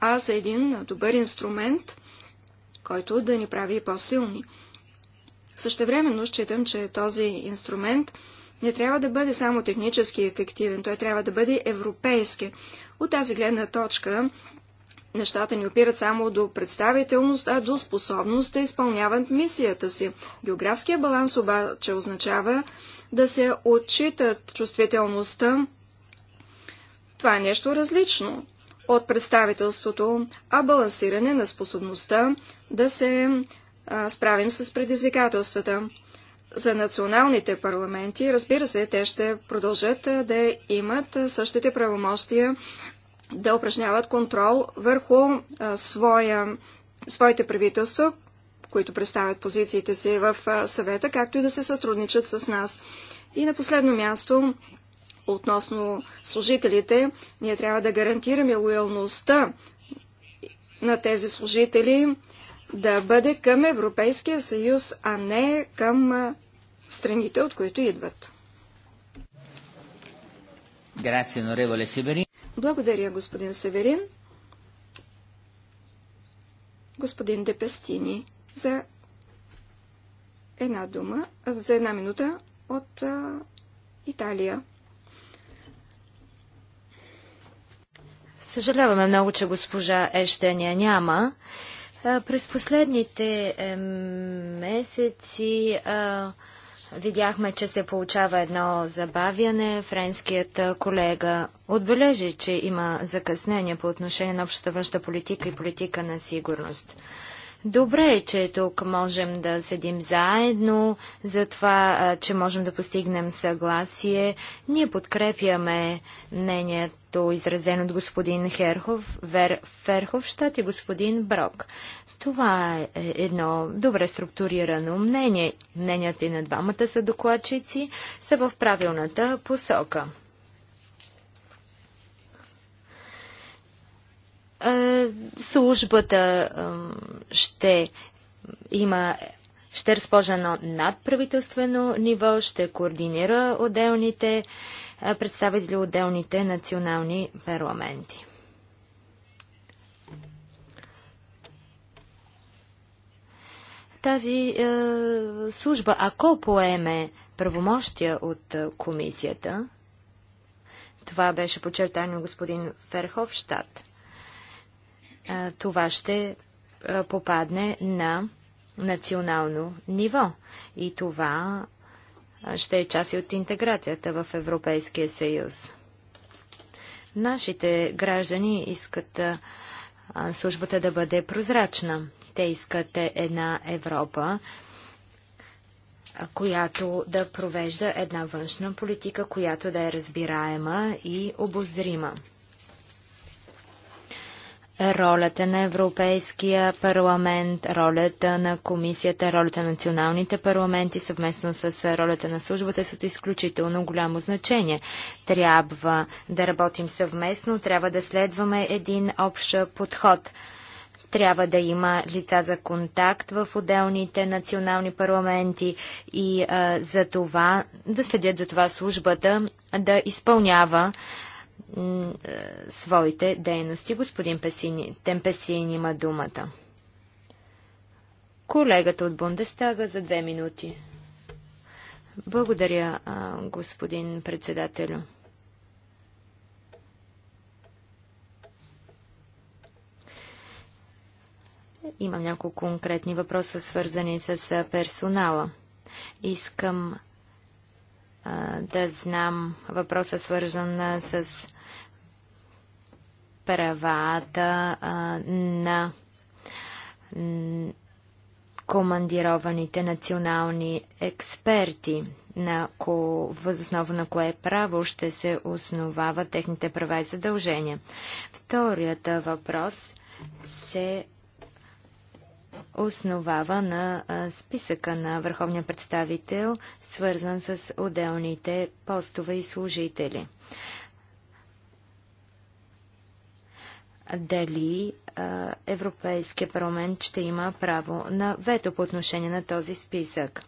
а за един добър инструмент, който да ни прави по-силни. Същевременно считам, че този инструмент не трябва да бъде само технически ефективен, той трябва да бъде европейски. От тази гледна точка нещата ни опират само до представителност, а до способност да изпълняват мисията си. Географския баланс обаче означава да се отчитат чувствителността. Това е нещо различно от представителството, а балансиране на способността да се а, справим с предизвикателствата. За националните парламенти, разбира се, те ще продължат да имат същите правомощия да упражняват контрол върху а, своя, своите правителства, които представят позициите си в а, съвета, както и да се сътрудничат с нас. И на последно място, относно служителите, ние трябва да гарантираме лоялността на тези служители да бъде към Европейския съюз, а не към страните, от които идват. Grazie, onorevole Severin. Благодаря, господин Северин. Господин Депестини, за една дума, за една минута от а, Италия. Съжаляваме много, че госпожа Ещения няма. през последните е, месеци а, Видяхме, че се получава едно забавяне. Френският колега отбележи, че има закъснение по отношение на общата външна политика и политика на сигурност. Добре е, че тук можем да седим заедно, за това, че можем да постигнем съгласие. Ние подкрепяме мнението, изразено от господин Херхов, Вер Ферховщат и господин Брок. Това е, е едно добре структурирано мнение. Мненията и на двамата са докладчици са в правилната посока. Е, службата ще има ще разположа на надправителствено ниво, ще координира отделните е, представители отделните национални парламенти. Тази е, служба, ако поеме правомощия от е, комисията, това беше подчертано господин Ферховщад, е, това ще е, попадне на национално ниво. И това е, ще е част и от интеграцията в Европейския съюз. Нашите граждани искат е, службата да бъде прозрачна. Те искат една Европа, която да провежда една външна политика, която да е разбираема и обозрима. Ролята на Европейския парламент, ролята на комисията, ролята на националните парламенти съвместно с ролята на службата са от изключително голямо значение. Трябва да работим съвместно, трябва да следваме един общ подход – трябва да има лица за контакт в отделните национални парламенти и а, за това да следят за това службата да изпълнява своите дейности. Господин Песини, Темпесин има думата. Колегата от Бундестага за две минути. Благодаря, господин председателю. Имам няколко конкретни въпроса, свързани с персонала. Искам а, да знам въпроса, свързан с правата а, на командированите национални експерти, на ко... възоснова на кое право ще се основават техните права и задължения. Вторият въпрос се основава на списъка на върховния представител, свързан с отделните постове и служители. Дали Европейския парламент ще има право на вето по отношение на този списък?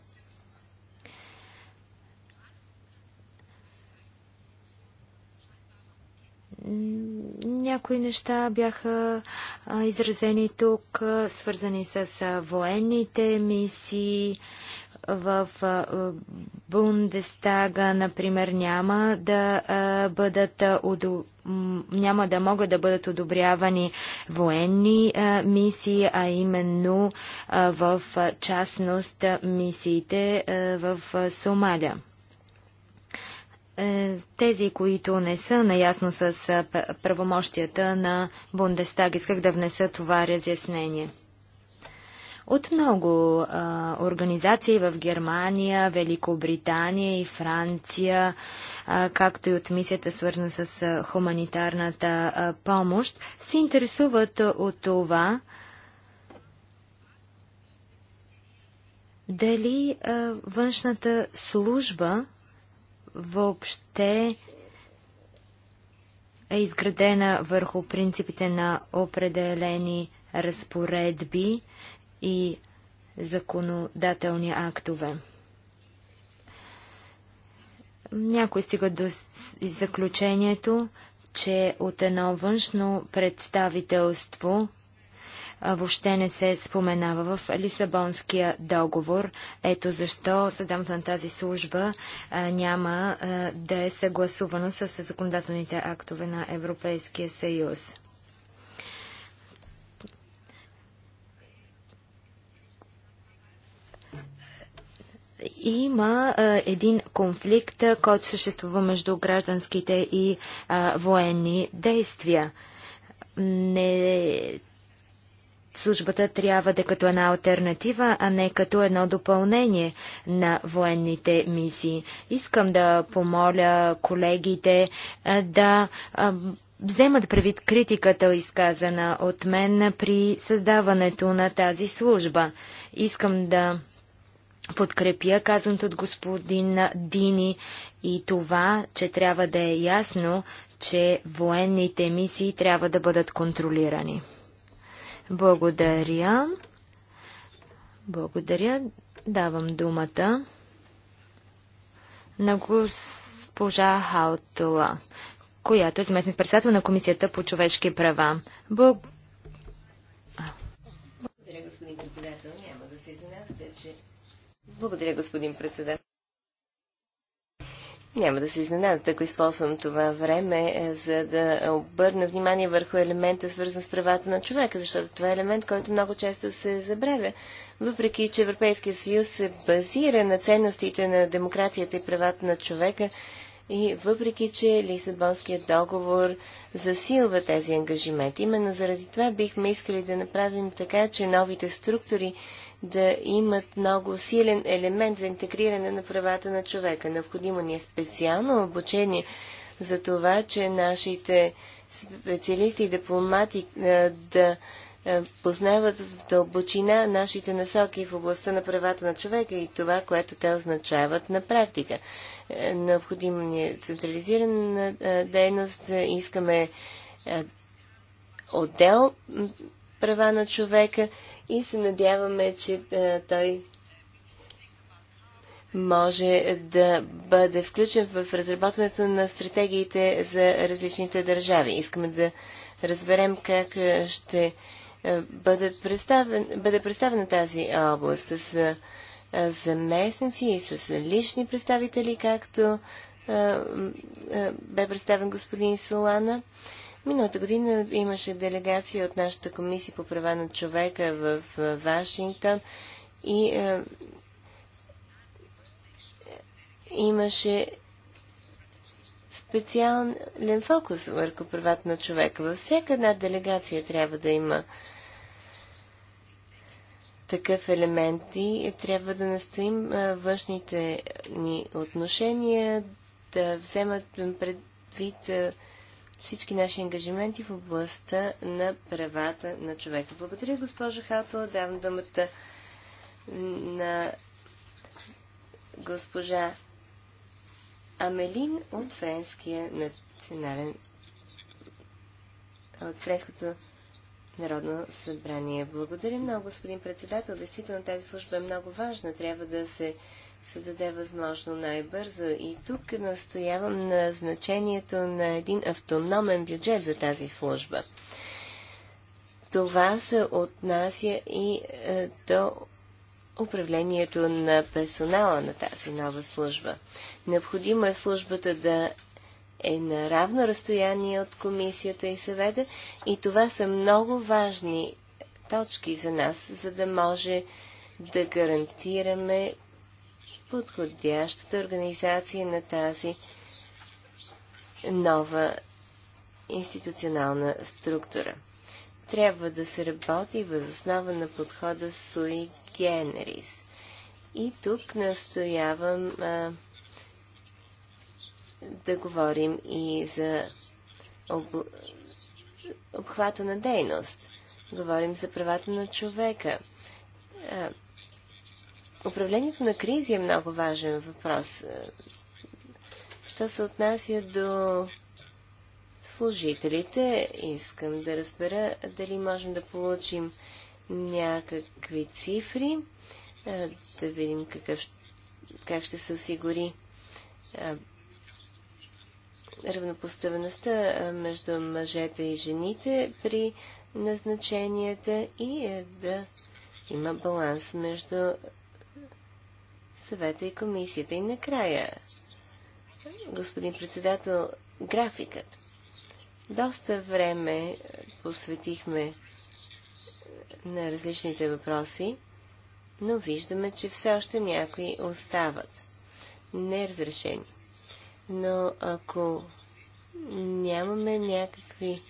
Някои неща бяха а, изразени тук, а, свързани с а, военните мисии. В Бундестага, например, няма да бъдат удо... няма да могат да бъдат одобрявани военни мисии, а именно в частност мисиите в Сомалия. Е, тези, които не са наясно с е, правомощията на Бундестаг, исках да внеса това разяснение. От много а, организации в Германия, Великобритания и Франция, а, както и от мисията свързана с а, хуманитарната а, помощ, се интересуват от това дали а, външната служба въобще е изградена върху принципите на определени разпоредби и законодателни актове. Някои стига до заключението, че от едно външно представителство въобще не се споменава в Лисабонския договор. Ето защо създаването на тази служба няма да е съгласувано с законодателните актове на Европейския съюз. има а, един конфликт, а, който съществува между гражданските и а, военни действия. Не е службата трябва да е като една альтернатива, а не като едно допълнение на военните мисии. Искам да помоля колегите да вземат предвид критиката, изказана от мен при създаването на тази служба. Искам да подкрепя казаното от господин Дини и това, че трябва да е ясно, че военните мисии трябва да бъдат контролирани. Благодаря. Благодаря. Давам думата на госпожа Хаутула, която е заместник председател на Комисията по човешки права. Благ... Благодаря, господин председател. Няма да се изненадате, че... Благодаря, господин председател. Няма да се изненада, ако използвам това време, е, за да обърна внимание върху елемента, свързан с правата на човека, защото това е елемент, който много често се забравя. Въпреки, че Европейския съюз се базира на ценностите на демокрацията и правата на човека, и въпреки, че Лисабонският договор засилва тези ангажименти, именно заради това бихме искали да направим така, че новите структури да имат много силен елемент за интегриране на правата на човека. Необходимо ни е специално обучение за това, че нашите специалисти и дипломати да познават в дълбочина нашите насоки в областта на правата на човека и това, което те означават на практика. Е, Необходима ни е централизирана дейност. Искаме отдел права на човека и се надяваме, че е, той може да бъде включен в разработването на стратегиите за различните държави. Искаме да разберем как е, ще е, бъде представена, бъде представена тази област с заместници и с лични представители, както бе представен господин Солана. Миналата година имаше делегация от нашата комисия по права на човека в Вашингтон и е, имаше специален фокус върху правата на човека. Във всяка една делегация трябва да има такъв елемент и трябва да настоим е, външните ни отношения да вземат предвид е, всички наши ангажименти в областта на правата на човека. Благодаря, госпожо Хатла. Давам думата на госпожа Амелин от Френския национален от Френското Народно събрание. Благодаря много, господин председател. Действително тази служба е много важна. Трябва да се създаде възможно най-бързо. И тук настоявам на значението на един автономен бюджет за тази служба. Това се отнася и е, до управлението на персонала на тази нова служба. Необходимо е службата да е на равно разстояние от комисията и съвета и това са много важни точки за нас, за да може да гарантираме подходящата организация на тази нова институционална структура. Трябва да се работи възоснова на подхода Суи Генерис. И тук настоявам а, да говорим и за об... обхвата на дейност. Говорим за правата на човека. А, Управлението на кризи е много важен въпрос. Що се отнася до служителите, искам да разбера дали можем да получим някакви цифри, да видим какъв, как ще се осигури равнопоставеността между мъжете и жените при назначенията и е, да има баланс между съвета и комисията. И накрая, господин председател, графикът. Доста време посветихме на различните въпроси, но виждаме, че все още някои остават неразрешени. Но ако нямаме някакви,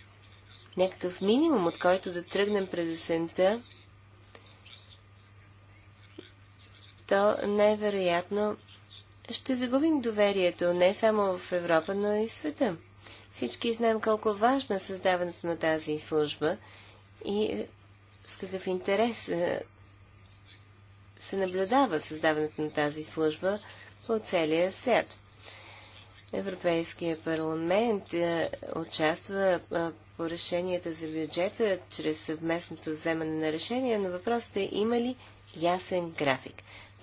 някакъв минимум, от който да тръгнем през есента, то най-вероятно ще загубим доверието не само в Европа, но и в света. Всички знаем колко важно е създаването на тази служба и с какъв интерес е, се наблюдава създаването на тази служба по целия свят. Европейския парламент е, участва е, по решенията за бюджета чрез съвместното вземане на решения, но въпросът е има ли ясен график.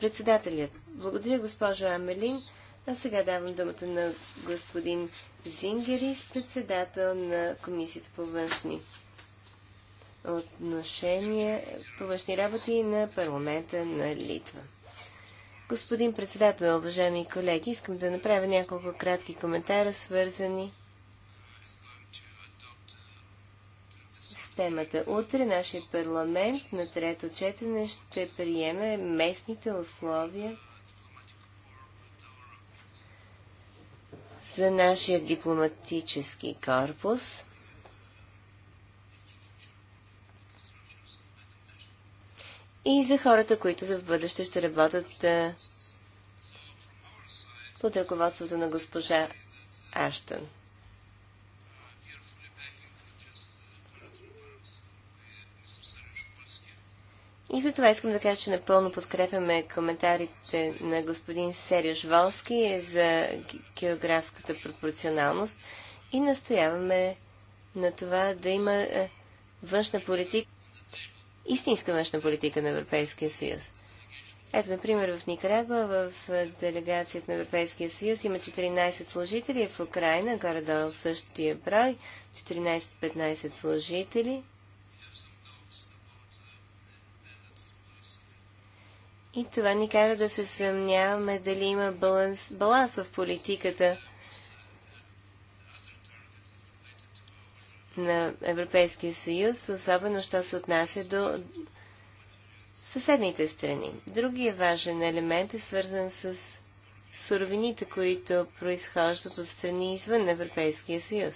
Председателят. Благодаря, госпожа Амелин. А сега давам думата на господин Зингерис, председател на Комисията по външни отношения, по външни работи на парламента на Литва. Господин председател, уважаеми колеги, искам да направя няколко кратки коментара, свързани темата. Утре нашия парламент на трето четене ще приеме местните условия за нашия дипломатически корпус. И за хората, които за в бъдеще ще работят под ръководството на госпожа Аштън. И за това искам да кажа, че напълно подкрепяме коментарите на господин Сериош Волски за географската пропорционалност и настояваме на това да има е, външна политика, истинска външна политика на Европейския съюз. Ето, например, в Никарагуа, в е, делегацията на Европейския съюз има 14 служители, в Украина горе-долу същия брой, 14-15 служители. И това ни кара да се съмняваме дали има баланс, баланс в политиката на Европейския съюз, особено що се отнася до съседните страни. Другия важен елемент е свързан с суровините, които произхождат от страни извън Европейския съюз.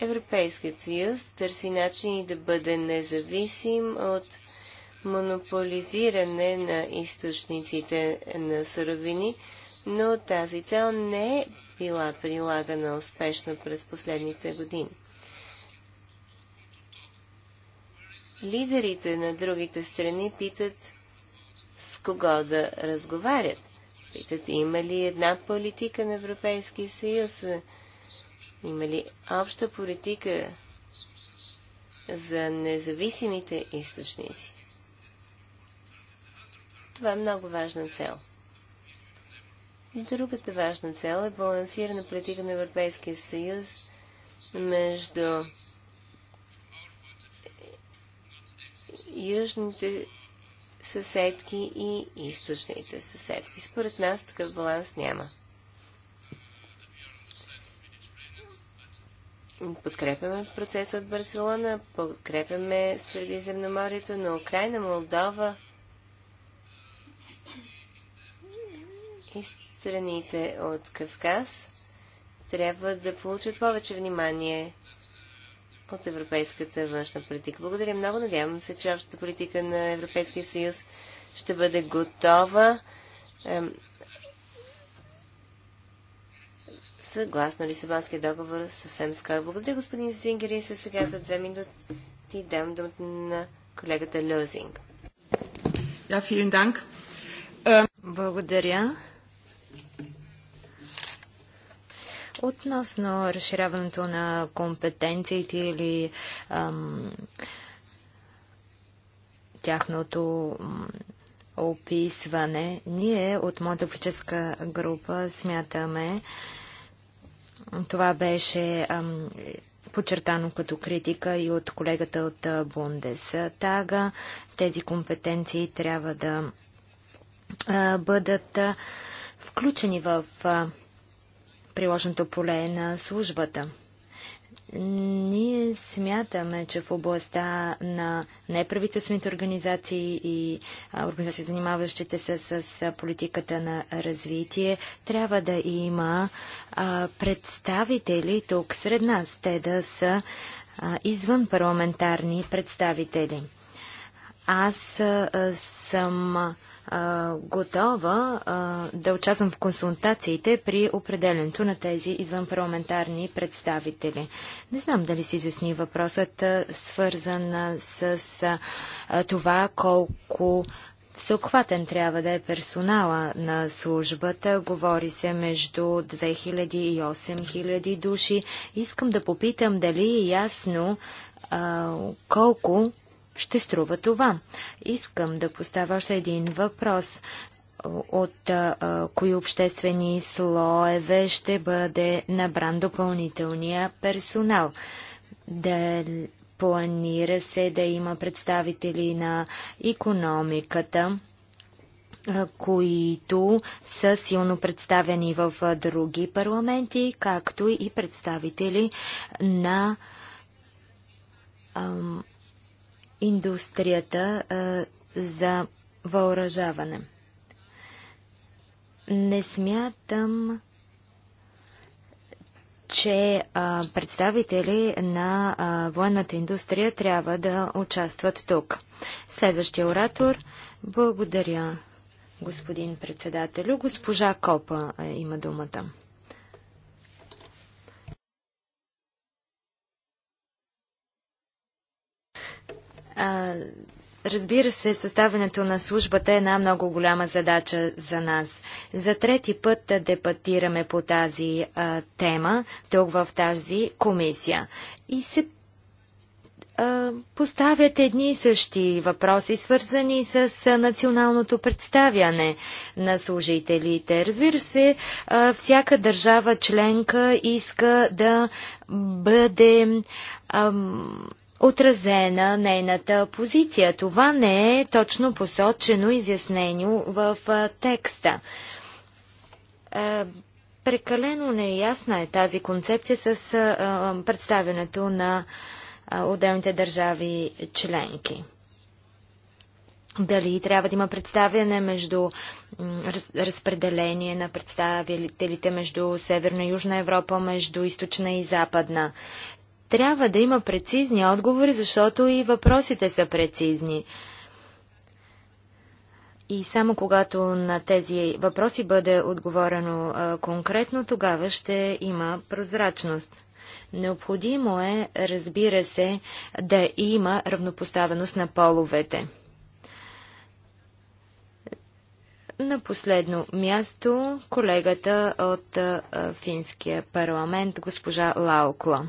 Европейският съюз търси начини да бъде независим от монополизиране на източниците на суровини, но тази цел не е била прилагана успешно през последните години. Лидерите на другите страни питат с кого да разговарят. Питат има ли една политика на Европейския съюз, има ли обща политика за независимите източници. Това е много важна цел. Другата важна цел е балансирана политика на Европейския съюз между южните съседки и източните съседки. Според нас такъв баланс няма. Подкрепяме процеса от Барселона, подкрепяме Средиземноморието, но Украина, Молдова – и страните от Кавказ трябва да получат повече внимание от европейската външна политика. Благодаря много. Надявам се, че общата политика на Европейския съюз ще бъде готова. Ем, съгласно Лисабонския договор съвсем скоро. Благодаря, господин Зингер. И сега за две минути дам думата на колегата Лозинг. Благодаря. Относно разширяването на компетенциите или ам, тяхното описване, ние от моята политическа група смятаме, това беше ам, подчертано като критика и от колегата от Бундестага. Тези компетенции трябва да а, бъдат а, включени в а, приложното поле на службата. Ние смятаме, че в областта на неправителствените организации и организации, занимаващите се с, политиката на развитие, трябва да има представители тук сред нас. Те да са извън парламентарни представители. Аз съм а, готова а, да участвам в консултациите при определенето на тези извънпарламентарни представители. Не знам дали си изясни въпросът, а, свързан с а, това колко Всеобхватен трябва да е персонала на службата. Говори се между 2000 и 8000 души. Искам да попитам дали е ясно а, колко ще струва това? Искам да поставя още един въпрос. От а, кои обществени слоеве ще бъде набран допълнителния персонал? Да планира се да има представители на економиката, които са силно представени в други парламенти, както и представители на А, индустрията а, за въоръжаване. Не смятам, че а, представители на а, военната индустрия трябва да участват тук. Следващия оратор. Благодаря, господин председателю. Госпожа Копа има думата. А, разбира се, съставянето на службата е една много голяма задача за нас. За трети път да дебатираме по тази а, тема, тук в тази комисия. И се поставят едни и същи въпроси, свързани с националното представяне на служителите. Разбира се, всяка държава членка иска да бъде ам, отразена нейната позиция. Това не е точно посочено изяснено в а, текста. А, прекалено неясна е тази концепция с а, представянето на отделните държави членки. Дали трябва да има представяне между раз, разпределение на представителите между Северна и Южна Европа, между Източна и Западна. Трябва да има прецизни отговори, защото и въпросите са прецизни. И само когато на тези въпроси бъде отговорено а, конкретно, тогава ще има прозрачност. Необходимо е, разбира се, да има равнопоставеност на половете. На последно място колегата от а, финския парламент, госпожа Лаукла.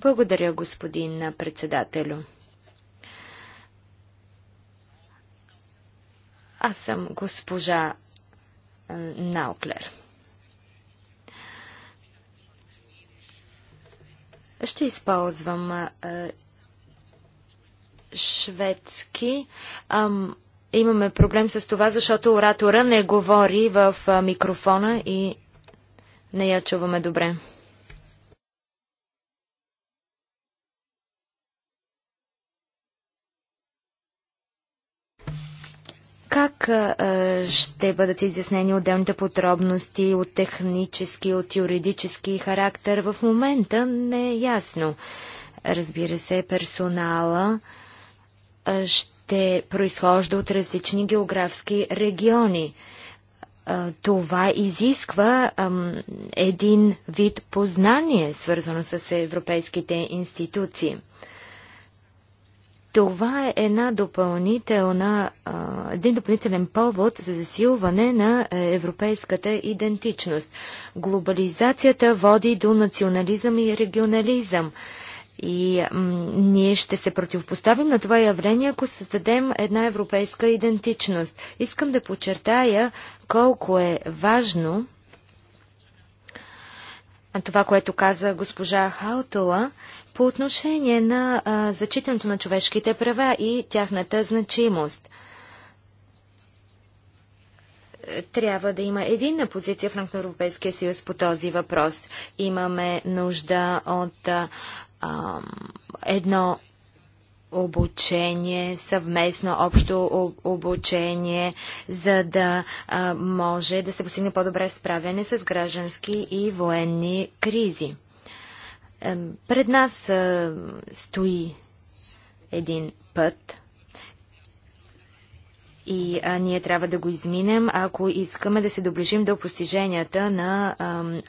Благодаря, господин председателю. Аз съм госпожа Науклер. Ще използвам а, шведски. А, имаме проблем с това, защото оратора не говори в микрофона и не я чуваме добре. Как а, ще бъдат изяснени отделните подробности от технически, от юридически характер? В момента не е ясно. Разбира се, персонала а, ще произхожда от различни географски региони. А, това изисква един вид познание, свързано с европейските институции. Това е една допълнителна, един допълнителен повод за засилване на европейската идентичност. Глобализацията води до национализъм и регионализъм. И ние ще се противопоставим на това явление, ако създадем една европейска идентичност. Искам да подчертая колко е важно това, което каза госпожа Хаутола, по отношение на а, зачитането на човешките права и тяхната значимост – трябва да има единна позиция в рамките на Европейския съюз по този въпрос. Имаме нужда от а, едно обучение, съвместно общо обучение, за да а, може да се постигне по-добре справяне с граждански и военни кризи. Пред нас е, стои един път и ние трябва да го изминем, ако искаме да се доближим до постиженията на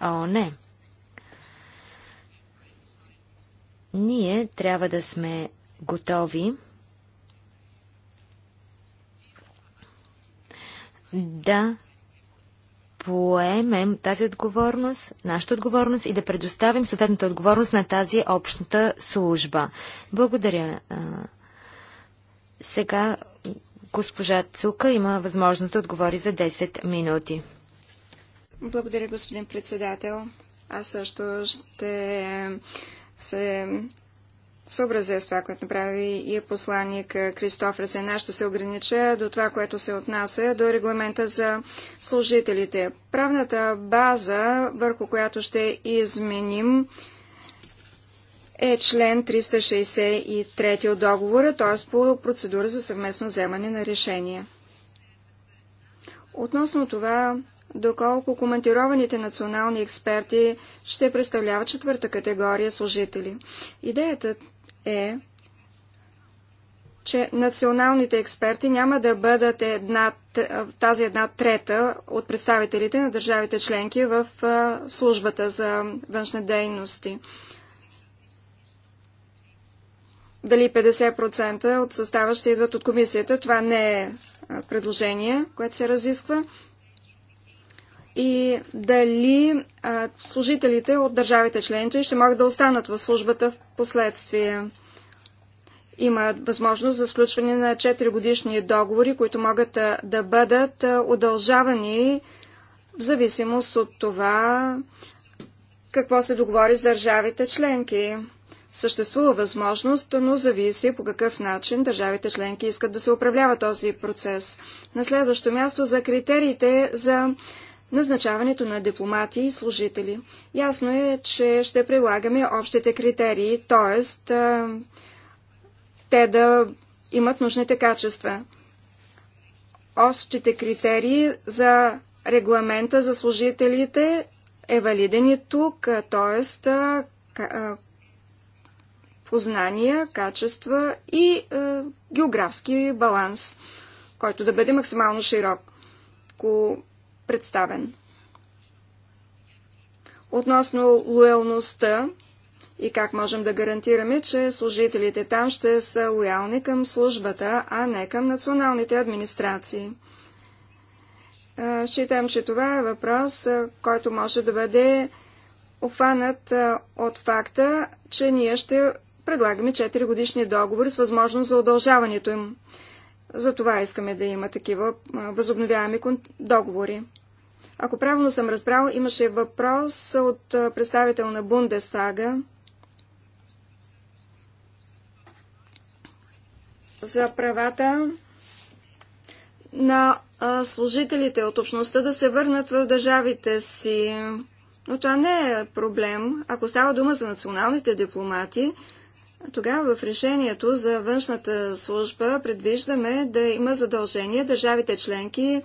ООН. Ние трябва да сме готови да поемем тази отговорност, нашата отговорност и да предоставим съответната отговорност на тази общата служба. Благодаря. Сега госпожа Цука има възможност да отговори за 10 минути. Благодаря, господин председател. Аз също ще се съобразя с това, което направи и посланник Кристофер Резена. Ще се огранича до това, което се отнася до регламента за служителите. Правната база, върху която ще изменим, е член 363 от договора, т.е. по процедура за съвместно вземане на решение. Относно това, доколко коментированите национални експерти ще представляват четвърта категория служители. Идеята е, че националните експерти няма да бъдат една, тази една трета от представителите на държавите членки в службата за външни дейности. Дали 50% от съставащите идват от комисията, това не е предложение, което се разисква и дали а, служителите от държавите членки ще могат да останат в службата в последствие. Има възможност за сключване на 4 годишни договори, които могат а, да бъдат а, удължавани в зависимост от това какво се договори с държавите членки. Съществува възможност, но зависи по какъв начин държавите членки искат да се управлява този процес. На следващо място за критериите за назначаването на дипломати и служители. Ясно е, че ще прилагаме общите критерии, т.е. те да имат нужните качества. Общите критерии за регламента за служителите е валиден и тук, т.е. познания, качества и географски баланс, който да бъде максимално широк. Ако представен. Относно лоялността и как можем да гарантираме, че служителите там ще са лоялни към службата, а не към националните администрации. Считам, че това е въпрос, който може да бъде обхванат от факта, че ние ще предлагаме 4 годишни договори с възможност за удължаването им. За това искаме да има такива възобновяеми договори. Ако правилно съм разбрал, имаше въпрос от представител на Бундестага за правата на служителите от общността да се върнат в държавите си. Но това не е проблем. Ако става дума за националните дипломати, тогава в решението за външната служба предвиждаме да има задължение държавите членки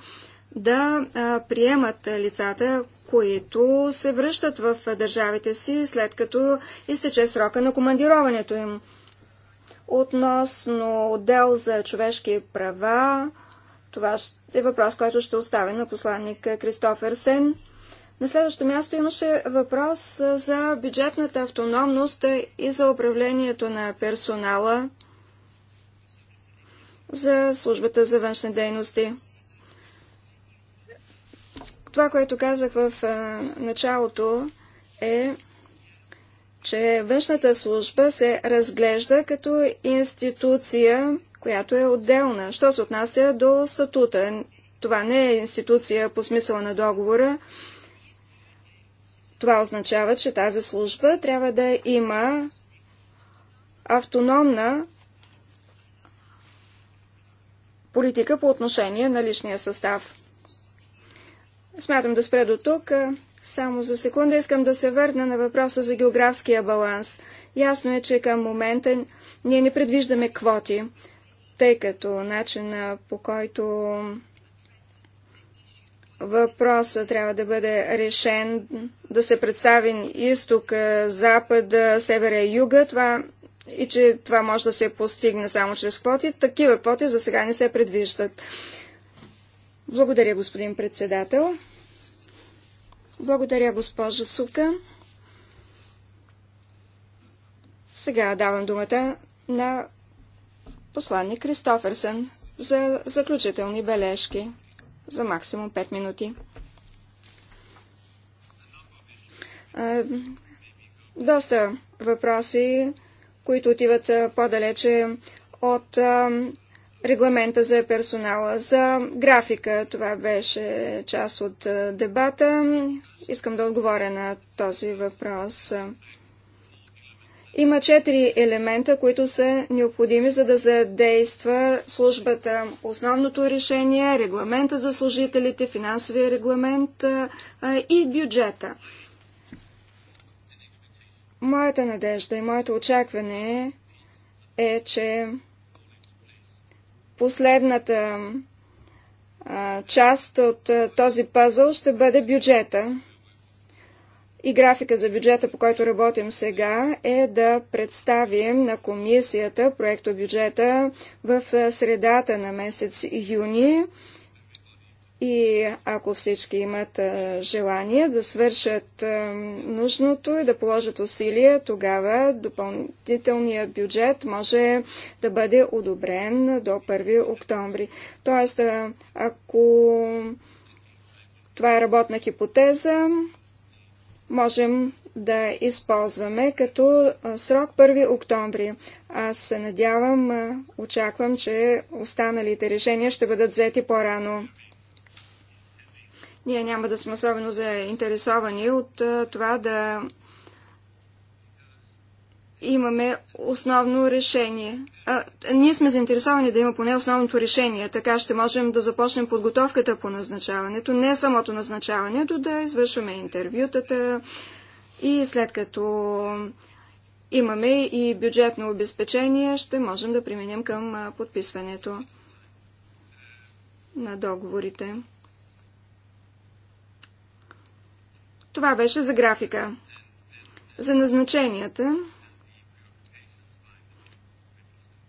да приемат лицата, които се връщат в държавите си, след като изтече срока на командироването им. Относно отдел за човешки права, това е въпрос, който ще оставя на посланник Кристофер Сен. На следващо място имаше въпрос за бюджетната автономност и за управлението на персонала за службата за външни дейности. Това, което казах в началото е, че външната служба се разглежда като институция, която е отделна. Що се отнася до статута? Това не е институция по смисъла на договора. Това означава, че тази служба трябва да има автономна политика по отношение на личния състав. Смятам да спре до тук. Само за секунда искам да се върна на въпроса за географския баланс. Ясно е, че към момента ние не предвиждаме квоти, тъй като начина по който въпроса трябва да бъде решен, да се представи изток, е, запад, е, севера и юга, това и че това може да се постигне само чрез квоти. Такива квоти за сега не се предвиждат. Благодаря, господин председател. Благодаря, госпожа Сука. Сега давам думата на посланник Кристоферсън за заключителни бележки за максимум 5 минути. Доста въпроси, които отиват по-далече от регламента за персонала, за графика. Това беше част от е, дебата. Искам да отговоря на този въпрос. Има четири елемента, които са необходими, за да задейства службата. Основното решение, регламента за служителите, финансовия регламент е, и бюджета. Моята надежда и моето очакване е, че Последната част от този пъзъл ще бъде бюджета. И графика за бюджета, по който работим сега, е да представим на комисията проекто бюджета в средата на месец юни. И ако всички имат желание да свършат нужното и да положат усилия, тогава допълнителният бюджет може да бъде одобрен до 1 октомври. Тоест, ако това е работна хипотеза, можем да използваме като срок 1 октомври. Аз се надявам, очаквам, че останалите решения ще бъдат взети по-рано. Ние няма да сме особено заинтересовани от това да имаме основно решение. А, ние сме заинтересовани да има поне основното решение, така ще можем да започнем подготовката по назначаването, не самото назначаването, да извършваме интервютата и след като имаме и бюджетно обезпечение, ще можем да применим към подписването на договорите. Това беше за графика. За назначенията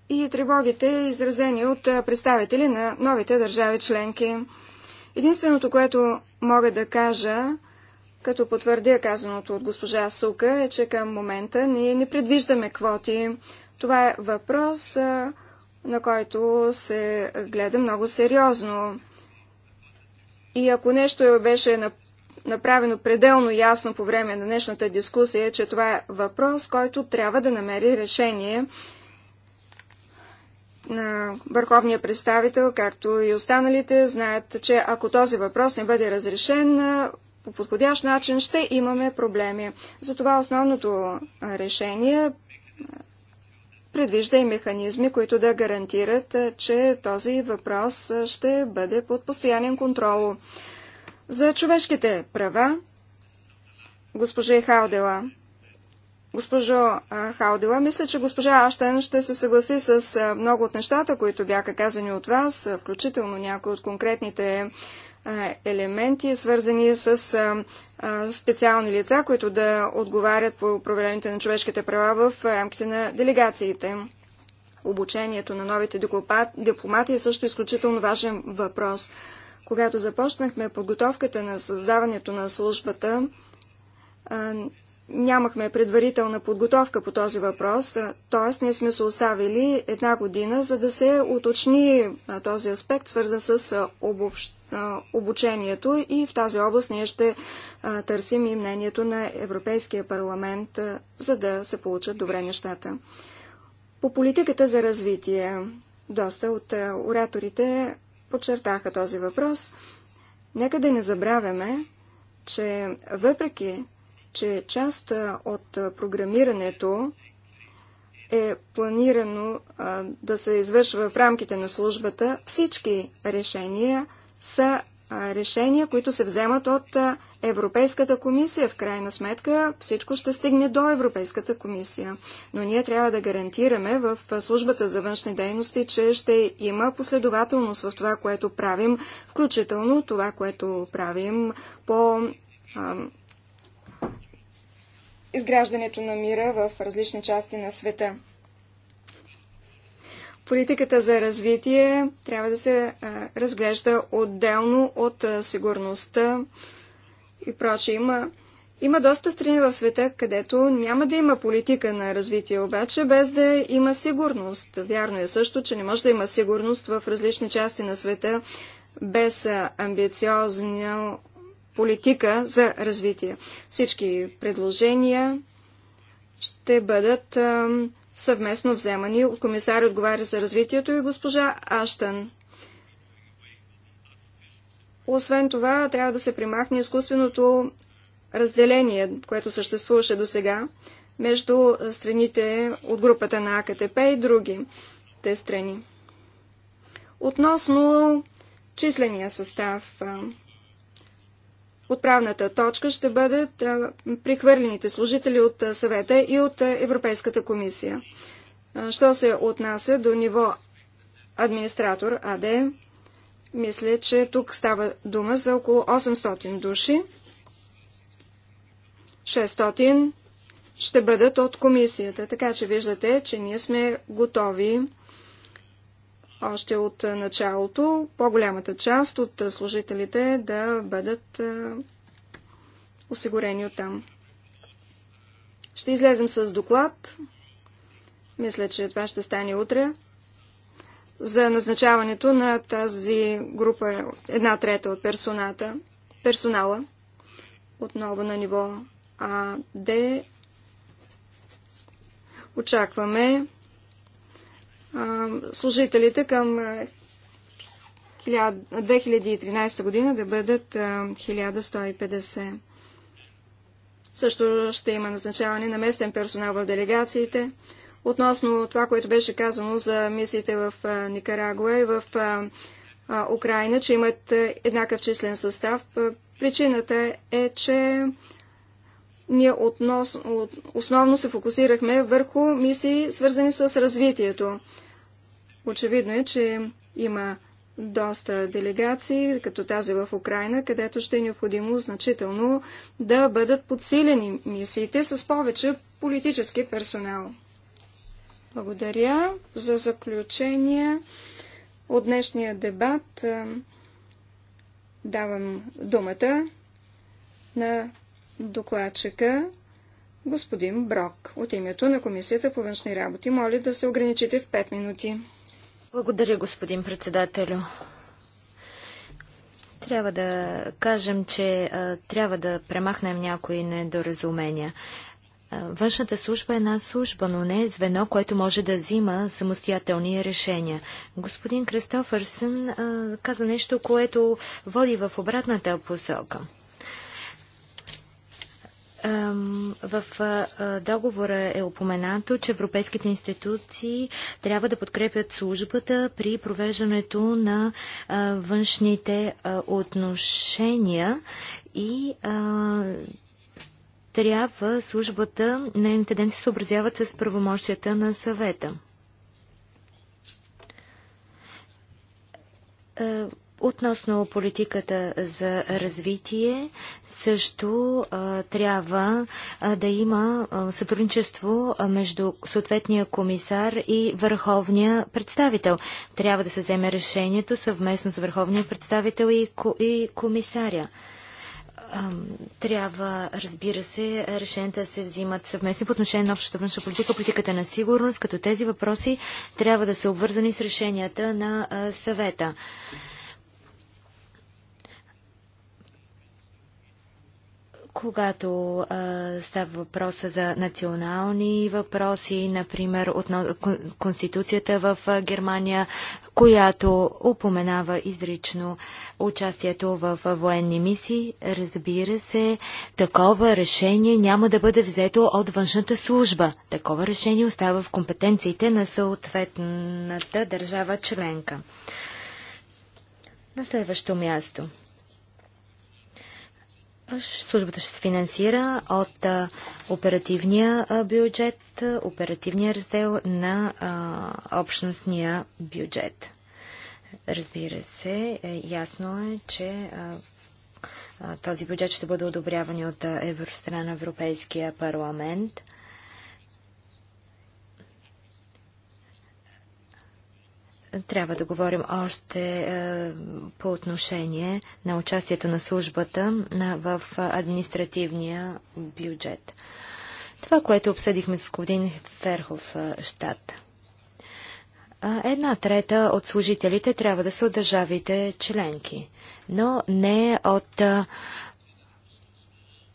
и тревогите, изразени от представители на новите държави членки. Единственото, което мога да кажа, като потвърдя казаното от госпожа Сука, е, че към момента ние не предвиждаме квоти. Това е въпрос, на който се гледа много сериозно. И ако нещо беше на направено пределно ясно по време на днешната дискусия, е, че това е въпрос, който трябва да намери решение на върховния представител, както и останалите, знаят, че ако този въпрос не бъде разрешен по подходящ начин, ще имаме проблеми. Затова основното решение предвижда и механизми, които да гарантират, че този въпрос ще бъде под постоянен контрол. За човешките права, госпожа Хаудела. Госпожо Хаудела, мисля, че госпожа Аштен ще се съгласи с много от нещата, които бяха казани от вас, включително някои от конкретните елементи, свързани с специални лица, които да отговарят по проблемите на човешките права в рамките на делегациите. Обучението на новите дипломати е също изключително важен въпрос. Когато започнахме подготовката на създаването на службата, нямахме предварителна подготовка по този въпрос, т.е. ние сме се оставили една година, за да се уточни този аспект, свързан с обучението и в тази област ние ще търсим и мнението на Европейския парламент, за да се получат добре нещата. По политиката за развитие доста от ораторите подчертаха този въпрос. Нека да не забравяме, че въпреки, че част от програмирането е планирано а, да се извършва в рамките на службата, всички решения са а, решения, които се вземат от а, Европейската комисия, в крайна сметка, всичко ще стигне до Европейската комисия. Но ние трябва да гарантираме в службата за външни дейности, че ще има последователност в това, което правим, включително това, което правим по а, изграждането на мира в различни части на света. Политиката за развитие трябва да се разглежда отделно от сигурността, и прочее. Има, има доста страни в света, където няма да има политика на развитие, обаче без да има сигурност. Вярно е също, че не може да има сигурност в различни части на света без амбициозна политика за развитие. Всички предложения ще бъдат съвместно вземани от отговаря за развитието и госпожа Аштън. Освен това, трябва да се примахне изкуственото разделение, което съществуваше до сега между страните от групата на АКТП и другите страни. Относно числения състав, отправната точка ще бъдат прихвърлените служители от съвета и от Европейската комисия. Що се отнася до ниво администратор АД, мисля, че тук става дума за около 800 души. 600 ще бъдат от комисията. Така че виждате, че ние сме готови още от началото по-голямата част от служителите да бъдат е, осигурени от там. Ще излезем с доклад. Мисля, че това ще стане утре за назначаването на тази група, една трета от персоната, персонала, отново на ниво А, Д. Очакваме а, служителите към 2013 година да бъдат а, 1150. Също ще има назначаване на местен персонал в делегациите относно това, което беше казано за мисиите в Никарагуа и в Украина, че имат еднакъв числен състав. Причината е, че ние относ... основно се фокусирахме върху мисии, свързани с развитието. Очевидно е, че има доста делегации, като тази в Украина, където ще е необходимо значително да бъдат подсилени мисиите с повече политически персонал. Благодаря за заключение от днешния дебат. Е, давам думата на докладчика господин Брок от името на Комисията по външни работи. Моля да се ограничите в 5 минути. Благодаря, господин председателю. Трябва да кажем, че а, е, трябва да премахнем някои недоразумения. Външната служба е една служба, но не е звено, което може да взима самостоятелни решения. Господин Кристофърсън каза нещо, което води в обратната посока. В договора е упоменато, че европейските институции трябва да подкрепят службата при провеждането на външните отношения и трябва службата, нейните ден се съобразяват с правомощията на съвета. Е, относно политиката за развитие, също а, е, трябва а, е, да има а, сътрудничество между съответния комисар и върховния представител. Трябва да се вземе решението съвместно с върховния представител и, и комисаря трябва, разбира се, решенията да се взимат съвместно по отношение на общата външна политика, политиката на сигурност, като тези въпроси трябва да са обвързани с решенията на съвета. Когато а, става въпроса за национални въпроси, например относно Конституцията в Германия, която упоменава изрично участието в военни мисии, разбира се, такова решение няма да бъде взето от външната служба. Такова решение остава в компетенциите на съответната държава членка. На следващо място – Службата ще се финансира от оперативния бюджет, оперативния раздел на общностния бюджет. Разбира се, е, ясно е, че този бюджет ще бъде одобряван от на Европейския парламент – Трябва да говорим още е, по отношение на участието на службата в административния бюджет. Това, което обсъдихме с господин Ферхов е, щат. Една трета от служителите трябва да са от държавите членки, но не от а,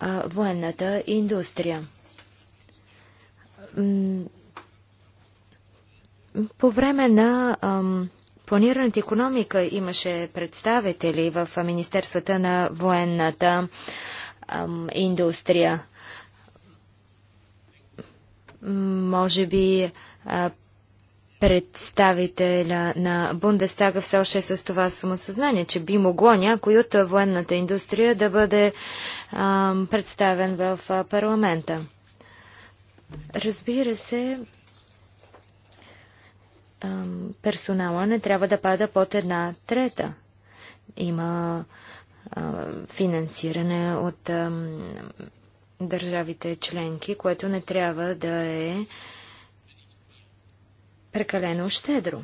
е, военната индустрия по време на ам, планираната економика имаше представители в Министерствата на военната ам, индустрия. Може би а, представителя на Бундестага все още е с това самосъзнание, че би могло някой от военната индустрия да бъде а, представен в парламента. Разбира се, персонала не трябва да пада под една трета. Има финансиране от държавите членки, което не трябва да е прекалено щедро.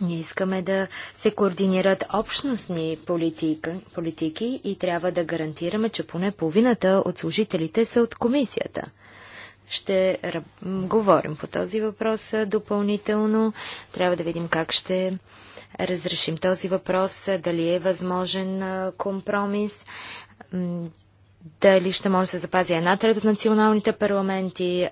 Ние искаме да се координират общностни политика, политики и трябва да гарантираме, че поне половината от служителите са от комисията. Ще говорим по този въпрос допълнително. Трябва да видим как ще разрешим този въпрос, дали е възможен компромис, дали ще може да се запази една трета от националните парламенти,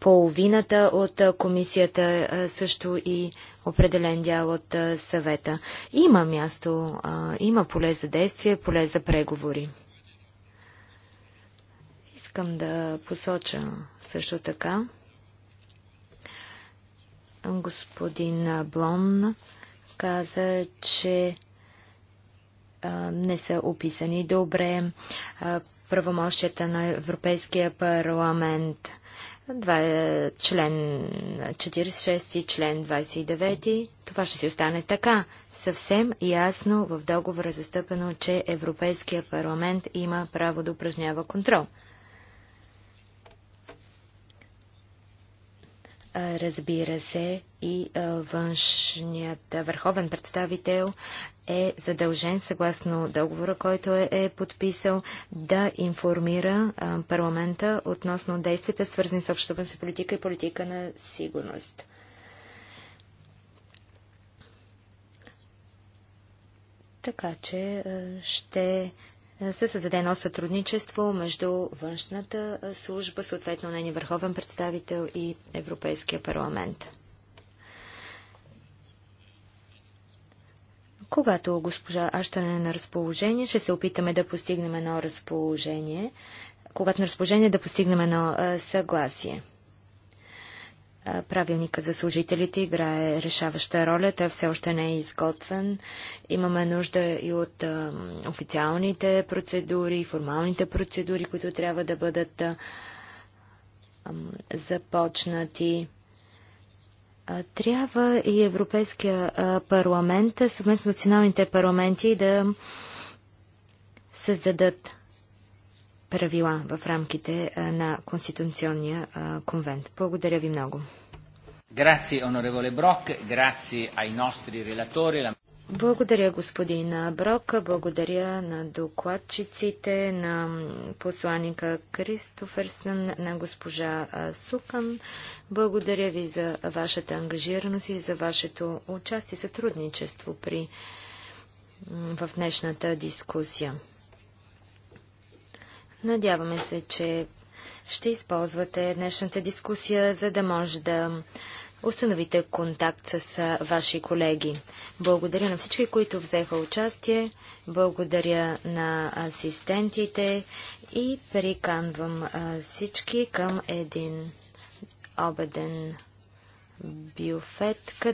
половината от комисията, също и определен дял от съвета. Има място, има поле за действие, поле за преговори. Искам да посоча също така господин Блон каза, че не са описани добре правомощията на Европейския парламент. Два, е член 46 и член 29. Това ще си остане така. Съвсем ясно в договора застъпено, че Европейския парламент има право да упражнява контрол. разбира се, и външният върховен представител е задължен, съгласно договора, който е, е подписал, да информира парламента относно действията, свързани с общата си политика и политика на сигурност. Така че ще се създаде едно сътрудничество между външната служба, съответно нейния върховен представител и Европейския парламент. Когато госпожа Аштан е на разположение, ще се опитаме да постигнем едно разположение, когато е на разположение да постигнем едно съгласие. Правилника за служителите играе решаваща роля. Той все още не е изготвен. Имаме нужда и от официалните процедури, формалните процедури, които трябва да бъдат започнати. трябва и Европейския парламент, съвместно националните парламенти, да създадат правила в рамките на Конституционния конвент. Благодаря ви много. Благодаря, господин Брок. Благодаря на докладчиците, на посланика Кристоферсън, на госпожа Сукан. Благодаря ви за вашата ангажираност и за вашето участие и сътрудничество при, в днешната дискусия. Надяваме се, че ще използвате днешната дискусия, за да може да установите контакт с ваши колеги. Благодаря на всички, които взеха участие, благодаря на асистентите и приканвам всички към един обеден бюфет, къде